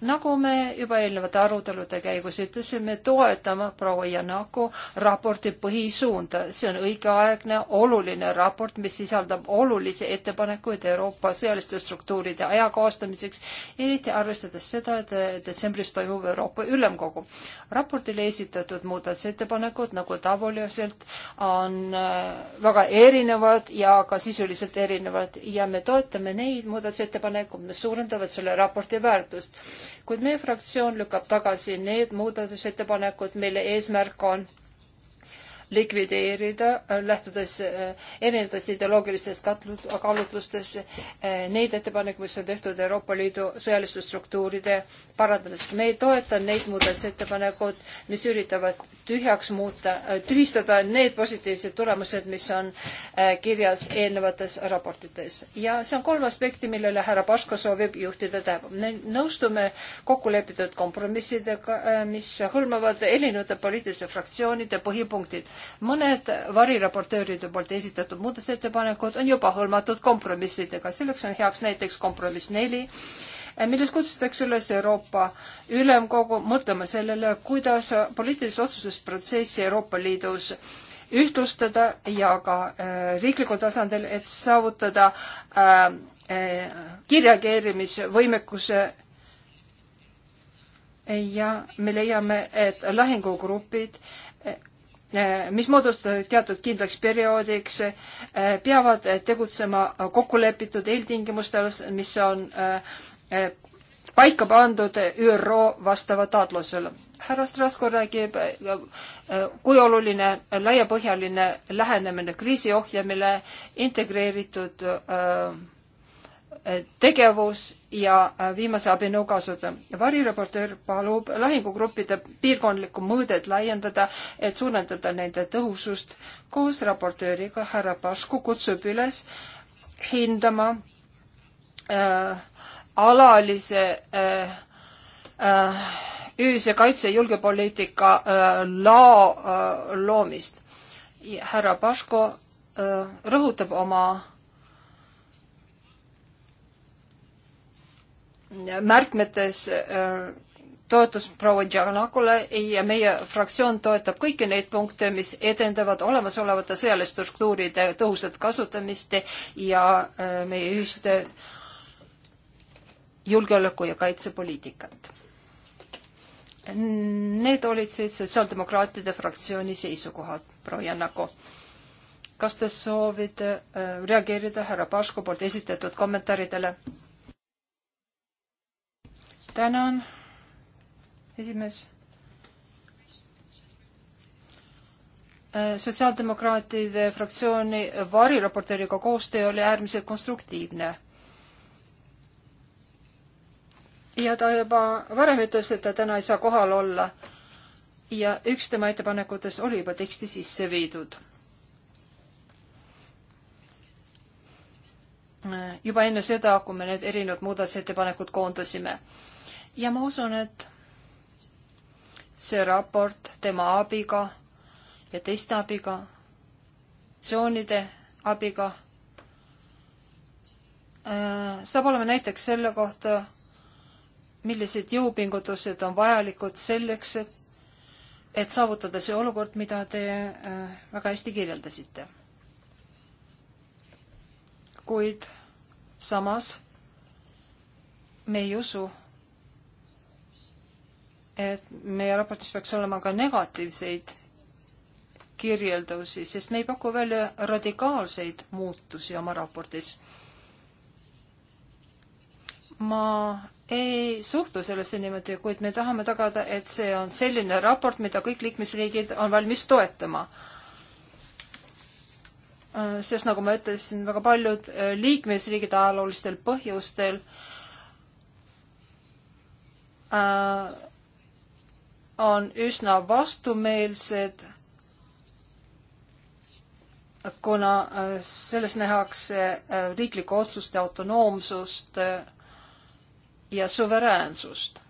nagu me juba eelnevate arutelude käigus ütlesime, toetame proua Janaku raporti põhisuunda. see on õigeaegne, oluline raport, mis sisaldab olulisi ettepanekuid Euroopa sõjaliste struktuuride ajakohastamiseks, eriti arvestades seda, et eh, detsembris toimub Euroopa Ülemkogu. raportile esitatud muudatusettepanekud ettepanekud, nagu tavaliselt, on äh, väga erinevad ja ka sisuliselt erinevad ja me toetame neid muudatusettepanekuid, mis suurendavad selle raporti väärtust. kuid meie fraktsioon lükkab tagasi need muudatusettepanekud, mille eesmärk on likvideerida, äh, lähtudes äh, erinevatest ideoloogilistest kaalutlustest, äh, neid ettepanekuid, mis on tehtud Euroopa Liidu sõjaliste struktuuride parandamiseks. me ei toeta neid muudatusettepanekud, mis üritavad tühjaks muuta, tühistada need positiivsed tulemused, mis on kirjas eelnevates raportites. ja see on kolm aspekti, millele härra Paško soovib juhtida tähelepanu. me nõustume kokku lepitud kompromissidega, mis hõlmavad erinevate poliitiliste fraktsioonide põhipunktid mõned variraportööride poolt esitatud muudatusettepanekud on juba hõlmatud kompromissidega, selleks on heaks näiteks kompromiss neli, milles kutsutakse üles Euroopa Ülemkogu mõtlema sellele, kuidas poliitilise otsustusprotsessi Euroopa Liidus ühtlustada ja ka äh, riiklikul tasandil, et saavutada äh, äh, kiirreageerimisvõimekuse ja me leiame, et lahingugrupid Eh, mis moodustatud teatud kindlaks perioodiks, eh, peavad eh, tegutsema kokkulepitud eeltingimustel, mis on paika pandud ÜRO vastava taotlusel. härra Strasbourg räägib, kui oluline laiapõhjaline lähenemine kriisi ohjamine, integreeritud tegevus ja äh, viimase abinõu kasutada. varireportöör palub lahingugruppide piirkondlikku mõõdet laiendada, et suurendada nende tõhusust. koos raportööriga härra Pasku kutsub üles hindama äh, alalise äh, äh, ühise kaitse- ja julgepoliitika äh, lao äh, loomist. härra Paško äh, rõhutab oma märkmetes äh, toetus proua Džanakule ja meie fraktsioon toetab kõiki neid punkte, mis edendavad olemasolevate sõjaliste struktuuride tõhusat kasutamist ja äh, meie ühist julgeoleku- ja kaitsepoliitikat. Need olid siis Sotsiaaldemokraatide fraktsiooni seisukohad, proua Janako. kas te soovite äh, reageerida härra Pašku poolt esitatud kommentaaridele? tänan, esimees. sotsiaaldemokraatide fraktsiooni variraportööriga koostöö oli äärmiselt konstruktiivne ja ta juba varem ütles, et ta täna ei saa kohal olla. ja üks tema ettepanekutes oli juba teksti sisse viidud. juba enne seda, kui me need erinevad muudatusettepanekud koondasime ja ma usun, et see raport tema abiga ja teiste abiga, tsoonide abiga äh, saab olema näiteks selle kohta, millised jõupingutused on vajalikud selleks, et, et saavutada see olukord, mida te äh, väga hästi kirjeldasite. kuid samas me ei usu, et meie raportis peaks olema ka negatiivseid kirjeldusi, sest me ei paku välja radikaalseid muutusi oma raportis. ma ei suhtu sellesse niimoodi, kuid me tahame tagada, et see on selline raport, mida kõik liikmesriigid on valmis toetama. sest nagu ma ütlesin, väga paljud liikmesriigid ajaloolistel põhjustel äh, on üsna vastumeelsed, kuna äh, selles nähakse äh, riiklike otsuste autonoomsust äh, ja suveräänsust.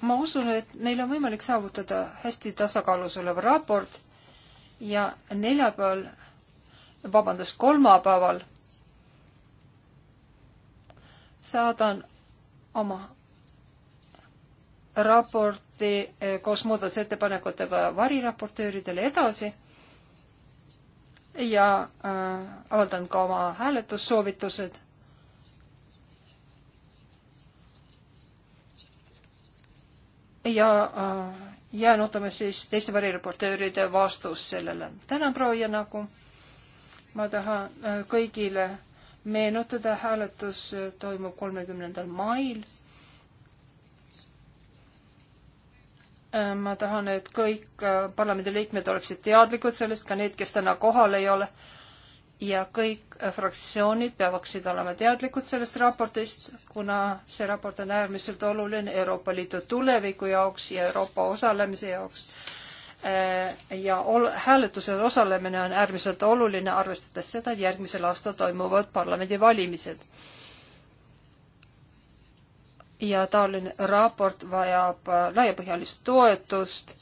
ma usun, et meil on võimalik saavutada hästi tasakaalus olev raport ja neljapäeval, vabandust, kolmapäeval saadan oma raporti eh, koos muudatusettepanekutega variraportööridele edasi ja äh, avaldan ka oma hääletussoovitused. ja äh, jään ootama siis teiste varireportööride vastust sellele. tänan, proua Janagu. ma tahan äh, kõigile meenutada, hääletus äh, toimub kolmekümnendal mail Äh, ma tahan, et kõik äh, parlamendiliikmed oleksid teadlikud sellest, ka need, kes täna kohal ei ole. ja kõik äh, fraktsioonid peaksid olema teadlikud sellest raportist, kuna see raport on äärmiselt oluline Euroopa Liidu tuleviku jaoks ja Euroopa osalemise jaoks. ja ol-, hääletusel osalemine on äärmiselt oluline, arvestades seda, et järgmisel aastal toimuvad parlamendivalimised ja taoline raport vajab äh, laiapõhjalist toetust.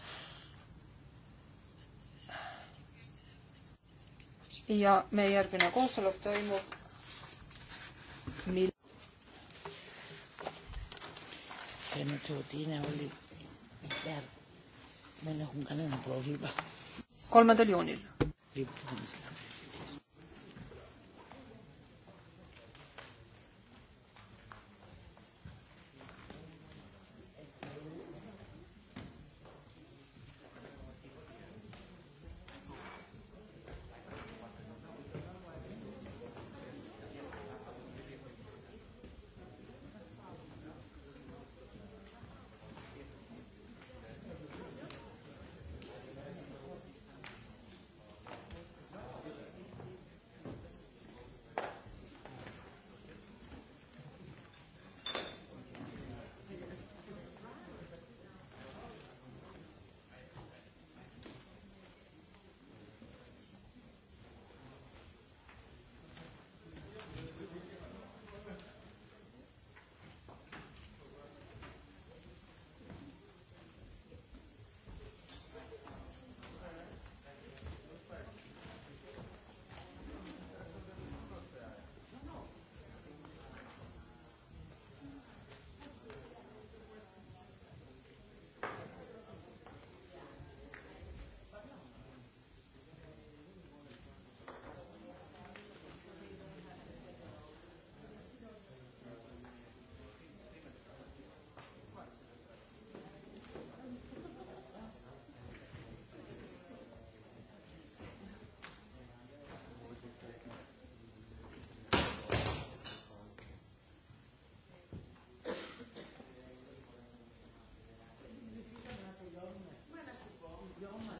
ja meie järgmine koosolek toimub mil-. see nüüd rutiine oli järg, meil on ka nüüd proovib. kolmandal juunil.